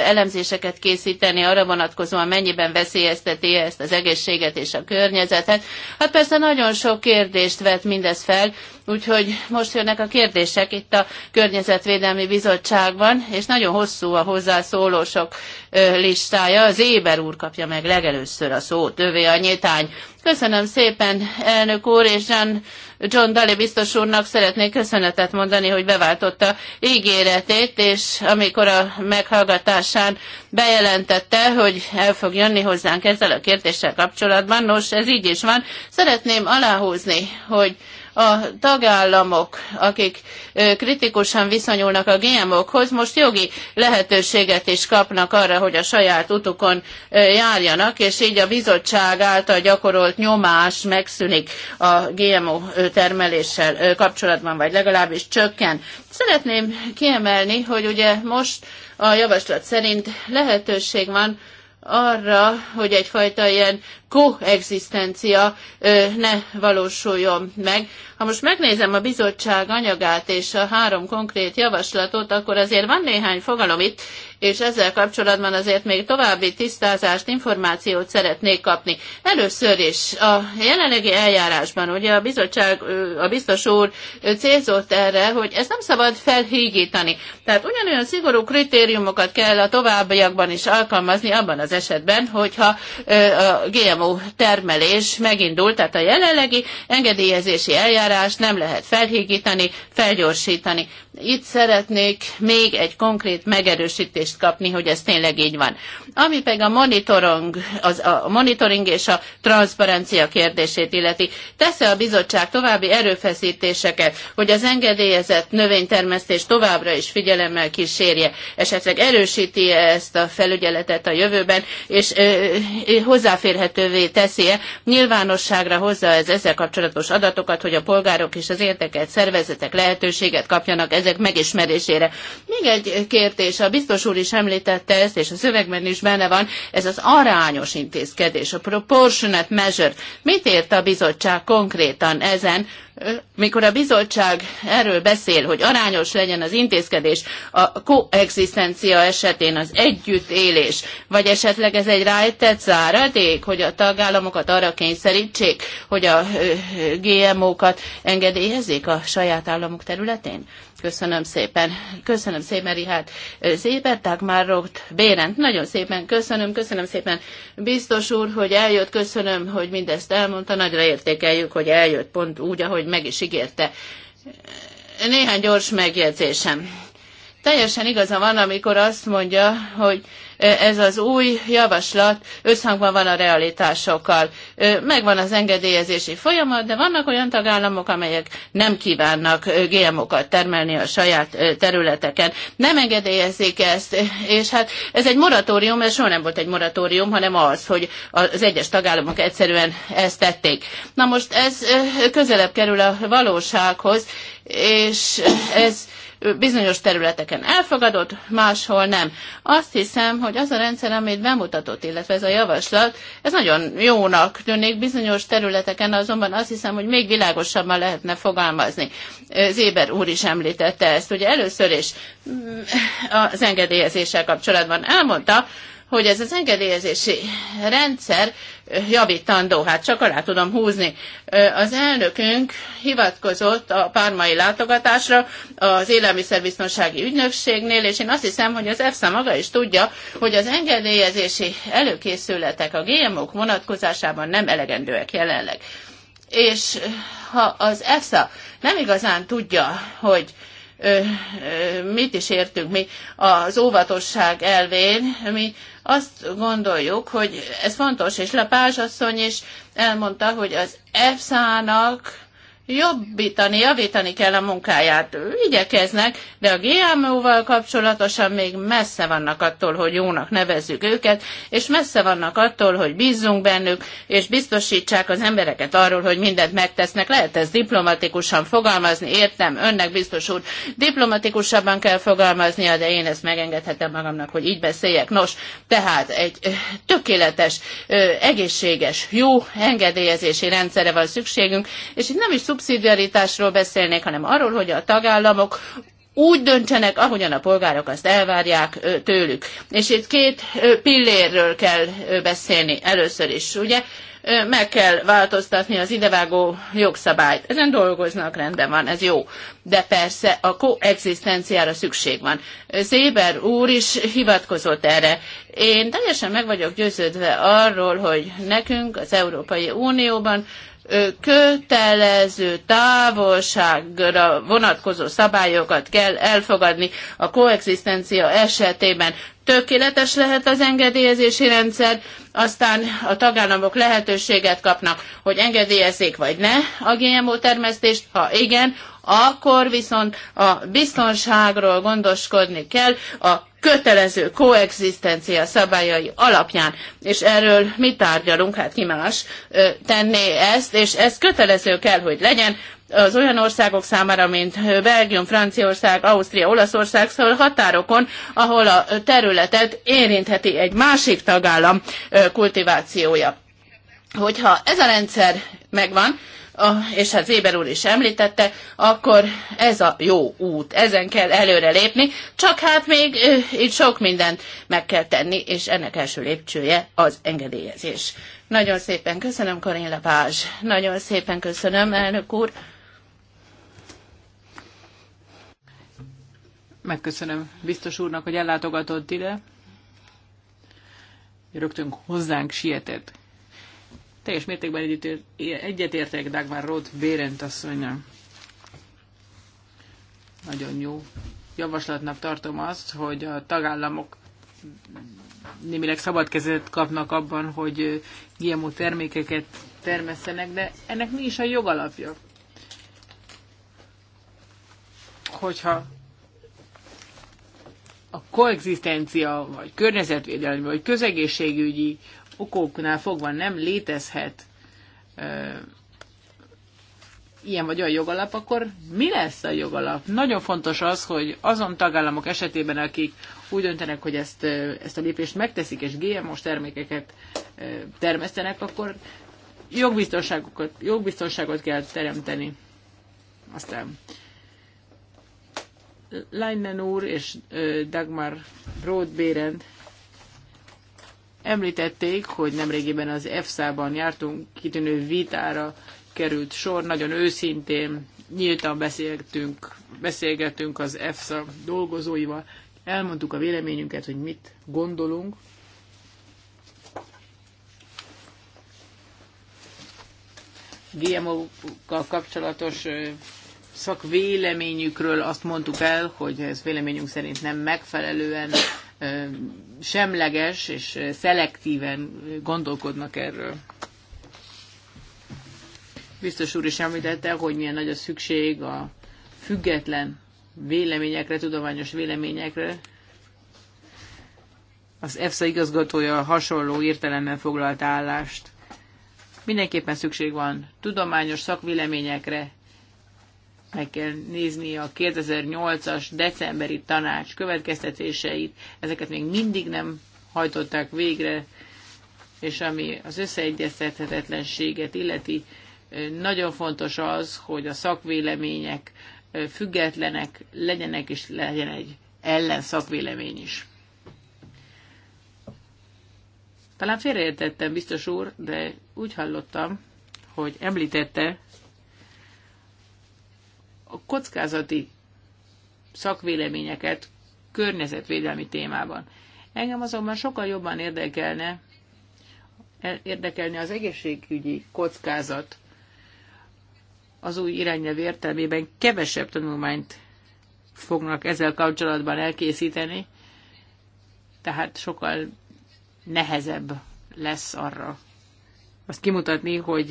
elemzéseket készíteni arra vonatkozóan, mennyiben veszélyezteti ezt az egészséget és a környezetet. Hát persze nagyon sok kérdést vet mindez fel, Úgyhogy most jönnek a kérdések itt a Környezetvédelmi Bizottságban, és nagyon hosszú a hozzászólósok listája. Az Éber úr kapja meg legelőször a szót, övé a nyitány. Köszönöm szépen, elnök úr, és John, John Daly biztos úrnak szeretnék köszönetet mondani, hogy beváltotta ígéretét, és amikor a meghallgatásán bejelentette, hogy el fog jönni hozzánk ezzel a kérdéssel kapcsolatban, nos, ez így is van. Szeretném aláhúzni, hogy a tagállamok, akik kritikusan viszonyulnak a GMO-khoz, most jogi lehetőséget is kapnak arra, hogy a saját utukon járjanak, és így a bizottság által gyakorolt nyomás megszűnik a GMO termeléssel kapcsolatban, vagy legalábbis csökken. Szeretném kiemelni, hogy ugye most a javaslat szerint lehetőség van arra, hogy egyfajta ilyen koexisztencia ne valósuljon meg. Ha most megnézem a bizottság anyagát és a három konkrét javaslatot, akkor azért van néhány fogalom itt, és ezzel kapcsolatban azért még további tisztázást, információt szeretnék kapni. Először is a jelenlegi eljárásban ugye a bizottság, a biztos úr célzott erre, hogy ezt nem szabad felhígítani. Tehát ugyanolyan szigorú kritériumokat kell a továbbiakban is alkalmazni abban az esetben, hogyha a GMO számú termelés megindult, tehát a jelenlegi engedélyezési eljárás nem lehet felhígítani, felgyorsítani. Itt szeretnék még egy konkrét megerősítést kapni, hogy ez tényleg így van. Ami pedig a monitoring, az, a monitoring és a transzparencia kérdését illeti, tesz-e a bizottság további erőfeszítéseket, hogy az engedélyezett növénytermesztés továbbra is figyelemmel kísérje, esetleg erősíti -e ezt a felügyeletet a jövőben, és ö, hozzáférhetővé lehetővé teszi-e nyilvánosságra hozza ez ezzel kapcsolatos adatokat, hogy a polgárok és az érdekelt szervezetek lehetőséget kapjanak ezek megismerésére. Még egy kérdés, a biztos úr is említette ezt, és a szövegben is benne van, ez az arányos intézkedés, a proportionate measure. Mit ért a bizottság konkrétan ezen? mikor a bizottság erről beszél, hogy arányos legyen az intézkedés a koexisztencia esetén az együttélés, vagy esetleg ez egy rájtett záradék, hogy a tagállamokat arra kényszerítsék, hogy a GMO-kat engedélyezzék a saját államuk területén? Köszönöm szépen. Köszönöm szépen, Rihát Zéber, Dagmar Rogt, Bérent. Nagyon szépen köszönöm, köszönöm szépen biztos úr, hogy eljött, köszönöm, hogy mindezt elmondta. Nagyra értékeljük, hogy eljött pont úgy, ahogy meg is ígérte. Néhány gyors megjegyzésem. Teljesen igaza van, amikor azt mondja, hogy ez az új javaslat összhangban van a realitásokkal. Megvan az engedélyezési folyamat, de vannak olyan tagállamok, amelyek nem kívánnak GMO-kat termelni a saját területeken. Nem engedélyezik ezt, és hát ez egy moratórium, mert soha nem volt egy moratórium, hanem az, hogy az egyes tagállamok egyszerűen ezt tették. Na most ez közelebb kerül a valósághoz, és ez bizonyos területeken elfogadott, máshol nem. Azt hiszem, hogy az a rendszer, amit bemutatott, illetve ez a javaslat, ez nagyon jónak tűnik bizonyos területeken, azonban azt hiszem, hogy még világosabban lehetne fogalmazni. Zéber úr is említette ezt. Ugye először is mm, az engedélyezéssel kapcsolatban elmondta, hogy ez az engedélyezési rendszer javítandó, hát csak alá tudom húzni. Az elnökünk hivatkozott a pármai látogatásra az élelmiszerbiztonsági ügynökségnél, és én azt hiszem, hogy az EFSA maga is tudja, hogy az engedélyezési előkészületek a GMO-k vonatkozásában nem elegendőek jelenleg. És ha az EFSA nem igazán tudja, hogy mit is értünk mi az óvatosság elvén, mi azt gondoljuk, hogy ez fontos, és Lapázs asszony is elmondta, hogy az EFSA-nak jobbítani, javítani kell a munkáját. Igyekeznek, de a GMO-val kapcsolatosan még messze vannak attól, hogy jónak nevezzük őket, és messze vannak attól, hogy bízzunk bennük, és biztosítsák az embereket arról, hogy mindent megtesznek. Lehet ez diplomatikusan fogalmazni, értem, önnek biztos úr, diplomatikusabban kell fogalmaznia, de én ezt megengedhetem magamnak, hogy így beszéljek. Nos, tehát egy tökéletes, egészséges, jó engedélyezési rendszere van szükségünk, és itt nem is szub szubszidiaritásról beszélnék, hanem arról, hogy a tagállamok úgy döntsenek, ahogyan a polgárok azt elvárják tőlük. És itt két pillérről kell beszélni először is, ugye? Meg kell változtatni az idevágó jogszabályt. Ezen dolgoznak, rendben van, ez jó. De persze a koexisztenciára szükség van. Zéber úr is hivatkozott erre. Én teljesen meg vagyok győződve arról, hogy nekünk az Európai Unióban kötelező távolságra vonatkozó szabályokat kell elfogadni a koexisztencia esetében. Tökéletes lehet az engedélyezési rendszer, aztán a tagállamok lehetőséget kapnak, hogy engedélyezzék vagy ne a GMO termesztést, ha igen, akkor viszont a biztonságról gondoskodni kell a kötelező koexisztencia szabályai alapján. És erről mi tárgyalunk, hát ki más tenné ezt, és ez kötelező kell, hogy legyen, az olyan országok számára, mint Belgium, Franciaország, Ausztria, Olaszország, szóval határokon, ahol a területet érintheti egy másik tagállam kultivációja. Hogyha ez a rendszer megvan, a, és hát Weber úr is említette, akkor ez a jó út, ezen kell előre lépni, csak hát még ö, itt sok mindent meg kell tenni, és ennek első lépcsője az engedélyezés. Nagyon szépen köszönöm, Karin Lepázs. Nagyon szépen köszönöm, elnök úr. Megköszönöm biztos úrnak, hogy ellátogatott ide. Rögtön hozzánk sietett. Teljes mértékben egyetértek Dagmar Roth Bérent asszonya. Nagyon jó javaslatnak tartom azt, hogy a tagállamok némileg szabad kezet kapnak abban, hogy GMO termékeket termesztenek, de ennek mi is a jogalapja? Hogyha a koexisztencia, vagy környezetvédelmi, vagy közegészségügyi okoknál fogva nem létezhet ö, ilyen vagy olyan jogalap, akkor mi lesz a jogalap? Nagyon fontos az, hogy azon tagállamok esetében, akik úgy döntenek, hogy ezt, ezt a lépést megteszik, és GMO-s termékeket termesztenek, akkor jogbiztonságot, jogbiztonságot kell teremteni. Aztán Leinen úr és Dagmar Brodbérend Említették, hogy nemrégiben az EFSA-ban jártunk, kitűnő vitára került sor, nagyon őszintén, nyíltan beszéltünk, beszélgettünk az EFSA dolgozóival, elmondtuk a véleményünket, hogy mit gondolunk. GMO-kkal kapcsolatos szakvéleményükről azt mondtuk el, hogy ez véleményünk szerint nem megfelelően semleges és szelektíven gondolkodnak erről. Biztos úr is említette, hogy milyen nagy a szükség a független véleményekre, tudományos véleményekre. Az EFSA igazgatója hasonló értelemben foglalt állást. Mindenképpen szükség van tudományos szakvéleményekre, meg kell nézni a 2008-as decemberi tanács következtetéseit, ezeket még mindig nem hajtották végre, és ami az összeegyeztethetetlenséget illeti, nagyon fontos az, hogy a szakvélemények függetlenek legyenek, és legyen egy ellenszakvélemény is. Talán félreértettem, biztos úr, de úgy hallottam, hogy említette a kockázati szakvéleményeket környezetvédelmi témában. Engem azonban sokkal jobban érdekelne, érdekelni az egészségügyi kockázat az új irányelv értelmében kevesebb tanulmányt fognak ezzel kapcsolatban elkészíteni, tehát sokkal nehezebb lesz arra azt kimutatni, hogy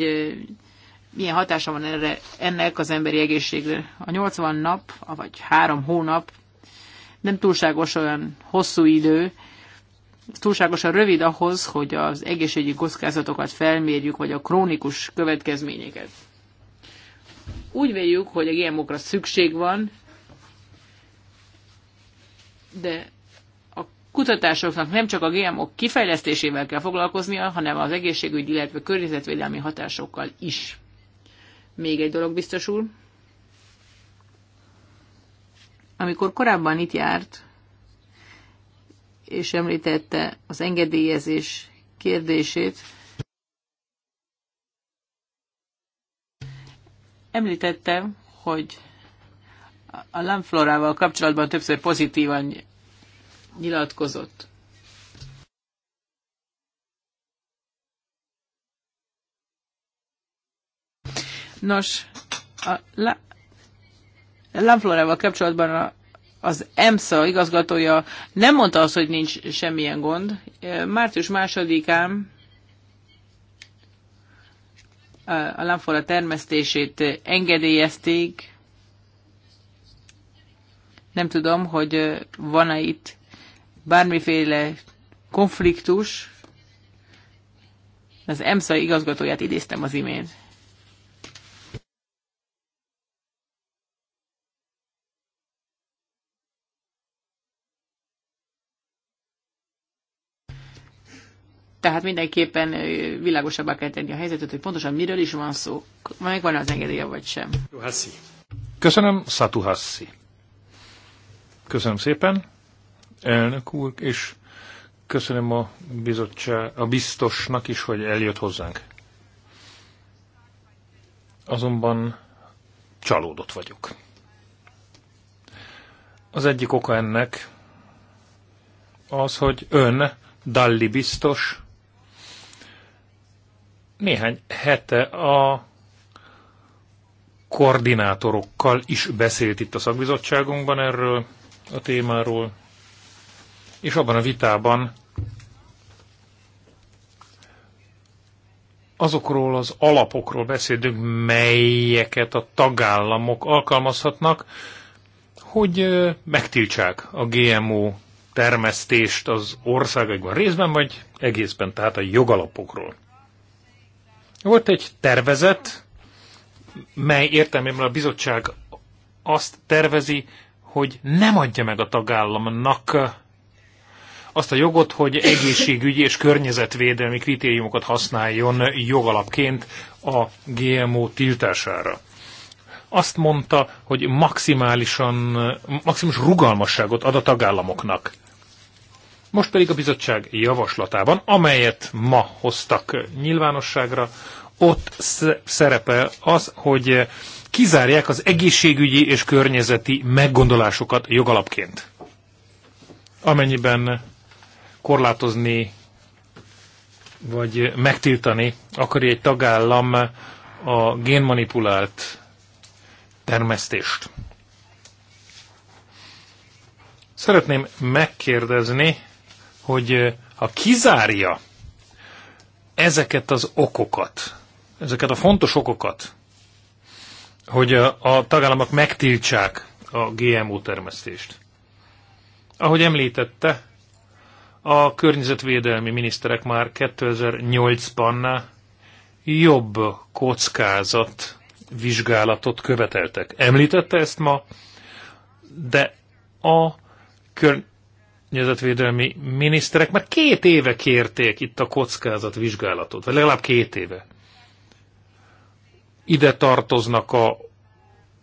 milyen hatása van erre, ennek az emberi egészségre. A 80 nap, vagy három hónap nem túlságos olyan hosszú idő, túlságosan rövid ahhoz, hogy az egészségügyi kockázatokat felmérjük, vagy a krónikus következményeket. Úgy véljük, hogy a gmo szükség van, de a kutatásoknak nem csak a GMO kifejlesztésével kell foglalkoznia, hanem az egészségügyi, illetve környezetvédelmi hatásokkal is. Még egy dolog biztosul, Amikor korábban itt járt, és említette az engedélyezés kérdését, említette, hogy a lámflorával kapcsolatban többször pozitívan nyilatkozott. Nos, a Lámflorával kapcsolatban a, az EMSZA igazgatója nem mondta azt, hogy nincs semmilyen gond. Március másodikán a lámfora termesztését engedélyezték. Nem tudom, hogy van-e itt bármiféle konfliktus. Az EMSZA igazgatóját idéztem az imént. Tehát mindenképpen világosabbá kell tenni a helyzetet, hogy pontosan miről is van szó, van az engedélye vagy sem. Köszönöm, Hassi. Köszönöm szépen, elnök úr, és köszönöm a, a biztosnak is, hogy eljött hozzánk. Azonban csalódott vagyok. Az egyik oka ennek az, hogy ön, Dalli biztos, néhány hete a koordinátorokkal is beszélt itt a szakbizottságunkban erről a témáról, és abban a vitában azokról az alapokról beszélünk, melyeket a tagállamok alkalmazhatnak, hogy megtiltsák a GMO termesztést az országaikban részben, vagy egészben, tehát a jogalapokról. Volt egy tervezet, mely értelmében a bizottság azt tervezi, hogy nem adja meg a tagállamnak azt a jogot, hogy egészségügyi és környezetvédelmi kritériumokat használjon jogalapként a GMO tiltására. Azt mondta, hogy maximálisan, maximális rugalmasságot ad a tagállamoknak. Most pedig a bizottság javaslatában, amelyet ma hoztak nyilvánosságra, ott szerepel az, hogy kizárják az egészségügyi és környezeti meggondolásokat jogalapként. Amennyiben korlátozni vagy megtiltani akarja egy tagállam a génmanipulált termesztést. Szeretném megkérdezni hogy ha kizárja ezeket az okokat, ezeket a fontos okokat, hogy a tagállamok megtiltsák a GMO termesztést. Ahogy említette, a környezetvédelmi miniszterek már 2008-ban jobb kockázat vizsgálatot követeltek. Említette ezt ma, de a kör környezetvédelmi miniszterek már két éve kérték itt a vizsgálatot, vagy legalább két éve. Ide tartoznak a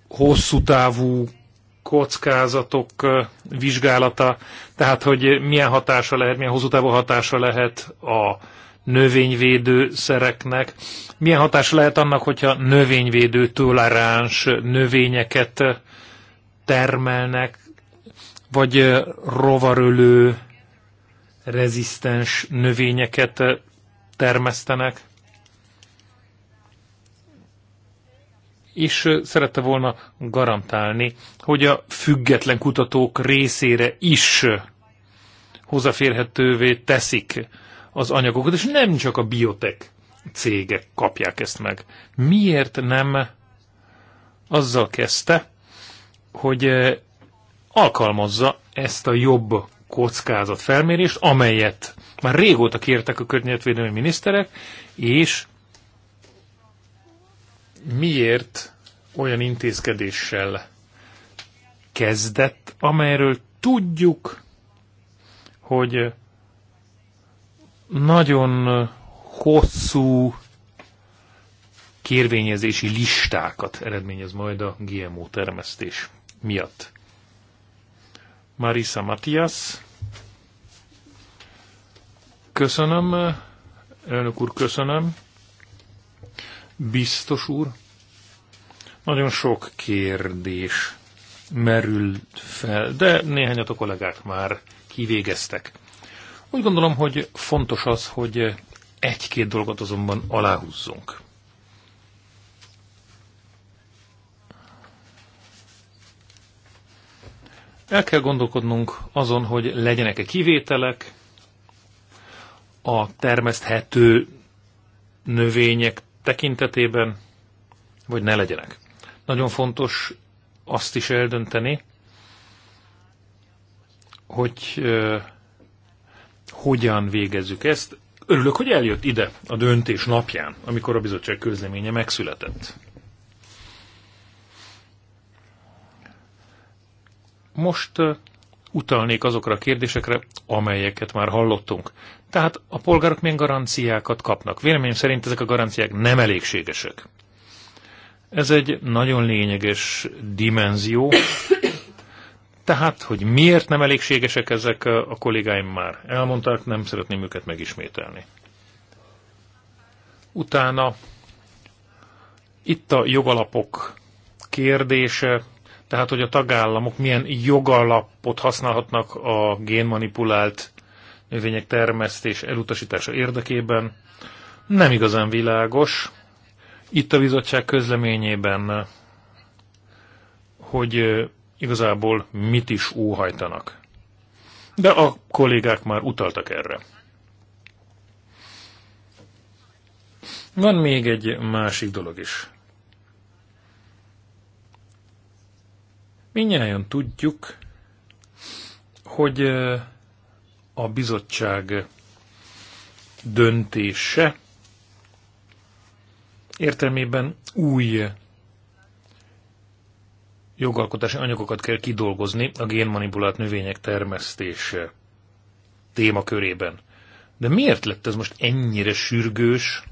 hosszú távú kockázatok vizsgálata, tehát hogy milyen hatása lehet, milyen hosszú távú hatása lehet a növényvédő szereknek, milyen hatása lehet annak, hogyha növényvédő toleráns növényeket termelnek, vagy rovarölő rezisztens növényeket termesztenek. És szerette volna garantálni, hogy a független kutatók részére is hozzáférhetővé teszik az anyagokat, és nem csak a biotek cégek kapják ezt meg. Miért nem azzal kezdte, hogy alkalmazza ezt a jobb kockázat felmérést, amelyet már régóta kértek a környezetvédelmi miniszterek, és miért olyan intézkedéssel kezdett, amelyről tudjuk, hogy nagyon hosszú kérvényezési listákat eredményez majd a GMO termesztés miatt. Marisa Matias. Köszönöm, elnök úr, köszönöm. Biztos úr, nagyon sok kérdés merült fel, de néhányat a kollégák már kivégeztek. Úgy gondolom, hogy fontos az, hogy egy-két dolgot azonban aláhúzzunk. El kell gondolkodnunk azon, hogy legyenek-e kivételek a termeszthető növények tekintetében, vagy ne legyenek. Nagyon fontos azt is eldönteni, hogy euh, hogyan végezzük ezt. Örülök, hogy eljött ide a döntés napján, amikor a bizottság közleménye megszületett. Most utalnék azokra a kérdésekre, amelyeket már hallottunk. Tehát a polgárok milyen garanciákat kapnak? Véleményem szerint ezek a garanciák nem elégségesek. Ez egy nagyon lényeges dimenzió. Tehát, hogy miért nem elégségesek ezek a kollégáim már elmondták, nem szeretném őket megismételni. Utána itt a jogalapok kérdése, tehát, hogy a tagállamok milyen jogalapot használhatnak a génmanipulált növények termesztés elutasítása érdekében, nem igazán világos. Itt a bizottság közleményében, hogy igazából mit is óhajtanak. De a kollégák már utaltak erre. Van még egy másik dolog is. Mindnyáján tudjuk, hogy eh, a bizottság döntése értelmében új jogalkotási anyagokat kell kidolgozni a génmanipulált növények termesztése témakörében. De miért lett ez most ennyire sürgős?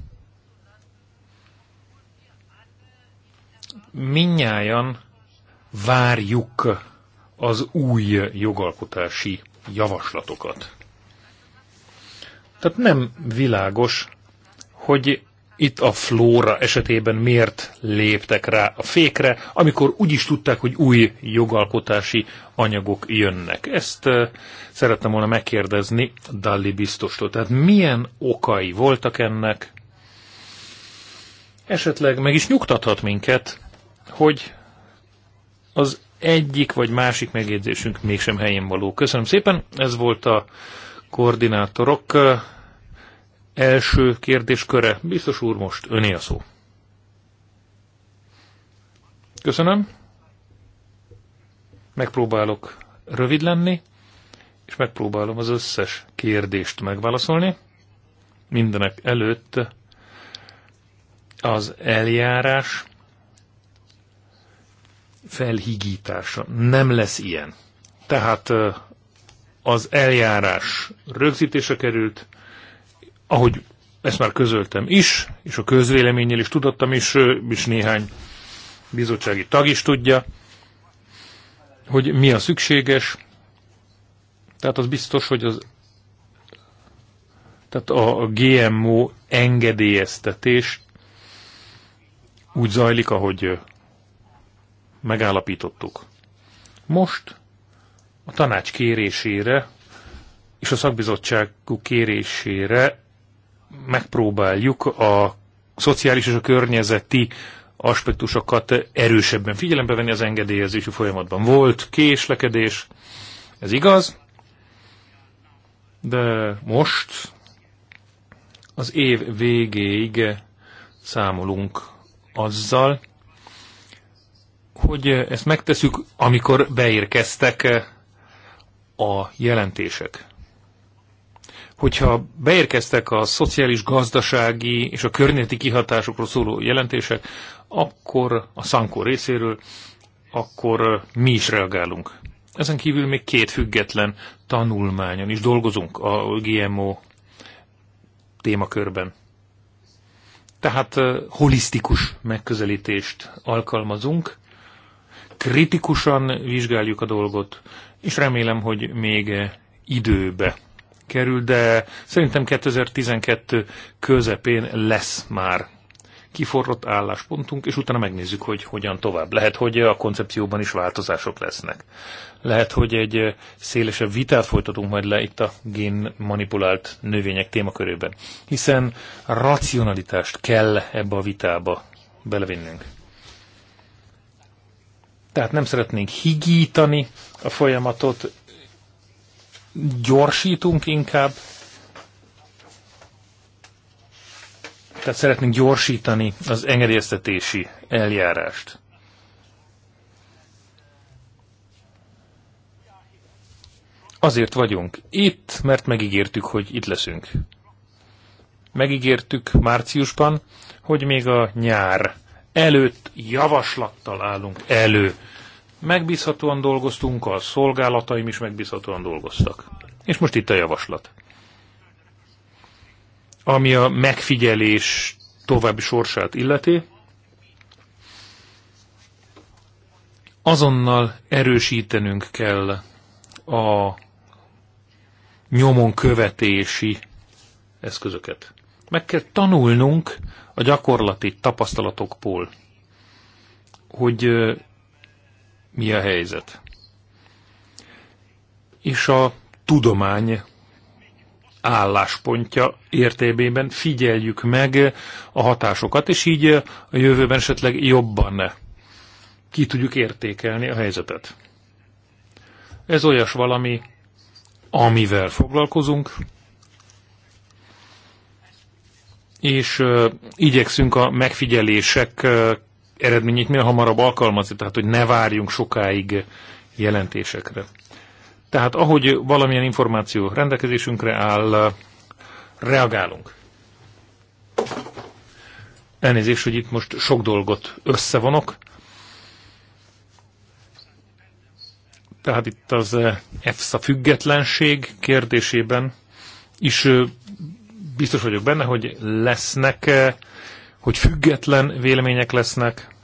Minnyáján várjuk az új jogalkotási javaslatokat. Tehát nem világos, hogy itt a flóra esetében miért léptek rá a fékre, amikor úgy is tudták, hogy új jogalkotási anyagok jönnek. Ezt eh, szerettem volna megkérdezni Dalli biztostól. Tehát milyen okai voltak ennek? Esetleg meg is nyugtathat minket, hogy az egyik vagy másik megjegyzésünk mégsem helyén való. Köszönöm szépen, ez volt a koordinátorok első kérdésköre. Biztos úr, most öné a szó. Köszönöm. Megpróbálok rövid lenni, és megpróbálom az összes kérdést megválaszolni. Mindenek előtt az eljárás felhigítása. Nem lesz ilyen. Tehát az eljárás rögzítése került, ahogy ezt már közöltem is, és a közvéleménnyel is tudottam is, és néhány bizottsági tag is tudja, hogy mi a szükséges. Tehát az biztos, hogy az tehát a GMO engedélyeztetés úgy zajlik, ahogy megállapítottuk. Most a tanács kérésére és a szakbizottságuk kérésére megpróbáljuk a szociális és a környezeti aspektusokat erősebben figyelembe venni az engedélyezési folyamatban. Volt késlekedés, ez igaz, de most az év végéig számolunk azzal, hogy ezt megteszük, amikor beérkeztek eh, a jelentések. Hogyha beérkeztek a szociális, gazdasági és a környezeti kihatásokról szóló jelentések, akkor a Szankó részéről, akkor eh, mi is reagálunk. Ezen kívül még két független tanulmányon is dolgozunk a GMO témakörben. Tehát eh, holisztikus megközelítést alkalmazunk, kritikusan vizsgáljuk a dolgot, és remélem, hogy még időbe kerül, de szerintem 2012 közepén lesz már kiforrott álláspontunk, és utána megnézzük, hogy hogyan tovább. Lehet, hogy a koncepcióban is változások lesznek. Lehet, hogy egy szélesebb vitát folytatunk majd le itt a gén manipulált növények témakörében, hiszen racionalitást kell ebbe a vitába belevinnünk. Tehát nem szeretnénk higítani a folyamatot, gyorsítunk inkább, tehát szeretnénk gyorsítani az engedélyeztetési eljárást. Azért vagyunk itt, mert megígértük, hogy itt leszünk. Megígértük márciusban, hogy még a nyár előtt javaslattal állunk elő. Megbízhatóan dolgoztunk, a szolgálataim is megbízhatóan dolgoztak. És most itt a javaslat. Ami a megfigyelés további sorsát illeti, azonnal erősítenünk kell a nyomon követési eszközöket. Meg kell tanulnunk a gyakorlati tapasztalatokból, hogy mi a helyzet. És a tudomány álláspontja értébében figyeljük meg a hatásokat, és így a jövőben esetleg jobban ki tudjuk értékelni a helyzetet. Ez olyas valami, amivel foglalkozunk, és igyekszünk a megfigyelések eredményét minél hamarabb alkalmazni, tehát hogy ne várjunk sokáig jelentésekre. Tehát ahogy valamilyen információ rendelkezésünkre áll, reagálunk. Elnézést, hogy itt most sok dolgot összevonok. Tehát itt az EFSA függetlenség kérdésében is biztos vagyok benne, hogy lesznek, eh, hogy független vélemények lesznek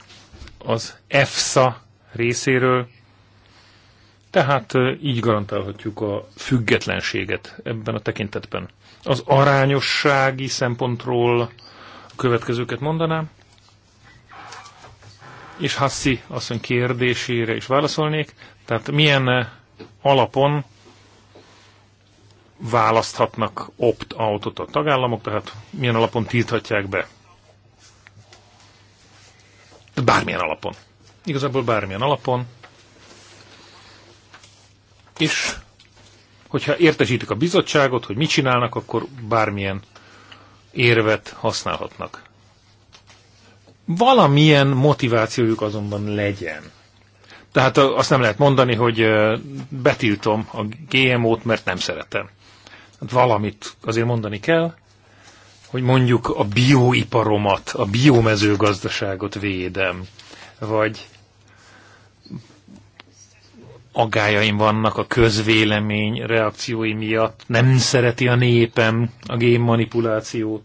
az EFSA részéről, tehát eh, így garantálhatjuk a függetlenséget ebben a tekintetben. Az arányossági szempontról a következőket mondanám, és Hassi asszony kérdésére is válaszolnék. Tehát milyen eh, alapon választhatnak opt-outot a tagállamok, tehát milyen alapon tilthatják be. Bármilyen alapon. Igazából bármilyen alapon. És hogyha értesítik a bizottságot, hogy mit csinálnak, akkor bármilyen érvet használhatnak. Valamilyen motivációjuk azonban legyen. Tehát azt nem lehet mondani, hogy betiltom a GMO-t, mert nem szeretem. Hát valamit azért mondani kell, hogy mondjuk a bioiparomat, a biomezőgazdaságot védem, vagy agályaim vannak a közvélemény reakciói miatt, nem szereti a népem a génmanipulációt.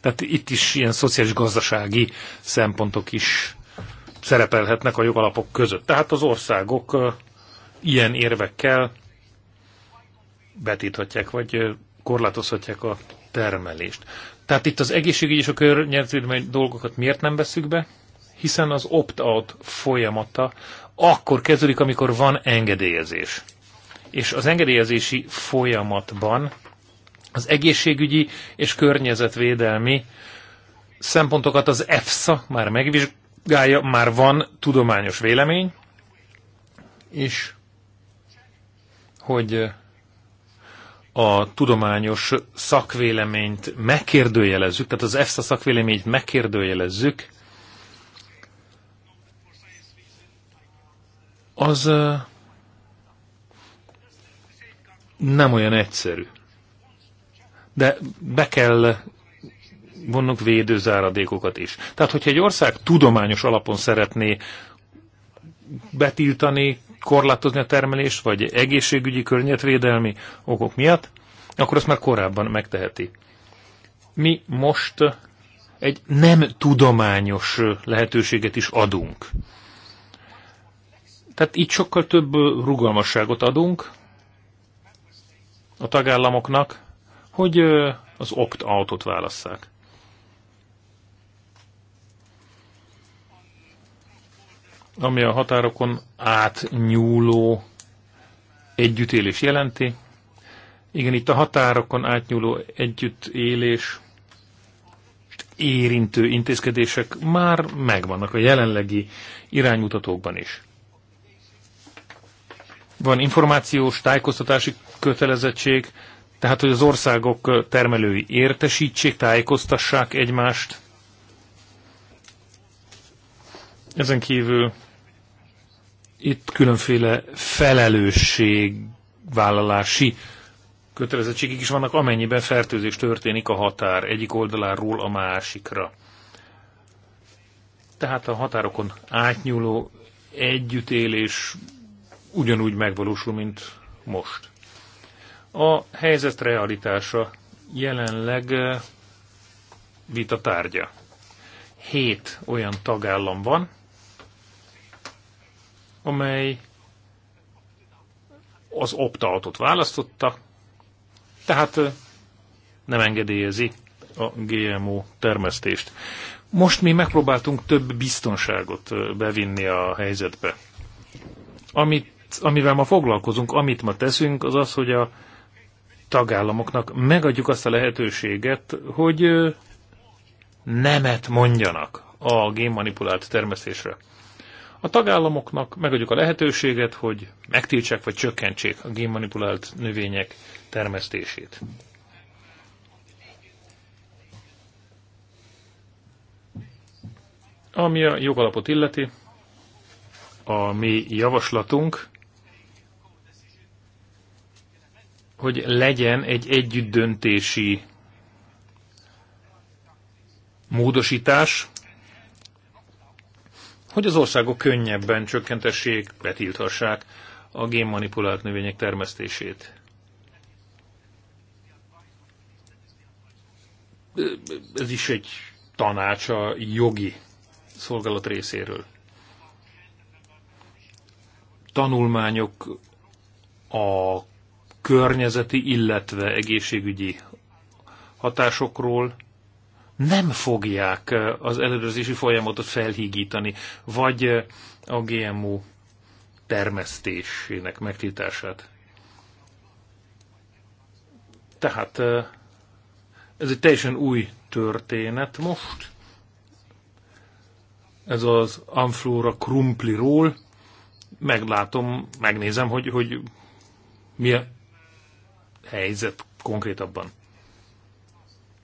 Tehát itt is ilyen szociális-gazdasági szempontok is szerepelhetnek a jogalapok között. Tehát az országok ilyen érvekkel betíthatják, vagy korlátozhatják a termelést. Tehát itt az egészségügy és a környezetvédelmi dolgokat miért nem veszük be? Hiszen az opt-out folyamata akkor kezdődik, amikor van engedélyezés. És az engedélyezési folyamatban az egészségügyi és környezetvédelmi szempontokat az EFSA már megvizsgálja, már van tudományos vélemény, és hogy a tudományos szakvéleményt megkérdőjelezzük, tehát az EFSA szakvéleményt megkérdőjelezzük, az nem olyan egyszerű. De be kell vonnunk védőzáradékokat is. Tehát, hogyha egy ország tudományos alapon szeretné betiltani, korlátozni a termelést, vagy egészségügyi, környezetvédelmi okok miatt, akkor azt már korábban megteheti. Mi most egy nem tudományos lehetőséget is adunk. Tehát így sokkal több rugalmasságot adunk a tagállamoknak, hogy az opt ot válasszák. ami a határokon átnyúló együttélés jelenti. Igen, itt a határokon átnyúló együttélés érintő intézkedések már megvannak a jelenlegi iránymutatókban is. Van információs, tájékoztatási kötelezettség, tehát hogy az országok termelői értesítsék, tájékoztassák egymást. Ezen kívül itt különféle felelősségvállalási kötelezettségek is vannak, amennyiben fertőzés történik a határ egyik oldaláról a másikra. Tehát a határokon átnyúló együttélés ugyanúgy megvalósul, mint most. A helyzet realitása jelenleg vita tárgya. Hét olyan tagállam van, amely az opt-outot választotta, tehát nem engedélyezi a GMO termesztést. Most mi megpróbáltunk több biztonságot bevinni a helyzetbe. Amit, amivel ma foglalkozunk, amit ma teszünk, az az, hogy a tagállamoknak megadjuk azt a lehetőséget, hogy nemet mondjanak a génmanipulált termesztésre. A tagállamoknak megadjuk a lehetőséget, hogy megtiltsák vagy csökkentsék a génmanipulált növények termesztését. Ami a jogalapot illeti, a mi javaslatunk, hogy legyen egy együttdöntési módosítás hogy az országok könnyebben csökkentessék, betilthassák a génmanipulált növények termesztését. Ez is egy tanács a jogi szolgálat részéről. Tanulmányok a környezeti, illetve egészségügyi hatásokról, nem fogják az előrözési folyamatot felhígítani, vagy a GMO termesztésének megtiltását. Tehát ez egy teljesen új történet most. Ez az Amflora krumpliról. Meglátom, megnézem, hogy, hogy mi a helyzet konkrétabban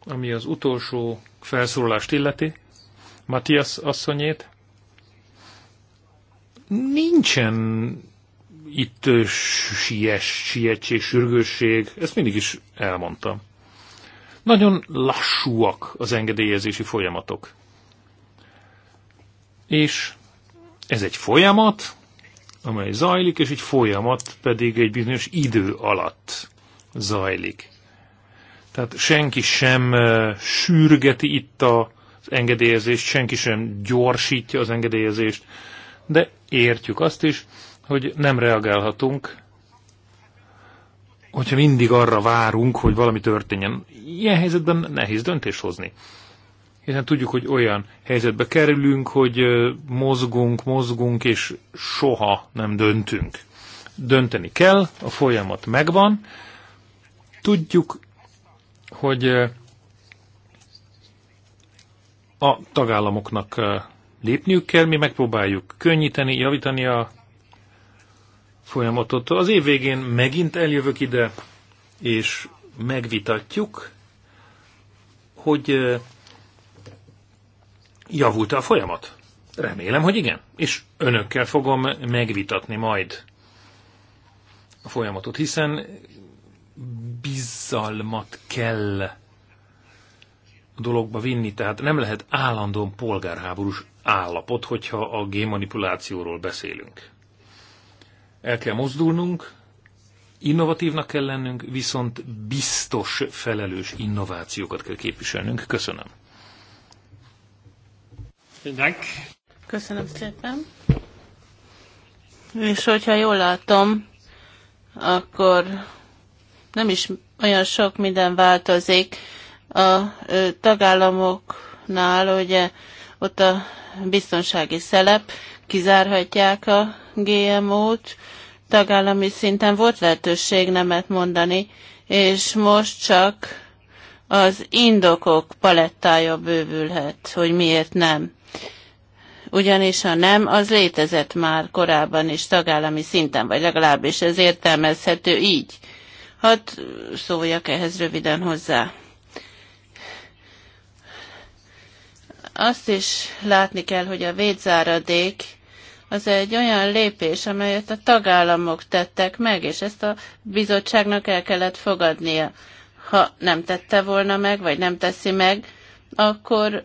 ami az utolsó felszólalást illeti, Matthias asszonyét. Nincsen itt sies, sietség, sürgősség, ezt mindig is elmondtam. Nagyon lassúak az engedélyezési folyamatok. És ez egy folyamat, amely zajlik, és egy folyamat pedig egy bizonyos idő alatt zajlik. Tehát senki sem sürgeti itt az engedélyezést, senki sem gyorsítja az engedélyezést, de értjük azt is, hogy nem reagálhatunk, hogyha mindig arra várunk, hogy valami történjen. Ilyen helyzetben nehéz döntés hozni. Hiszen tudjuk, hogy olyan helyzetbe kerülünk, hogy mozgunk, mozgunk, és soha nem döntünk. Dönteni kell, a folyamat megvan, tudjuk, hogy a tagállamoknak lépniük kell, mi megpróbáljuk könnyíteni, javítani a folyamatot. Az év végén megint eljövök ide, és megvitatjuk, hogy javult a folyamat. Remélem, hogy igen. És önökkel fogom megvitatni majd a folyamatot, hiszen biz bizalmat kell a dologba vinni, tehát nem lehet állandóan polgárháborús állapot, hogyha a gémanipulációról beszélünk. El kell mozdulnunk, innovatívnak kell lennünk, viszont biztos, felelős innovációkat kell képviselnünk. Köszönöm. Köszönöm szépen. És hogyha jól látom, akkor nem is olyan sok minden változik a tagállamoknál, ugye ott a biztonsági szelep, kizárhatják a GMO-t, tagállami szinten volt lehetőség nemet mondani, és most csak az indokok palettája bővülhet, hogy miért nem. Ugyanis a nem, az létezett már korábban is tagállami szinten, vagy legalábbis ez értelmezhető így. Hadd szóljak ehhez röviden hozzá. Azt is látni kell, hogy a védzáradék az egy olyan lépés, amelyet a tagállamok tettek meg, és ezt a bizottságnak el kellett fogadnia. Ha nem tette volna meg, vagy nem teszi meg, akkor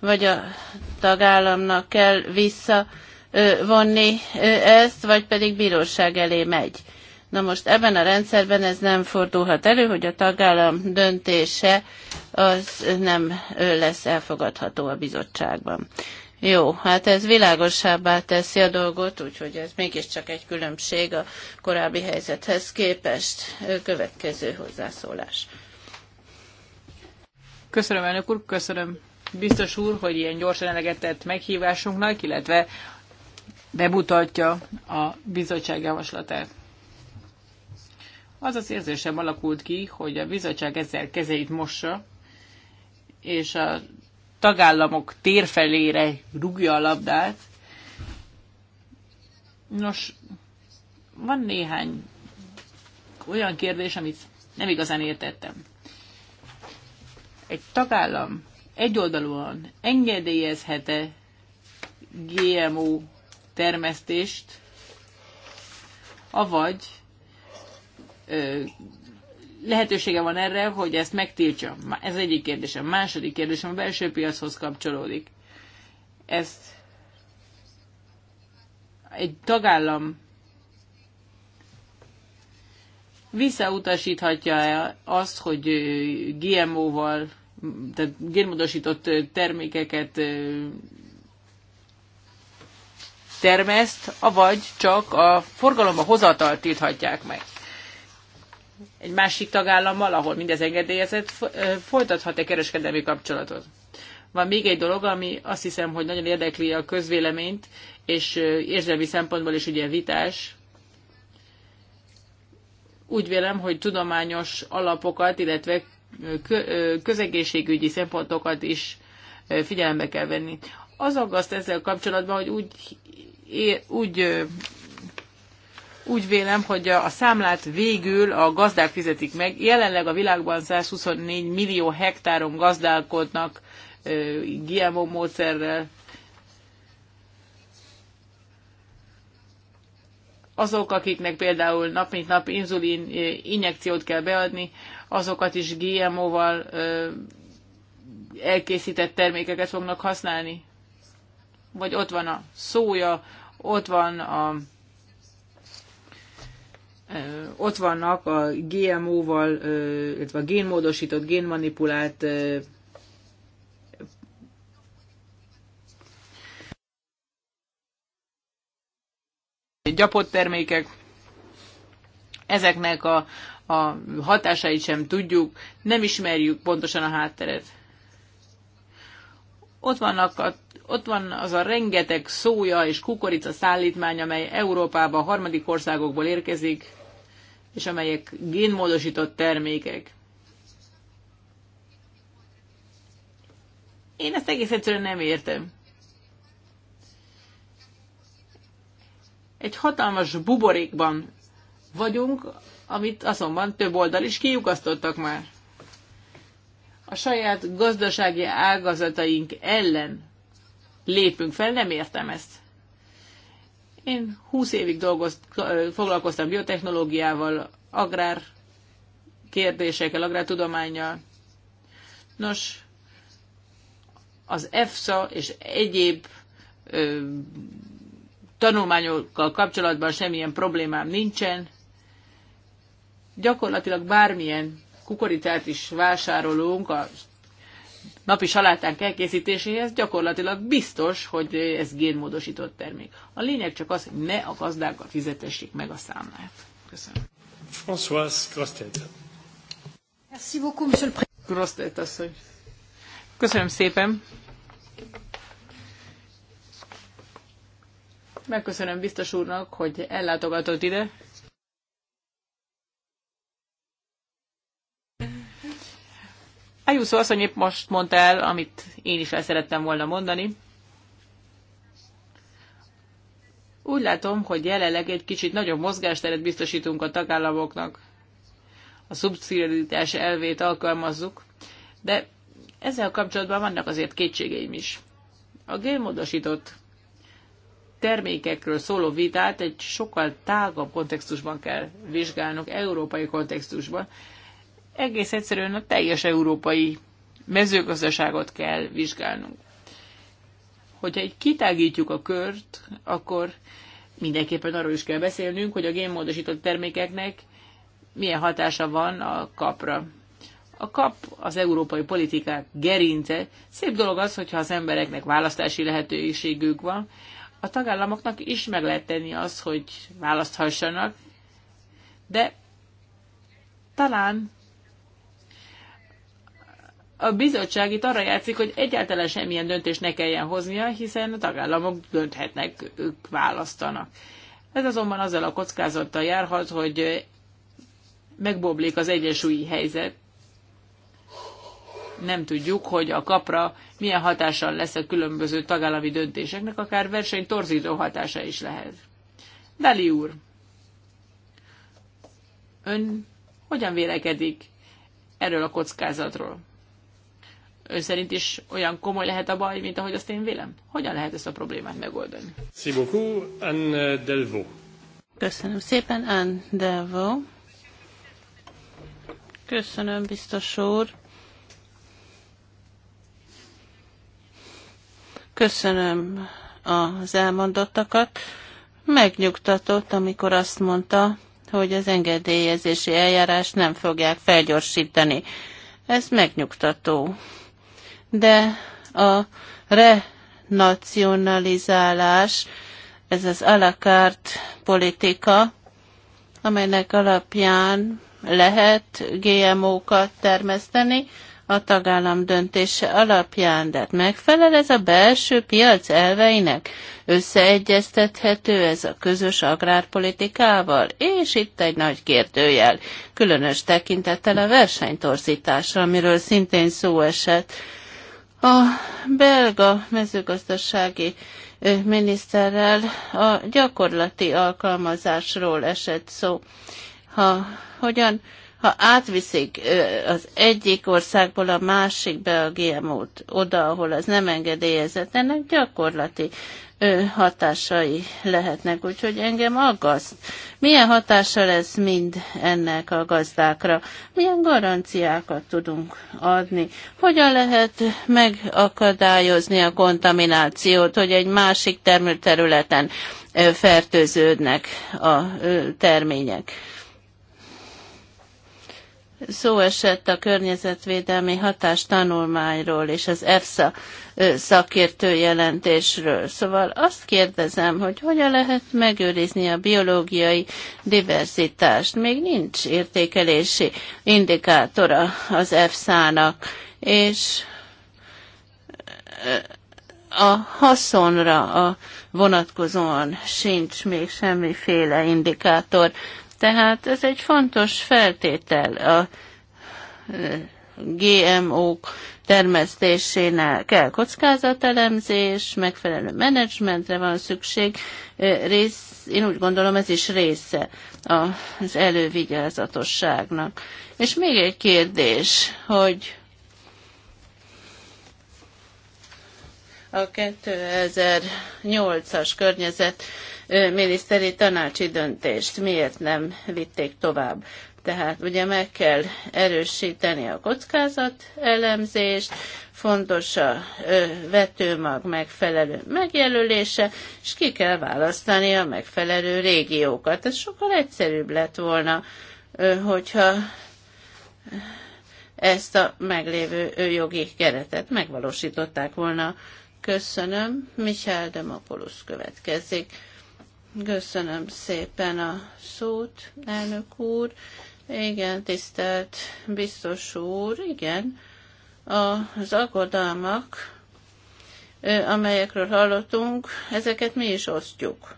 vagy a tagállamnak kell vissza vonni ezt, vagy pedig bíróság elé megy. Na most ebben a rendszerben ez nem fordulhat elő, hogy a tagállam döntése az nem lesz elfogadható a bizottságban. Jó, hát ez világosabbá teszi a dolgot, úgyhogy ez mégiscsak egy különbség a korábbi helyzethez képest. Következő hozzászólás. Köszönöm, elnök úr, köszönöm biztos úr, hogy ilyen gyorsan eleget tett meghívásunknak, illetve bemutatja a bizottság javaslatát. Az az érzésem alakult ki, hogy a bizottság ezzel kezeit mossa, és a tagállamok térfelére rúgja a labdát. Nos, van néhány olyan kérdés, amit nem igazán értettem. Egy tagállam egyoldalúan engedélyezhet-e GMO termesztést, avagy ö, lehetősége van erre, hogy ezt megtiltsa. Ez egyik kérdésem. Második kérdésem a belső piachoz kapcsolódik. Ezt egy tagállam visszautasíthatja -e azt, hogy GMO-val, tehát génmódosított termékeket termeszt, avagy csak a forgalomba hozatal tilthatják meg. Egy másik tagállammal, ahol mindez engedélyezett, folytathat-e kereskedelmi kapcsolatot. Van még egy dolog, ami azt hiszem, hogy nagyon érdekli a közvéleményt, és érzelmi szempontból is ugye vitás. Úgy vélem, hogy tudományos alapokat, illetve közegészségügyi szempontokat is figyelembe kell venni az aggaszt ezzel kapcsolatban, hogy úgy, úgy, úgy vélem, hogy a számlát végül a gazdák fizetik meg. Jelenleg a világban 124 millió hektáron gazdálkodnak GMO módszerrel. Azok, akiknek például nap mint nap inzulin injekciót kell beadni, azokat is GMO-val elkészített termékeket fognak használni vagy ott van a szója, ott van a ott vannak a GMO-val, illetve a génmódosított, génmanipulált gyapott termékek, ezeknek a, a hatásait sem tudjuk, nem ismerjük pontosan a hátteret. Ott, vannak a, ott van az a rengeteg szója és kukorica szállítmány, amely Európába, harmadik országokból érkezik, és amelyek génmódosított termékek. Én ezt egész egyszerűen nem értem. Egy hatalmas buborékban vagyunk, amit azonban több oldal is kiukasztottak már a saját gazdasági ágazataink ellen lépünk fel, nem értem ezt. Én 20 évig dolgozt, foglalkoztam biotechnológiával, agrár kérdésekkel, agrártudományjal. Nos, az EFSA és egyéb ö, tanulmányokkal kapcsolatban semmilyen problémám nincsen. Gyakorlatilag bármilyen kukoricát is vásárolunk a napi salátánk elkészítéséhez, gyakorlatilag biztos, hogy ez génmódosított termék. A lényeg csak az, hogy ne a gazdákkal fizetessék meg a számlát. Köszönöm. François Grostet. Merci beaucoup, monsieur le président. Grostet asszony. Köszönöm szépen. Megköszönöm biztos úrnak, hogy ellátogatott ide. Ayuso asszony épp most mondta el, amit én is el szerettem volna mondani. Úgy látom, hogy jelenleg egy kicsit nagyobb mozgásteret biztosítunk a tagállamoknak. A szubszidiaritás elvét alkalmazzuk, de ezzel kapcsolatban vannak azért kétségeim is. A génmódosított termékekről szóló vitát egy sokkal tágabb kontextusban kell vizsgálnunk, európai kontextusban. Egész egyszerűen a teljes európai mezőgazdaságot kell vizsgálnunk. Hogyha egy kitágítjuk a kört, akkor mindenképpen arról is kell beszélnünk, hogy a génmódosított termékeknek milyen hatása van a kapra. A kap az európai politikák gerince. Szép dolog az, hogyha az embereknek választási lehetőségük van. A tagállamoknak is meg lehet tenni az, hogy választhassanak, de talán a bizottság itt arra játszik, hogy egyáltalán semmilyen döntést ne kelljen hoznia, hiszen a tagállamok dönthetnek, ők választanak. Ez azonban azzal a kockázattal járhat, hogy megboblik az egyensúlyi helyzet. Nem tudjuk, hogy a kapra milyen hatással lesz a különböző tagállami döntéseknek, akár verseny torzító hatása is lehet. Dali úr, ön hogyan vélekedik erről a kockázatról? ő szerint is olyan komoly lehet a baj, mint ahogy azt én vélem? Hogyan lehet ezt a problémát megoldani? Köszönöm szépen, Anne Delvo. Köszönöm, biztos úr. Köszönöm az elmondottakat. Megnyugtatott, amikor azt mondta, hogy az engedélyezési eljárás nem fogják felgyorsítani. Ez megnyugtató de a renacionalizálás, ez az alakárt politika, amelynek alapján lehet GMO-kat termeszteni a tagállam döntése alapján, de hát megfelel ez a belső piac elveinek, összeegyeztethető ez a közös agrárpolitikával, és itt egy nagy kérdőjel, különös tekintettel a versenytorzításra, amiről szintén szó esett. A belga mezőgazdasági miniszterrel a gyakorlati alkalmazásról esett szó. Ha hogyan ha átviszik az egyik országból a másikbe a GMO-t, oda, ahol az nem engedélyezett, ennek gyakorlati hatásai lehetnek. Úgyhogy engem aggaszt. Milyen hatása lesz mind ennek a gazdákra? Milyen garanciákat tudunk adni? Hogyan lehet megakadályozni a kontaminációt, hogy egy másik termőterületen fertőződnek a termények? Szó esett a környezetvédelmi hatástanulmányról és az EFSA szakértő jelentésről. Szóval azt kérdezem, hogy hogyan lehet megőrizni a biológiai diverzitást. Még nincs értékelési indikátora az EFSA-nak, és a haszonra a vonatkozóan sincs még semmiféle indikátor. Tehát ez egy fontos feltétel a e, GMO-k termesztésénél kell kockázatelemzés, megfelelő menedzsmentre van szükség. E, rész, én úgy gondolom, ez is része az elővigyázatosságnak. És még egy kérdés, hogy a 2008-as környezet miniszteri tanácsi döntést miért nem vitték tovább. Tehát ugye meg kell erősíteni a kockázat elemzést, fontos a vetőmag megfelelő megjelölése, és ki kell választani a megfelelő régiókat. Ez sokkal egyszerűbb lett volna, hogyha ezt a meglévő jogi keretet megvalósították volna. Köszönöm. Michel Demopoulos következik. Köszönöm szépen a szót, elnök úr. Igen, tisztelt biztos úr, igen. Az aggodalmak, amelyekről hallottunk, ezeket mi is osztjuk.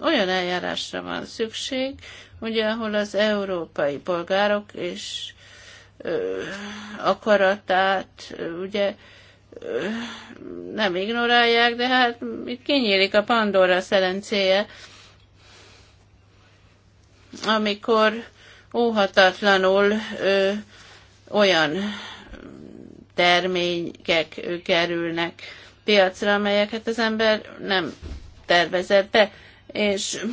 Olyan eljárásra van szükség, ugye, ahol az európai polgárok és akaratát, ugye, nem ignorálják, de hát itt kinyílik a Pandora szerencéje, amikor óhatatlanul ö, olyan termények ö, kerülnek piacra, amelyeket hát az ember nem tervezett be, és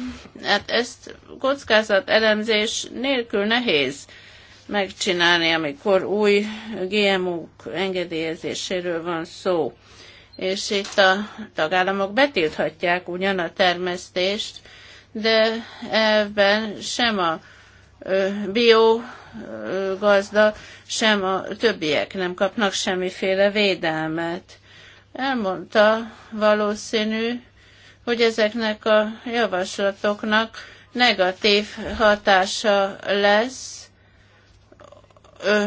hát ezt kockázat elemzés nélkül nehéz ö, megcsinálni, amikor új GMO-k engedélyezéséről van szó. És itt a tagállamok betilthatják ugyan a termesztést, de ebben sem a bio gazda, sem a többiek nem kapnak semmiféle védelmet. Elmondta valószínű, hogy ezeknek a javaslatoknak negatív hatása lesz, ö,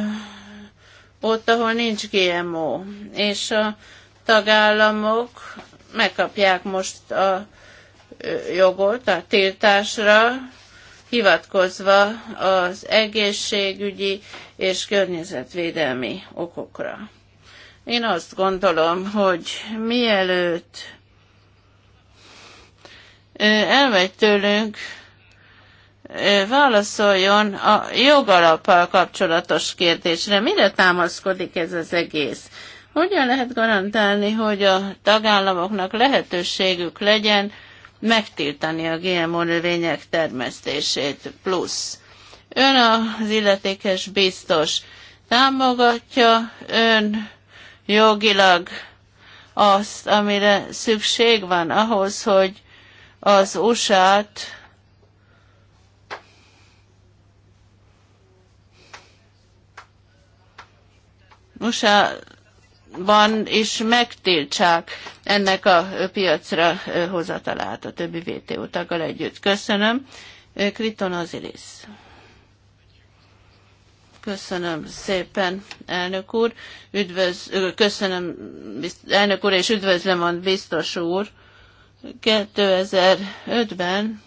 ott, ahol nincs GMO, és a tagállamok megkapják most a jogot a tiltásra, hivatkozva az egészségügyi és környezetvédelmi okokra. Én azt gondolom, hogy mielőtt elmegy tőlünk válaszoljon a jogalappal kapcsolatos kérdésre. Mire támaszkodik ez az egész? Hogyan lehet garantálni, hogy a tagállamoknak lehetőségük legyen megtiltani a GMO növények termesztését plusz? Ön az illetékes biztos támogatja, ön jogilag azt, amire szükség van ahhoz, hogy az USA-t USA-ban is megtiltsák ennek a piacra hozatalát a többi VTO taggal együtt. Köszönöm. Kriton Azilis. Köszönöm szépen, elnök úr. Üdvöz, köszönöm, elnök úr, és üdvözlöm a biztos úr. 2005-ben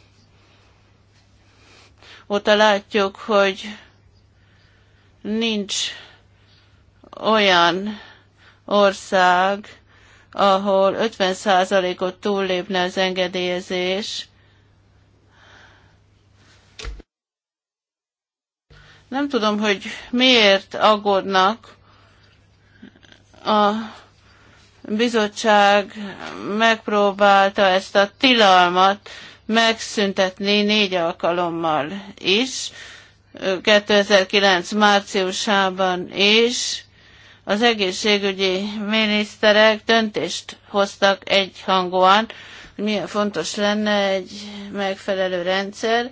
óta látjuk, hogy nincs olyan ország, ahol 50%-ot túllépne az engedélyezés, nem tudom, hogy miért aggódnak a bizottság megpróbálta ezt a tilalmat megszüntetni négy alkalommal is, 2009 márciusában is, az egészségügyi miniszterek döntést hoztak egyhangúan, hogy milyen fontos lenne egy megfelelő rendszer,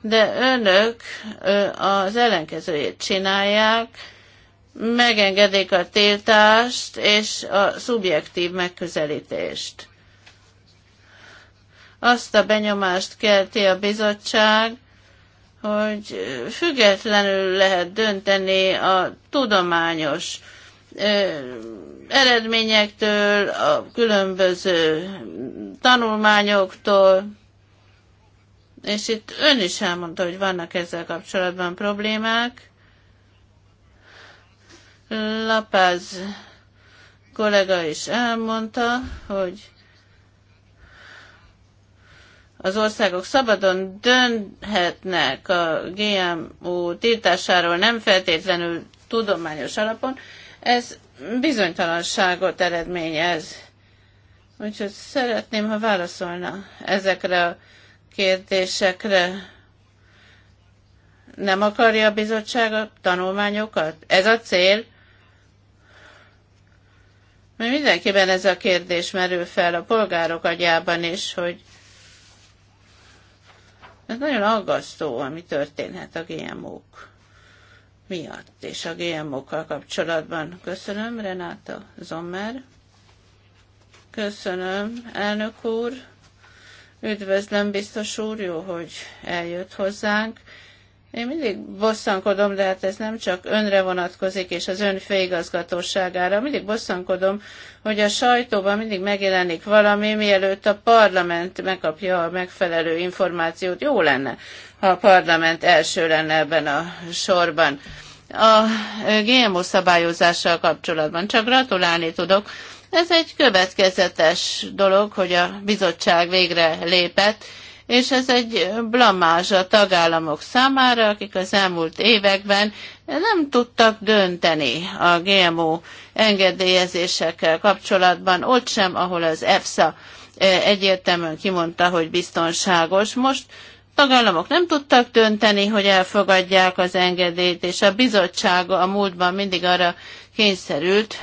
de önök az ellenkezőjét csinálják, megengedik a tiltást és a szubjektív megközelítést. Azt a benyomást kelti a bizottság, hogy függetlenül lehet dönteni a tudományos eredményektől, a különböző tanulmányoktól, és itt ön is elmondta, hogy vannak ezzel kapcsolatban problémák. Lapáz kollega is elmondta, hogy az országok szabadon dönthetnek a GMO tiltásáról, nem feltétlenül tudományos alapon, ez bizonytalanságot eredményez. Úgyhogy szeretném, ha válaszolna ezekre a kérdésekre. Nem akarja a bizottság a tanulmányokat? Ez a cél? Mert mindenkiben ez a kérdés merül fel a polgárok agyában is, hogy ez nagyon aggasztó, ami történhet a GMO-k miatt, és a GMO-kkal kapcsolatban. Köszönöm, Renáta Zommer. Köszönöm, elnök úr. Üdvözlöm, biztos úr, jó, hogy eljött hozzánk, én mindig bosszankodom, de hát ez nem csak önre vonatkozik, és az ön főigazgatóságára. Mindig bosszankodom, hogy a sajtóban mindig megjelenik valami, mielőtt a parlament megkapja a megfelelő információt. Jó lenne, ha a parlament első lenne ebben a sorban. A GMO szabályozással kapcsolatban csak gratulálni tudok. Ez egy következetes dolog, hogy a bizottság végre lépett, és ez egy blamázs a tagállamok számára, akik az elmúlt években nem tudtak dönteni a GMO engedélyezésekkel kapcsolatban, ott sem, ahol az EFSA eh, egyértelműen kimondta, hogy biztonságos. Most tagállamok nem tudtak dönteni, hogy elfogadják az engedélyt, és a bizottság a múltban mindig arra kényszerült,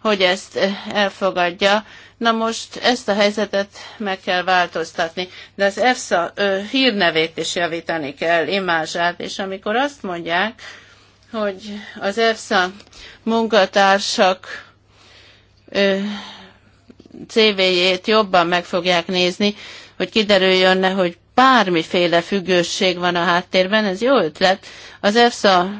hogy ezt eh, elfogadja, Na most ezt a helyzetet meg kell változtatni, de az EFSA ö, hírnevét is javítani kell, imázsát, és amikor azt mondják, hogy az EFSA munkatársak ö, CV-jét jobban meg fogják nézni, hogy kiderüljön ne, hogy bármiféle függőség van a háttérben, ez jó ötlet. Az EFSA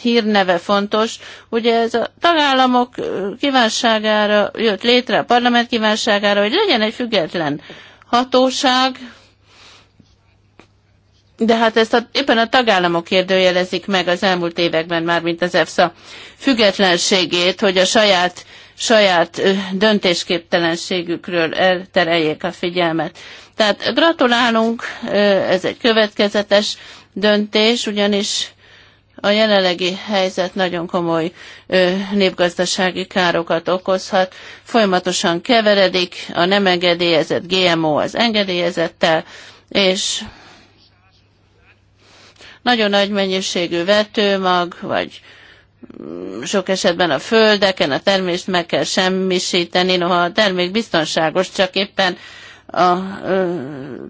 hírneve fontos. Ugye ez a tagállamok kívánságára jött létre, a parlament kívánságára, hogy legyen egy független hatóság, de hát ezt a, éppen a tagállamok kérdőjelezik meg az elmúlt években már, mint az EFSA függetlenségét, hogy a saját, saját döntésképtelenségükről eltereljék a figyelmet. Tehát gratulálunk, ez egy következetes döntés, ugyanis a jelenlegi helyzet nagyon komoly ö, népgazdasági károkat okozhat. Folyamatosan keveredik a nem engedélyezett GMO az engedélyezettel, és nagyon nagy mennyiségű vetőmag, vagy mm, sok esetben a földeken a termést meg kell semmisíteni, noha a termék biztonságos, csak éppen a ö,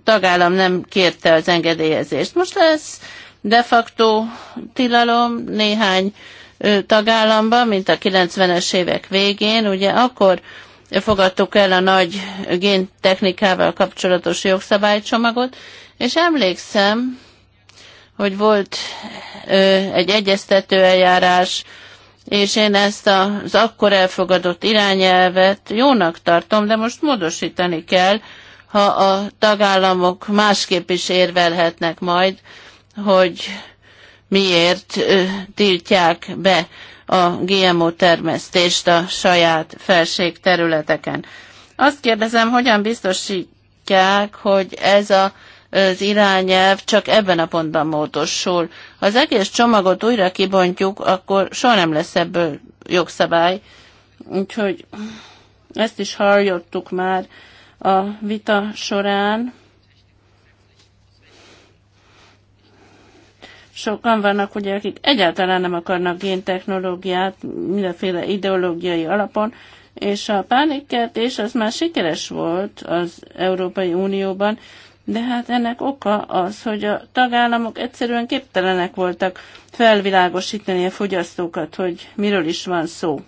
tagállam nem kérte az engedélyezést. Most lesz de facto tilalom néhány tagállamban, mint a 90-es évek végén, ugye akkor fogadtuk el a nagy géntechnikával kapcsolatos jogszabálycsomagot, és emlékszem, hogy volt egy egyeztető eljárás, és én ezt az akkor elfogadott irányelvet jónak tartom, de most módosítani kell, ha a tagállamok másképp is érvelhetnek majd hogy miért tiltják be a GMO termesztést a saját felség területeken. Azt kérdezem, hogyan biztosítják, hogy ez a az irányelv csak ebben a pontban módosul. Ha az egész csomagot újra kibontjuk, akkor soha nem lesz ebből jogszabály. Úgyhogy ezt is halljottuk már a vita során. Sokan vannak ugye, akik egyáltalán nem akarnak géntechnológiát mindenféle ideológiai alapon, és a pánikkeltés az már sikeres volt az Európai Unióban, de hát ennek oka az, hogy a tagállamok egyszerűen képtelenek voltak felvilágosítani a fogyasztókat, hogy miről is van szó.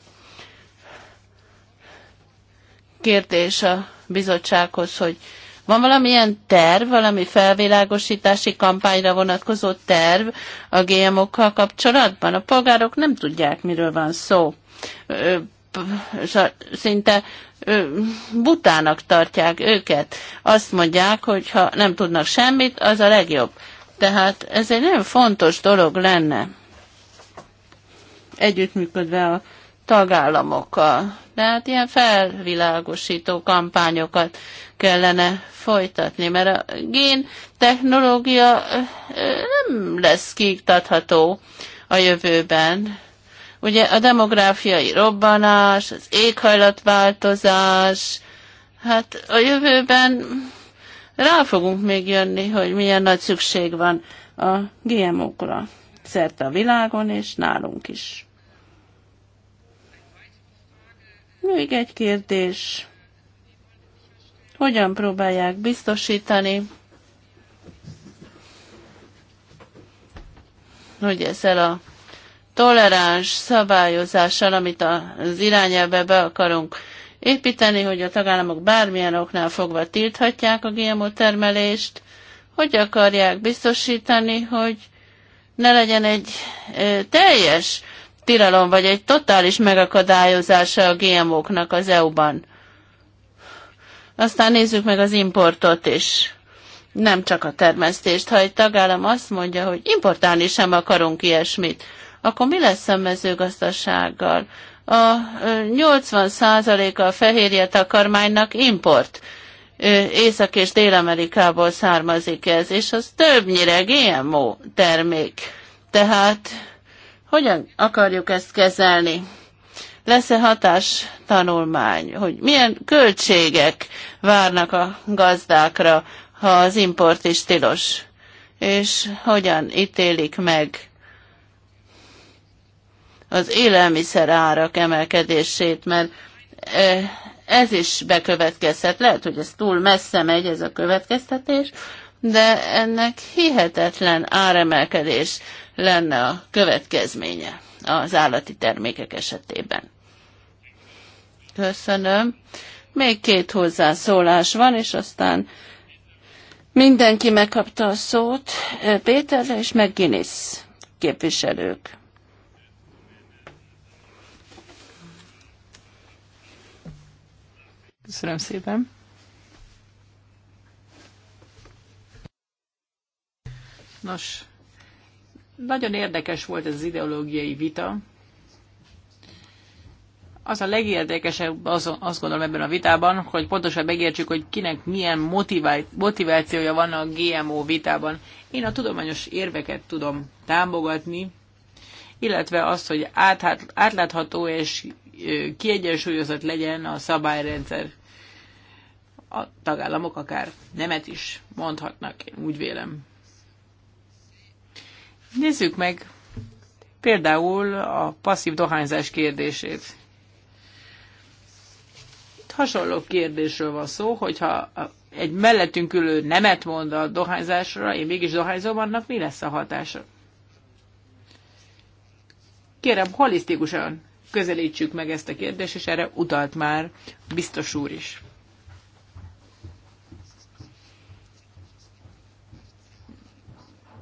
Kérdés a bizottsághoz, hogy van valamilyen terv, valami felvilágosítási kampányra vonatkozó terv a GMO-kkal kapcsolatban? A polgárok nem tudják, miről van szó. Szinte butának tartják őket. Azt mondják, hogy ha nem tudnak semmit, az a legjobb. Tehát ez egy nagyon fontos dolog lenne. Együttműködve a tagállamokkal. hát ilyen felvilágosító kampányokat kellene folytatni, mert a gén technológia nem lesz kiiktatható a jövőben. Ugye a demográfiai robbanás, az éghajlatváltozás, hát a jövőben rá fogunk még jönni, hogy milyen nagy szükség van a GMO-kra szerte a világon és nálunk is. Még egy kérdés. Hogyan próbálják biztosítani, hogy ezzel a toleráns szabályozással, amit az irányelbe be akarunk építeni, hogy a tagállamok bármilyen oknál fogva tilthatják a GMO termelést, hogy akarják biztosítani, hogy ne legyen egy teljes tilalom vagy egy totális megakadályozása a GMO-knak az EU-ban. Aztán nézzük meg az importot is. Nem csak a termesztést. Ha egy tagállam azt mondja, hogy importálni sem akarunk ilyesmit, akkor mi lesz a mezőgazdasággal? A 80%-a a fehérje takarmánynak import. Észak- és Dél-Amerikából származik ez, és az többnyire GMO termék. Tehát hogyan akarjuk ezt kezelni? Lesz-e hatás tanulmány, hogy milyen költségek várnak a gazdákra, ha az import is tilos? És hogyan ítélik meg az élelmiszer árak emelkedését, mert ez is bekövetkezhet. Lehet, hogy ez túl messze megy ez a következtetés, de ennek hihetetlen áremelkedés lenne a következménye az állati termékek esetében. Köszönöm. Még két hozzászólás van, és aztán mindenki megkapta a szót. Péter és meg Guinness képviselők. Köszönöm szépen. Nos, nagyon érdekes volt ez az ideológiai vita. Az a legérdekesebb, az, azt gondolom ebben a vitában, hogy pontosan megértsük, hogy kinek milyen motivációja van a GMO vitában. Én a tudományos érveket tudom támogatni, illetve azt, hogy átlátható és kiegyensúlyozott legyen a szabályrendszer. A tagállamok akár nemet is mondhatnak, én úgy vélem. Nézzük meg például a passzív dohányzás kérdését. Itt hasonló kérdésről van szó, hogyha egy mellettünk ülő nemet mond a dohányzásra, én mégis dohányzom, annak mi lesz a hatása? Kérem, holisztikusan közelítsük meg ezt a kérdést, és erre utalt már biztos úr is.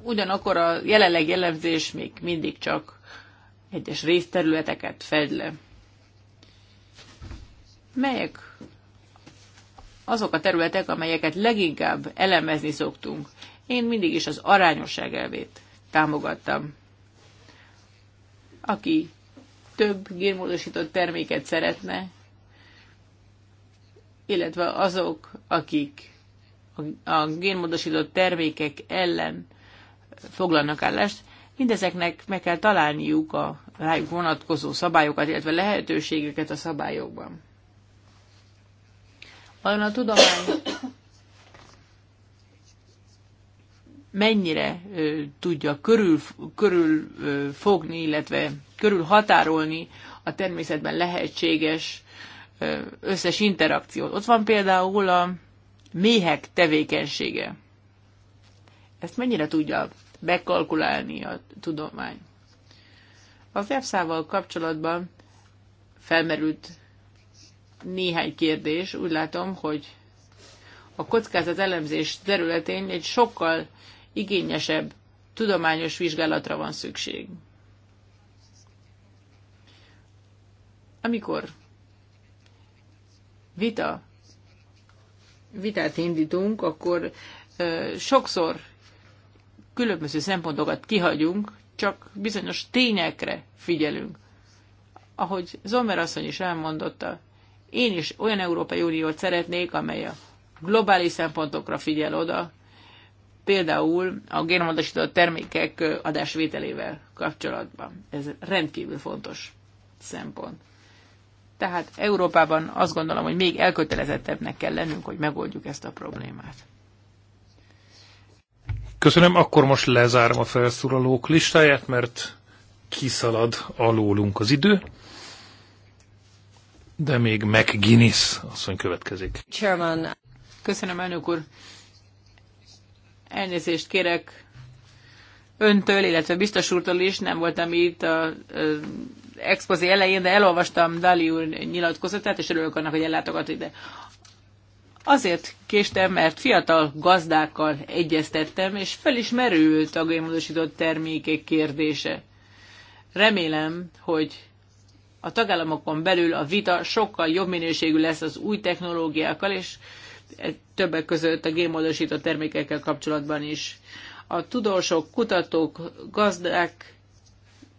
ugyanakkor a jelenleg jellemzés még mindig csak egyes részterületeket fed le. Melyek azok a területek, amelyeket leginkább elemezni szoktunk? Én mindig is az arányosság elvét támogattam. Aki több génmódosított terméket szeretne, illetve azok, akik a génmódosított termékek ellen foglalnak állást, mindezeknek meg kell találniuk a rájuk vonatkozó szabályokat, illetve lehetőségeket a szabályokban. Vajon a tudomány mennyire ö, tudja körül, körül ö, fogni, illetve körül határolni a természetben lehetséges ö, összes interakciót. Ott van például a méhek tevékenysége. Ezt mennyire tudja bekalkulálni a tudomány. Az EFSA-val kapcsolatban felmerült néhány kérdés. Úgy látom, hogy a kockázat elemzés területén egy sokkal igényesebb tudományos vizsgálatra van szükség. Amikor vita, vitát indítunk, akkor sokszor különböző szempontokat kihagyunk, csak bizonyos tényekre figyelünk. Ahogy Zomer asszony is elmondotta, én is olyan Európai Uniót szeretnék, amely a globális szempontokra figyel oda, például a génmódosított termékek adásvételével kapcsolatban. Ez rendkívül fontos szempont. Tehát Európában azt gondolom, hogy még elkötelezettebbnek kell lennünk, hogy megoldjuk ezt a problémát. Köszönöm, akkor most lezárom a felszólalók listáját, mert kiszalad alólunk az idő. De még McGuinness asszony következik. Chairman. Köszönöm, elnök úr. Elnézést kérek öntől, illetve biztos úrtól is, nem voltam itt a expozi elején, de elolvastam Dali úr nyilatkozatát, és örülök annak, hogy ellátogat ide. Azért késtem, mert fiatal gazdákkal egyeztettem, és fel is merült a gémmódosított termékek kérdése. Remélem, hogy a tagállamokon belül a vita sokkal jobb minőségű lesz az új technológiákkal, és e, többek között a gémmódosított termékekkel kapcsolatban is. A tudósok, kutatók, gazdák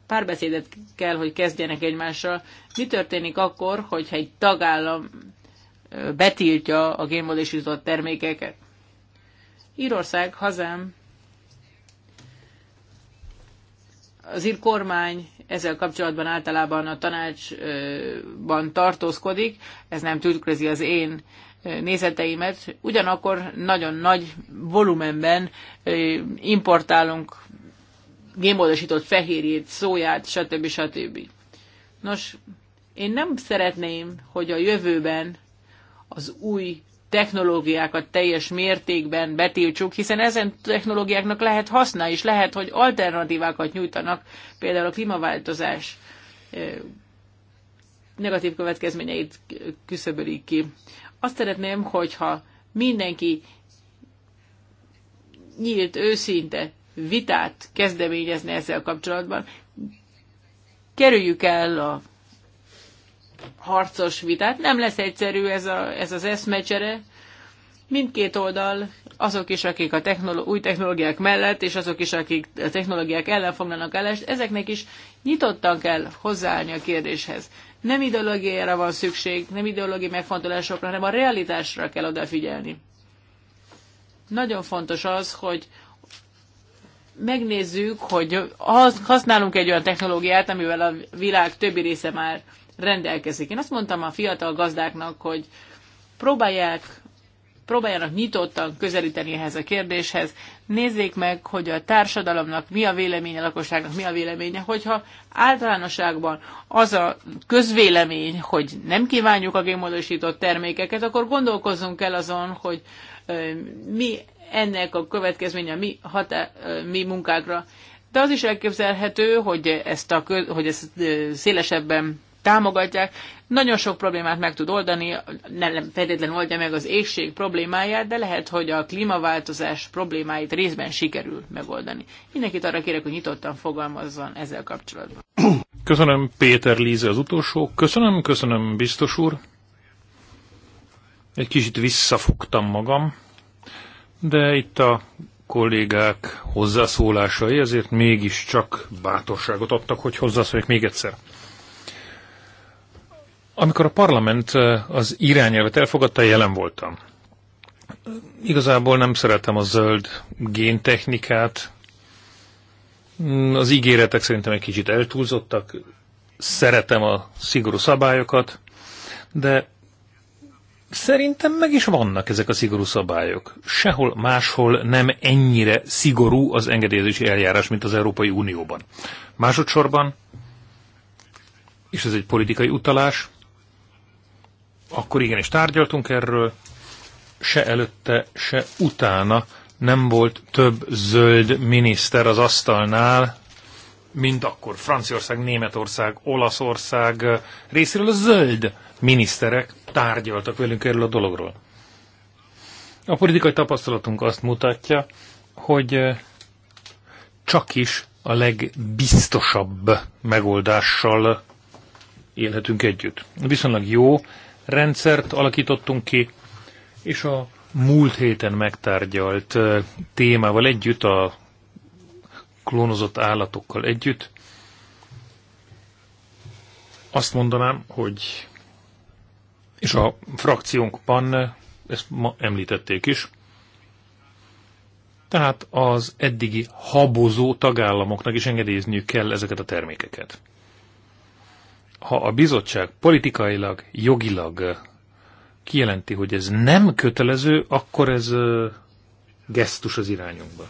párbeszédet kell, hogy kezdjenek egymással. Mi történik akkor, hogyha egy tagállam betiltja a génmódosított termékeket. Írország, hazám, az ír kormány ezzel kapcsolatban általában a tanácsban tartózkodik, ez nem tükrözi az én nézeteimet, ugyanakkor nagyon nagy volumenben importálunk génmódosított fehérjét, szóját, stb. stb. Nos, én nem szeretném, hogy a jövőben az új technológiákat teljes mértékben betiltsuk, hiszen ezen technológiáknak lehet haszna, és lehet, hogy alternatívákat nyújtanak, például a klímaváltozás negatív következményeit küszöbölik ki. Azt szeretném, hogyha mindenki nyílt, őszinte vitát kezdeményezne ezzel kapcsolatban. Kerüljük el a harcos vitát. Nem lesz egyszerű ez, a, ez az eszmecsere. Mindkét oldal, azok is, akik a technoló- új technológiák mellett, és azok is, akik a technológiák ellen foglalnak állást, ezeknek is nyitottan kell hozzáállni a kérdéshez. Nem ideológiára van szükség, nem ideológiai megfontolásokra, hanem a realitásra kell odafigyelni. Nagyon fontos az, hogy megnézzük, hogy használunk egy olyan technológiát, amivel a világ többi része már rendelkezik. Én azt mondtam a fiatal gazdáknak, hogy próbálják próbáljanak nyitottan közelíteni ehhez a kérdéshez. Nézzék meg, hogy a társadalomnak mi a véleménye, a lakosságnak mi a véleménye, hogyha általánosságban az a közvélemény, hogy nem kívánjuk a génmódosított termékeket, akkor gondolkozzunk el azon, hogy mi ennek a következménye mi, hatá- mi munkákra. De az is elképzelhető, hogy ezt, a, hogy ezt szélesebben támogatják. Nagyon sok problémát meg tud oldani, nem, nem feltétlenül oldja meg az égség problémáját, de lehet, hogy a klímaváltozás problémáit részben sikerül megoldani. Mindenkit arra kérek, hogy nyitottan fogalmazzon ezzel kapcsolatban. Köszönöm Péter Líze az utolsó. Köszönöm, köszönöm biztos úr. Egy kicsit visszafogtam magam, de itt a kollégák hozzászólásai, ezért mégiscsak bátorságot adtak, hogy hozzászóljak még egyszer. Amikor a parlament az irányelvet elfogadta, jelen voltam. Igazából nem szeretem a zöld géntechnikát. Az ígéretek szerintem egy kicsit eltúlzottak. Szeretem a szigorú szabályokat, de szerintem meg is vannak ezek a szigorú szabályok. Sehol máshol nem ennyire szigorú az engedélyezési eljárás, mint az Európai Unióban. Másodszorban, és ez egy politikai utalás, akkor igenis tárgyaltunk erről, se előtte, se utána nem volt több zöld miniszter az asztalnál, mint akkor Franciaország, Németország, Olaszország részéről a zöld miniszterek tárgyaltak velünk erről a dologról. A politikai tapasztalatunk azt mutatja, hogy eh, csak is a legbiztosabb megoldással élhetünk együtt. Viszonylag jó rendszert alakítottunk ki, és a múlt héten megtárgyalt témával együtt, a klónozott állatokkal együtt, azt mondanám, hogy és a frakciónkban ezt ma említették is, tehát az eddigi habozó tagállamoknak is engedélyezniük kell ezeket a termékeket ha a bizottság politikailag, jogilag kijelenti, hogy ez nem kötelező, akkor ez gesztus az irányunkba.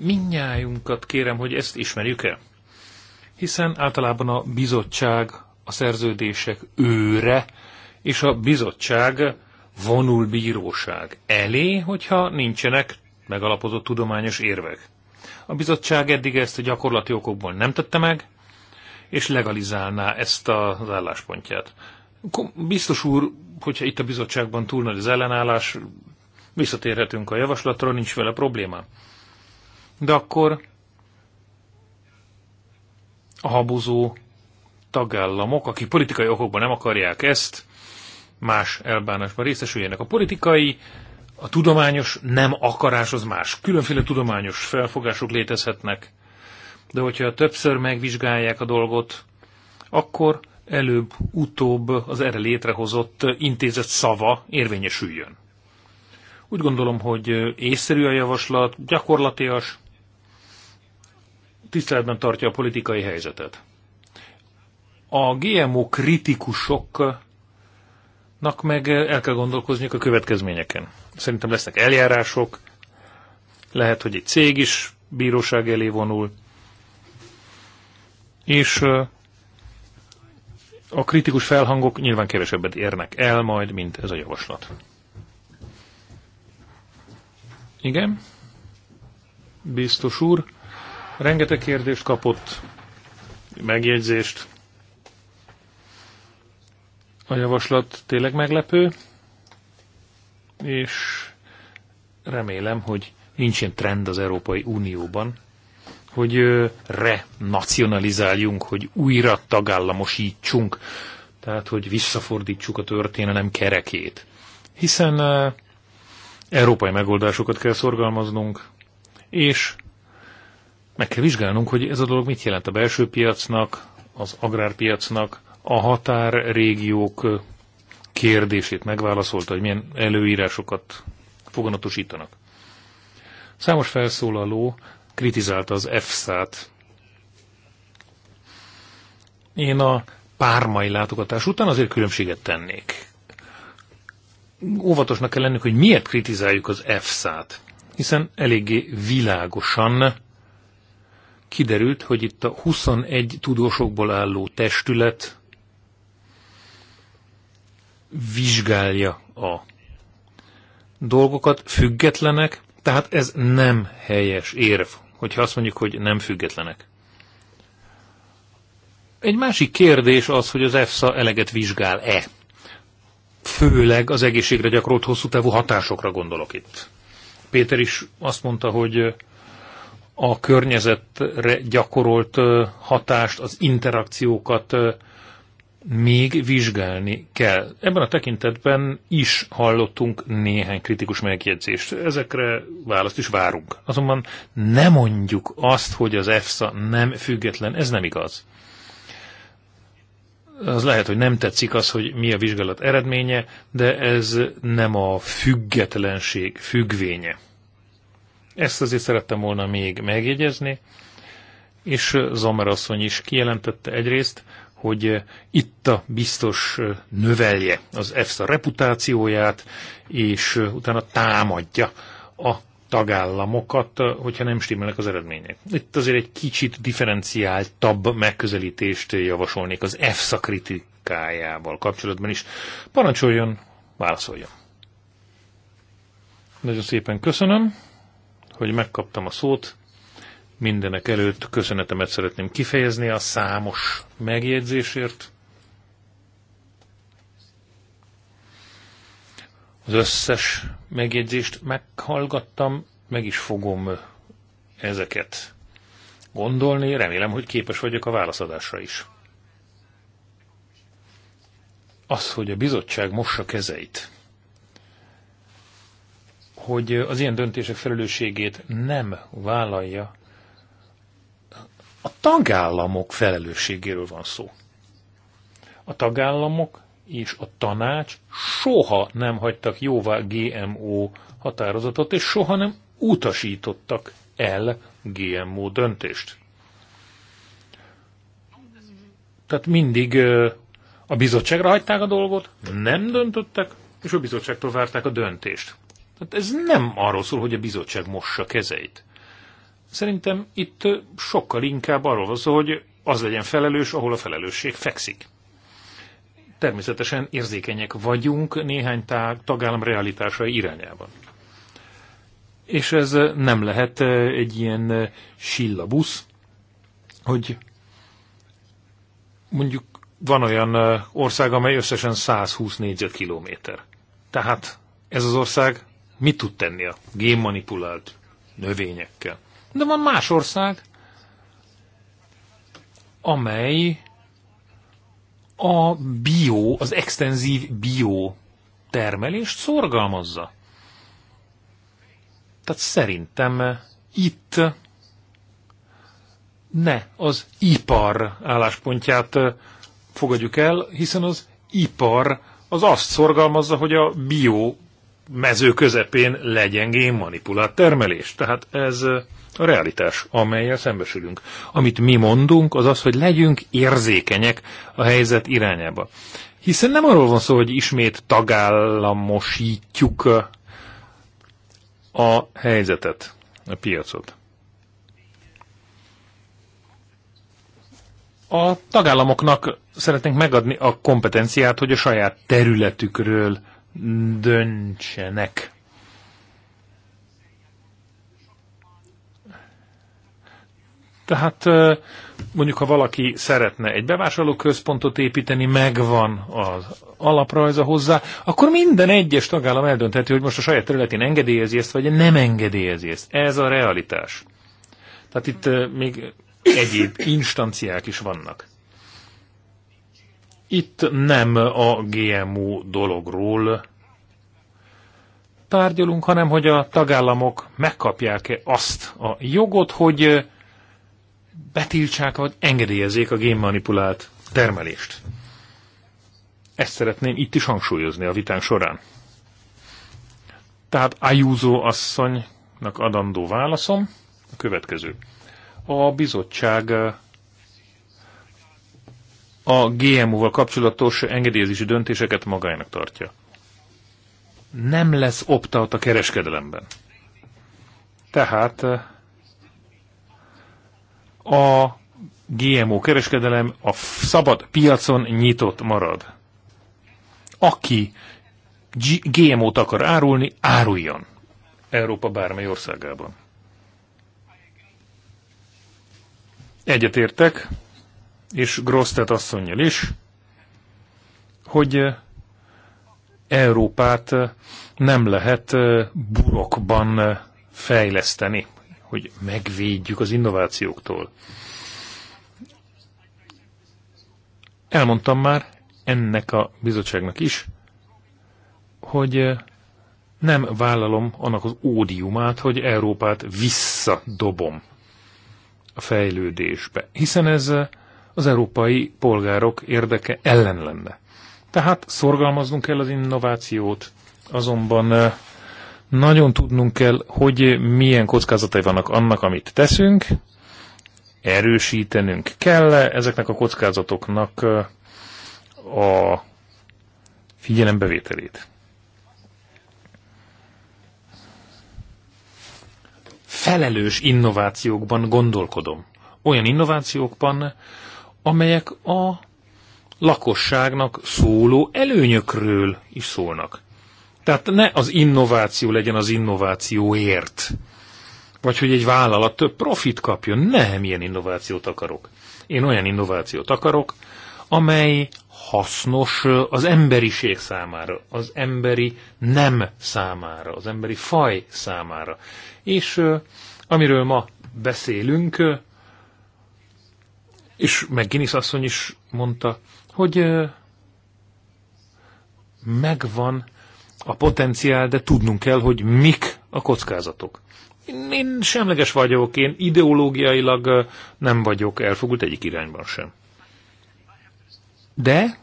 Mindnyájunkat kérem, hogy ezt ismerjük el. Hiszen általában a bizottság a szerződések őre, és a bizottság vonul bíróság elé, hogyha nincsenek megalapozott tudományos érvek. A bizottság eddig ezt a gyakorlati okokból nem tette meg, és legalizálná ezt az álláspontját. Biztos úr, hogyha itt a bizottságban túl nagy az ellenállás, visszatérhetünk a javaslatra, nincs vele probléma. De akkor a habozó tagállamok, akik politikai okokban nem akarják ezt, más elbánásban részesüljenek. A politikai, a tudományos nem akarás az más. Különféle tudományos felfogások létezhetnek, de hogyha többször megvizsgálják a dolgot, akkor előbb-utóbb az erre létrehozott intézet szava érvényesüljön. Úgy gondolom, hogy észszerű a javaslat, gyakorlatias, tiszteletben tartja a politikai helyzetet. A GMO kritikusoknak meg el kell gondolkozniuk a következményeken. Szerintem lesznek eljárások, lehet, hogy egy cég is bíróság elé vonul, és a kritikus felhangok nyilván kevesebbet érnek el majd, mint ez a javaslat. Igen, biztos úr. Rengeteg kérdést kapott, megjegyzést. A javaslat tényleg meglepő, és remélem, hogy nincs ilyen trend az Európai Unióban, hogy renacionalizáljunk, hogy újra tagállamosítsunk, tehát hogy visszafordítsuk a történelem kerekét. Hiszen európai megoldásokat kell szorgalmaznunk, és meg kell vizsgálnunk, hogy ez a dolog mit jelent a belső piacnak, az agrárpiacnak, a határrégiók kérdését megválaszolta, hogy milyen előírásokat foganatosítanak. Számos felszólaló kritizálta az EFSA-t. Én a pármai látogatás után azért különbséget tennék. Óvatosnak kell lennünk, hogy miért kritizáljuk az EFSA-t, hiszen eléggé világosan kiderült, hogy itt a 21 tudósokból álló testület vizsgálja a dolgokat, függetlenek, tehát ez nem helyes érv, hogyha azt mondjuk, hogy nem függetlenek. Egy másik kérdés az, hogy az EFSA eleget vizsgál-e. Főleg az egészségre gyakorolt hosszú távú hatásokra gondolok itt. Péter is azt mondta, hogy a környezetre gyakorolt hatást, az interakciókat még vizsgálni kell. Ebben a tekintetben is hallottunk néhány kritikus megjegyzést. Ezekre választ is várunk. Azonban nem mondjuk azt, hogy az EFSA nem független, ez nem igaz. Az lehet, hogy nem tetszik az, hogy mi a vizsgálat eredménye, de ez nem a függetlenség függvénye. Ezt azért szerettem volna még megjegyezni, és Zomer asszony is kijelentette egyrészt, hogy eh, itt a biztos eh, növelje az EFSA reputációját, és eh, utána támadja a tagállamokat, hogyha nem stimmelnek az eredmények. Itt azért egy kicsit differenciáltabb megközelítést javasolnék az EFSA kritikájával kapcsolatban is. Parancsoljon, válaszoljon. Nagyon szépen köszönöm, hogy megkaptam a szót. Mindenek előtt köszönetemet szeretném kifejezni a számos megjegyzésért. Az összes megjegyzést meghallgattam, meg is fogom ezeket gondolni. Remélem, hogy képes vagyok a válaszadásra is. Az, hogy a bizottság mossa kezeit, hogy az ilyen döntések felelősségét nem vállalja, a tagállamok felelősségéről van szó. A tagállamok és a tanács soha nem hagytak jóvá GMO határozatot, és soha nem utasítottak el GMO döntést. Tehát mindig a bizottságra hagyták a dolgot, nem döntöttek, és a bizottságtól várták a döntést. Tehát ez nem arról szól, hogy a bizottság mossa kezeit. Szerintem itt sokkal inkább arról van szó, hogy az legyen felelős, ahol a felelősség fekszik. Természetesen érzékenyek vagyunk néhány tagállam realitásai irányában. És ez nem lehet eh, egy ilyen eh, sillabusz, hogy mondjuk van olyan eh, ország, amely összesen 120 négyzetkilométer. Tehát ez az ország mit tud tenni a génmanipulált növényekkel? De van más ország, amely a bio, az extenzív bio termelést szorgalmazza. Tehát szerintem itt ne az ipar álláspontját fogadjuk el, hiszen az ipar az azt szorgalmazza, hogy a bio mező közepén legyen génmanipulált termelés. Tehát ez a realitás, amelyel szembesülünk. Amit mi mondunk, az az, hogy legyünk érzékenyek a helyzet irányába. Hiszen nem arról van szó, hogy ismét tagállamosítjuk a helyzetet, a piacot. A tagállamoknak szeretnénk megadni a kompetenciát, hogy a saját területükről döntsenek. Tehát mondjuk, ha valaki szeretne egy bevásárlóközpontot építeni, megvan az alaprajza hozzá, akkor minden egyes tagállam eldöntheti, hogy most a saját területén engedélyezi ezt, vagy nem engedélyezi ezt. Ez a realitás. Tehát itt még egyéb instanciák is vannak. Itt nem a GMO dologról tárgyalunk, hanem hogy a tagállamok megkapják-e azt a jogot, hogy betiltsák, vagy engedélyezzék a génmanipulált termelést. Ezt szeretném itt is hangsúlyozni a vitán során. Tehát Ayuso asszonynak adandó válaszom a következő. A bizottság a GMO-val kapcsolatos engedélyezési döntéseket magának tartja. Nem lesz opt a kereskedelemben. Tehát a GMO kereskedelem a szabad piacon nyitott marad. Aki GMO-t akar árulni, áruljon. Európa bármely országában. Egyetértek, és Grosztet asszonynal is, hogy Európát nem lehet burokban fejleszteni hogy megvédjük az innovációktól. Elmondtam már ennek a bizottságnak is, hogy eh, nem vállalom annak az ódiumát, hogy Európát visszadobom a fejlődésbe, hiszen ez eh, az európai polgárok érdeke ellen lenne. Tehát szorgalmaznunk kell az innovációt, azonban eh, nagyon tudnunk kell, hogy milyen kockázatai vannak annak, amit teszünk, erősítenünk kell -e ezeknek a kockázatoknak eh, a figyelembevételét. Felelős innovációkban gondolkodom. Olyan innovációkban, amelyek a lakosságnak szóló előnyökről is szólnak. Tehát ne az innováció legyen az innovációért, vagy hogy egy vállalat több profit kapjon. Nem ilyen innovációt akarok. Én olyan innovációt akarok, amely hasznos az emberiség számára, az emberi nem számára, az emberi faj számára. És amiről ma beszélünk, és meg Guinness asszony is mondta, hogy megvan a potenciál, de tudnunk kell, hogy mik a kockázatok. Én, én semleges vagyok, én ideológiailag nem vagyok elfogult egyik irányban sem. De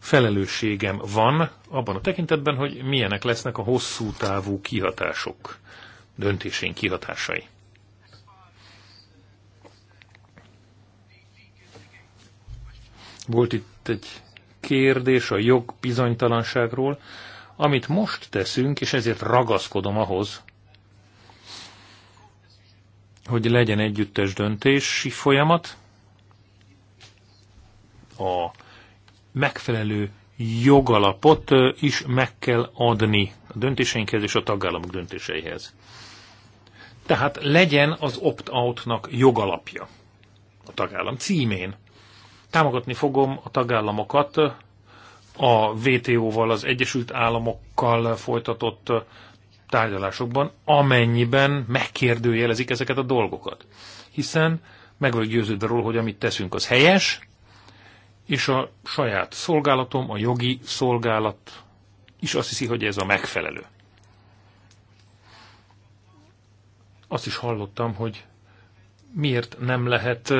felelősségem van abban a tekintetben, hogy milyenek lesznek a hosszú távú kihatások, döntésén kihatásai. Volt itt egy kérdés a jog bizonytalanságról. Amit most teszünk, és ezért ragaszkodom ahhoz, hogy legyen együttes döntési folyamat, a megfelelő jogalapot is meg kell adni a döntéseinkhez és a tagállamok döntéseihez. Tehát legyen az opt-outnak jogalapja a tagállam címén. Támogatni fogom a tagállamokat a WTO-val, az Egyesült Államokkal folytatott tárgyalásokban, amennyiben megkérdőjelezik ezeket a dolgokat. Hiszen meg vagyok győződve róla, hogy amit teszünk, az helyes, és a saját szolgálatom, a jogi szolgálat is azt hiszi, hogy ez a megfelelő. Azt is hallottam, hogy miért nem lehet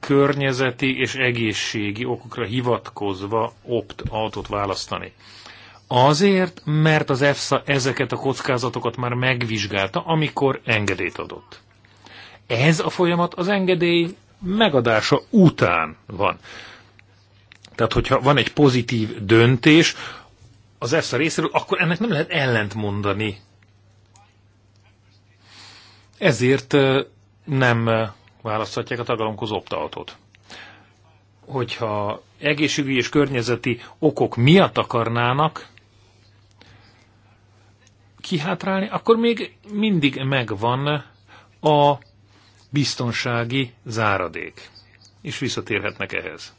környezeti és egészségi okokra hivatkozva opt-outot választani? Azért, mert az EFSA ezeket a kockázatokat már megvizsgálta, amikor engedélyt adott. Ez a folyamat az engedély megadása után van. Tehát, hogyha van egy pozitív döntés az EFSA részéről, akkor ennek nem lehet ellent mondani. Ezért nem választhatják a tagalomhoz optautot. Hogyha egészségügyi és környezeti okok miatt akarnának kihátrálni, akkor még mindig megvan a biztonsági záradék. És visszatérhetnek ehhez.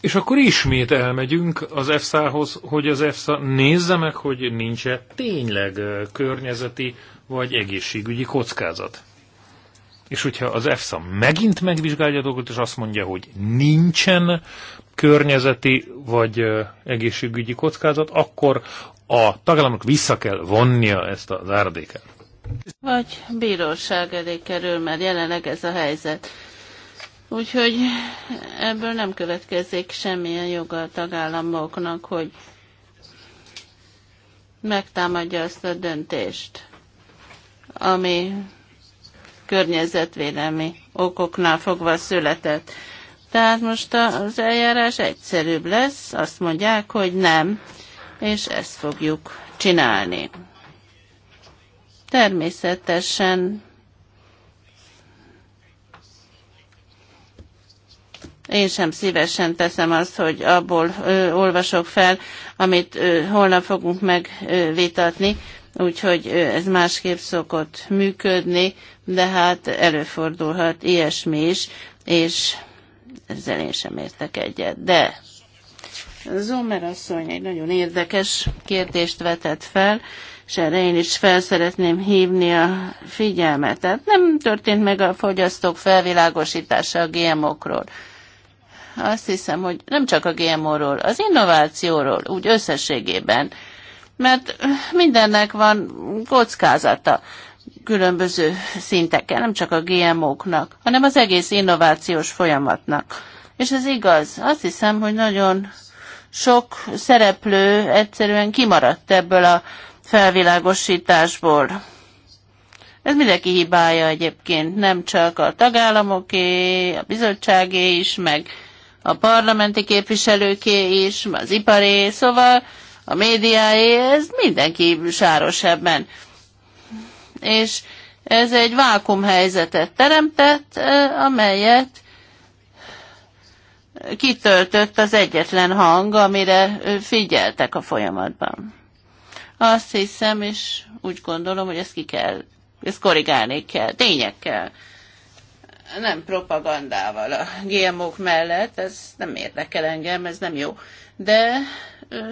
És akkor ismét elmegyünk az EFSA-hoz, hogy az EFSA nézze meg, hogy nincs-e tényleg környezeti vagy egészségügyi kockázat. És hogyha az EFSA megint megvizsgálja a dolgot, és azt mondja, hogy nincsen környezeti vagy egészségügyi kockázat, akkor a tagállamok vissza kell vonnia ezt az áradékát. Vagy bíróság elé kerül, mert jelenleg ez a helyzet. Úgyhogy ebből nem következik semmilyen joga a tagállamoknak, hogy megtámadja azt a döntést ami környezetvédelmi okoknál fogva született. Tehát most az eljárás egyszerűbb lesz, azt mondják, hogy nem, és ezt fogjuk csinálni. Természetesen én sem szívesen teszem azt, hogy abból ö, olvasok fel, amit ö, holnap fogunk megvitatni, úgyhogy ez másképp szokott működni, de hát előfordulhat ilyesmi is, és ezzel én sem értek egyet. De Zomer asszony egy nagyon érdekes kérdést vetett fel, és erre én is fel szeretném hívni a figyelmet. Tehát nem történt meg a fogyasztók felvilágosítása a GMO-król. Azt hiszem, hogy nem csak a GMO-ról, az innovációról, úgy összességében mert mindennek van kockázata különböző szinteken, nem csak a GMO-knak, hanem az egész innovációs folyamatnak. És ez igaz. Azt hiszem, hogy nagyon sok szereplő egyszerűen kimaradt ebből a felvilágosításból. Ez mindenki hibája egyébként, nem csak a tagállamoké, a bizottságé is, meg a parlamenti képviselőké is, az iparé, szóval a médiáé, ez mindenki sáros ebben. És ez egy vákumhelyzetet teremtett, eh, amelyet kitöltött az egyetlen hang, amire eh, figyeltek a folyamatban. Azt hiszem, és úgy gondolom, hogy ezt ki kell, ezt korrigálni kell, tényekkel. Nem propagandával a GMO-k mellett, ez nem érdekel engem, ez nem jó. De eh,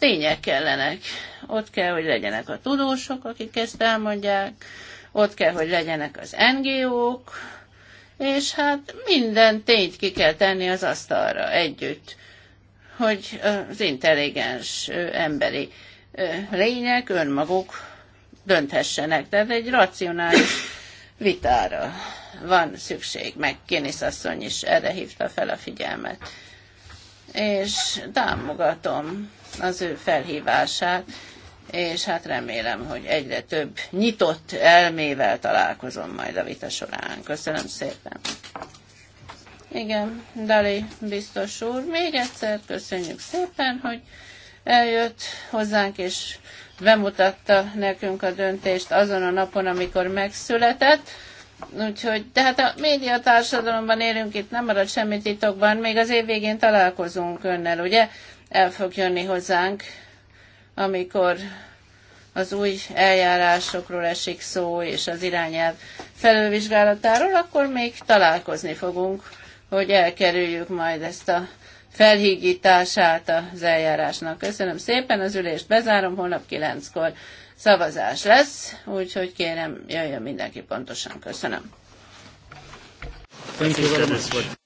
tények kellenek. Ott kell, hogy legyenek a tudósok, akik ezt elmondják, ott kell, hogy legyenek az NGO-k, és hát minden tényt ki kell tenni az asztalra együtt, hogy az intelligens emberi lények önmaguk dönthessenek. Tehát egy racionális vitára van szükség, meg Kénisz asszony is erre hívta fel a figyelmet és támogatom az ő felhívását, és hát remélem, hogy egyre több nyitott elmével találkozom majd a vita során. Köszönöm szépen. Igen, Dali biztos úr, még egyszer köszönjük szépen, hogy eljött hozzánk, és bemutatta nekünk a döntést azon a napon, amikor megszületett. Úgyhogy, tehát a média társadalomban élünk itt, nem marad semmi titokban, még az év végén találkozunk önnel, ugye? El fog jönni hozzánk, amikor az új eljárásokról esik szó, és az irányelv felülvizsgálatáról, akkor még találkozni fogunk, hogy elkerüljük majd ezt a felhígítását az eljárásnak. Köszönöm szépen, az ülést bezárom, holnap kilenckor szavazás lesz, úgyhogy kérem, jöjjön mindenki pontosan. Köszönöm. Thank you very much.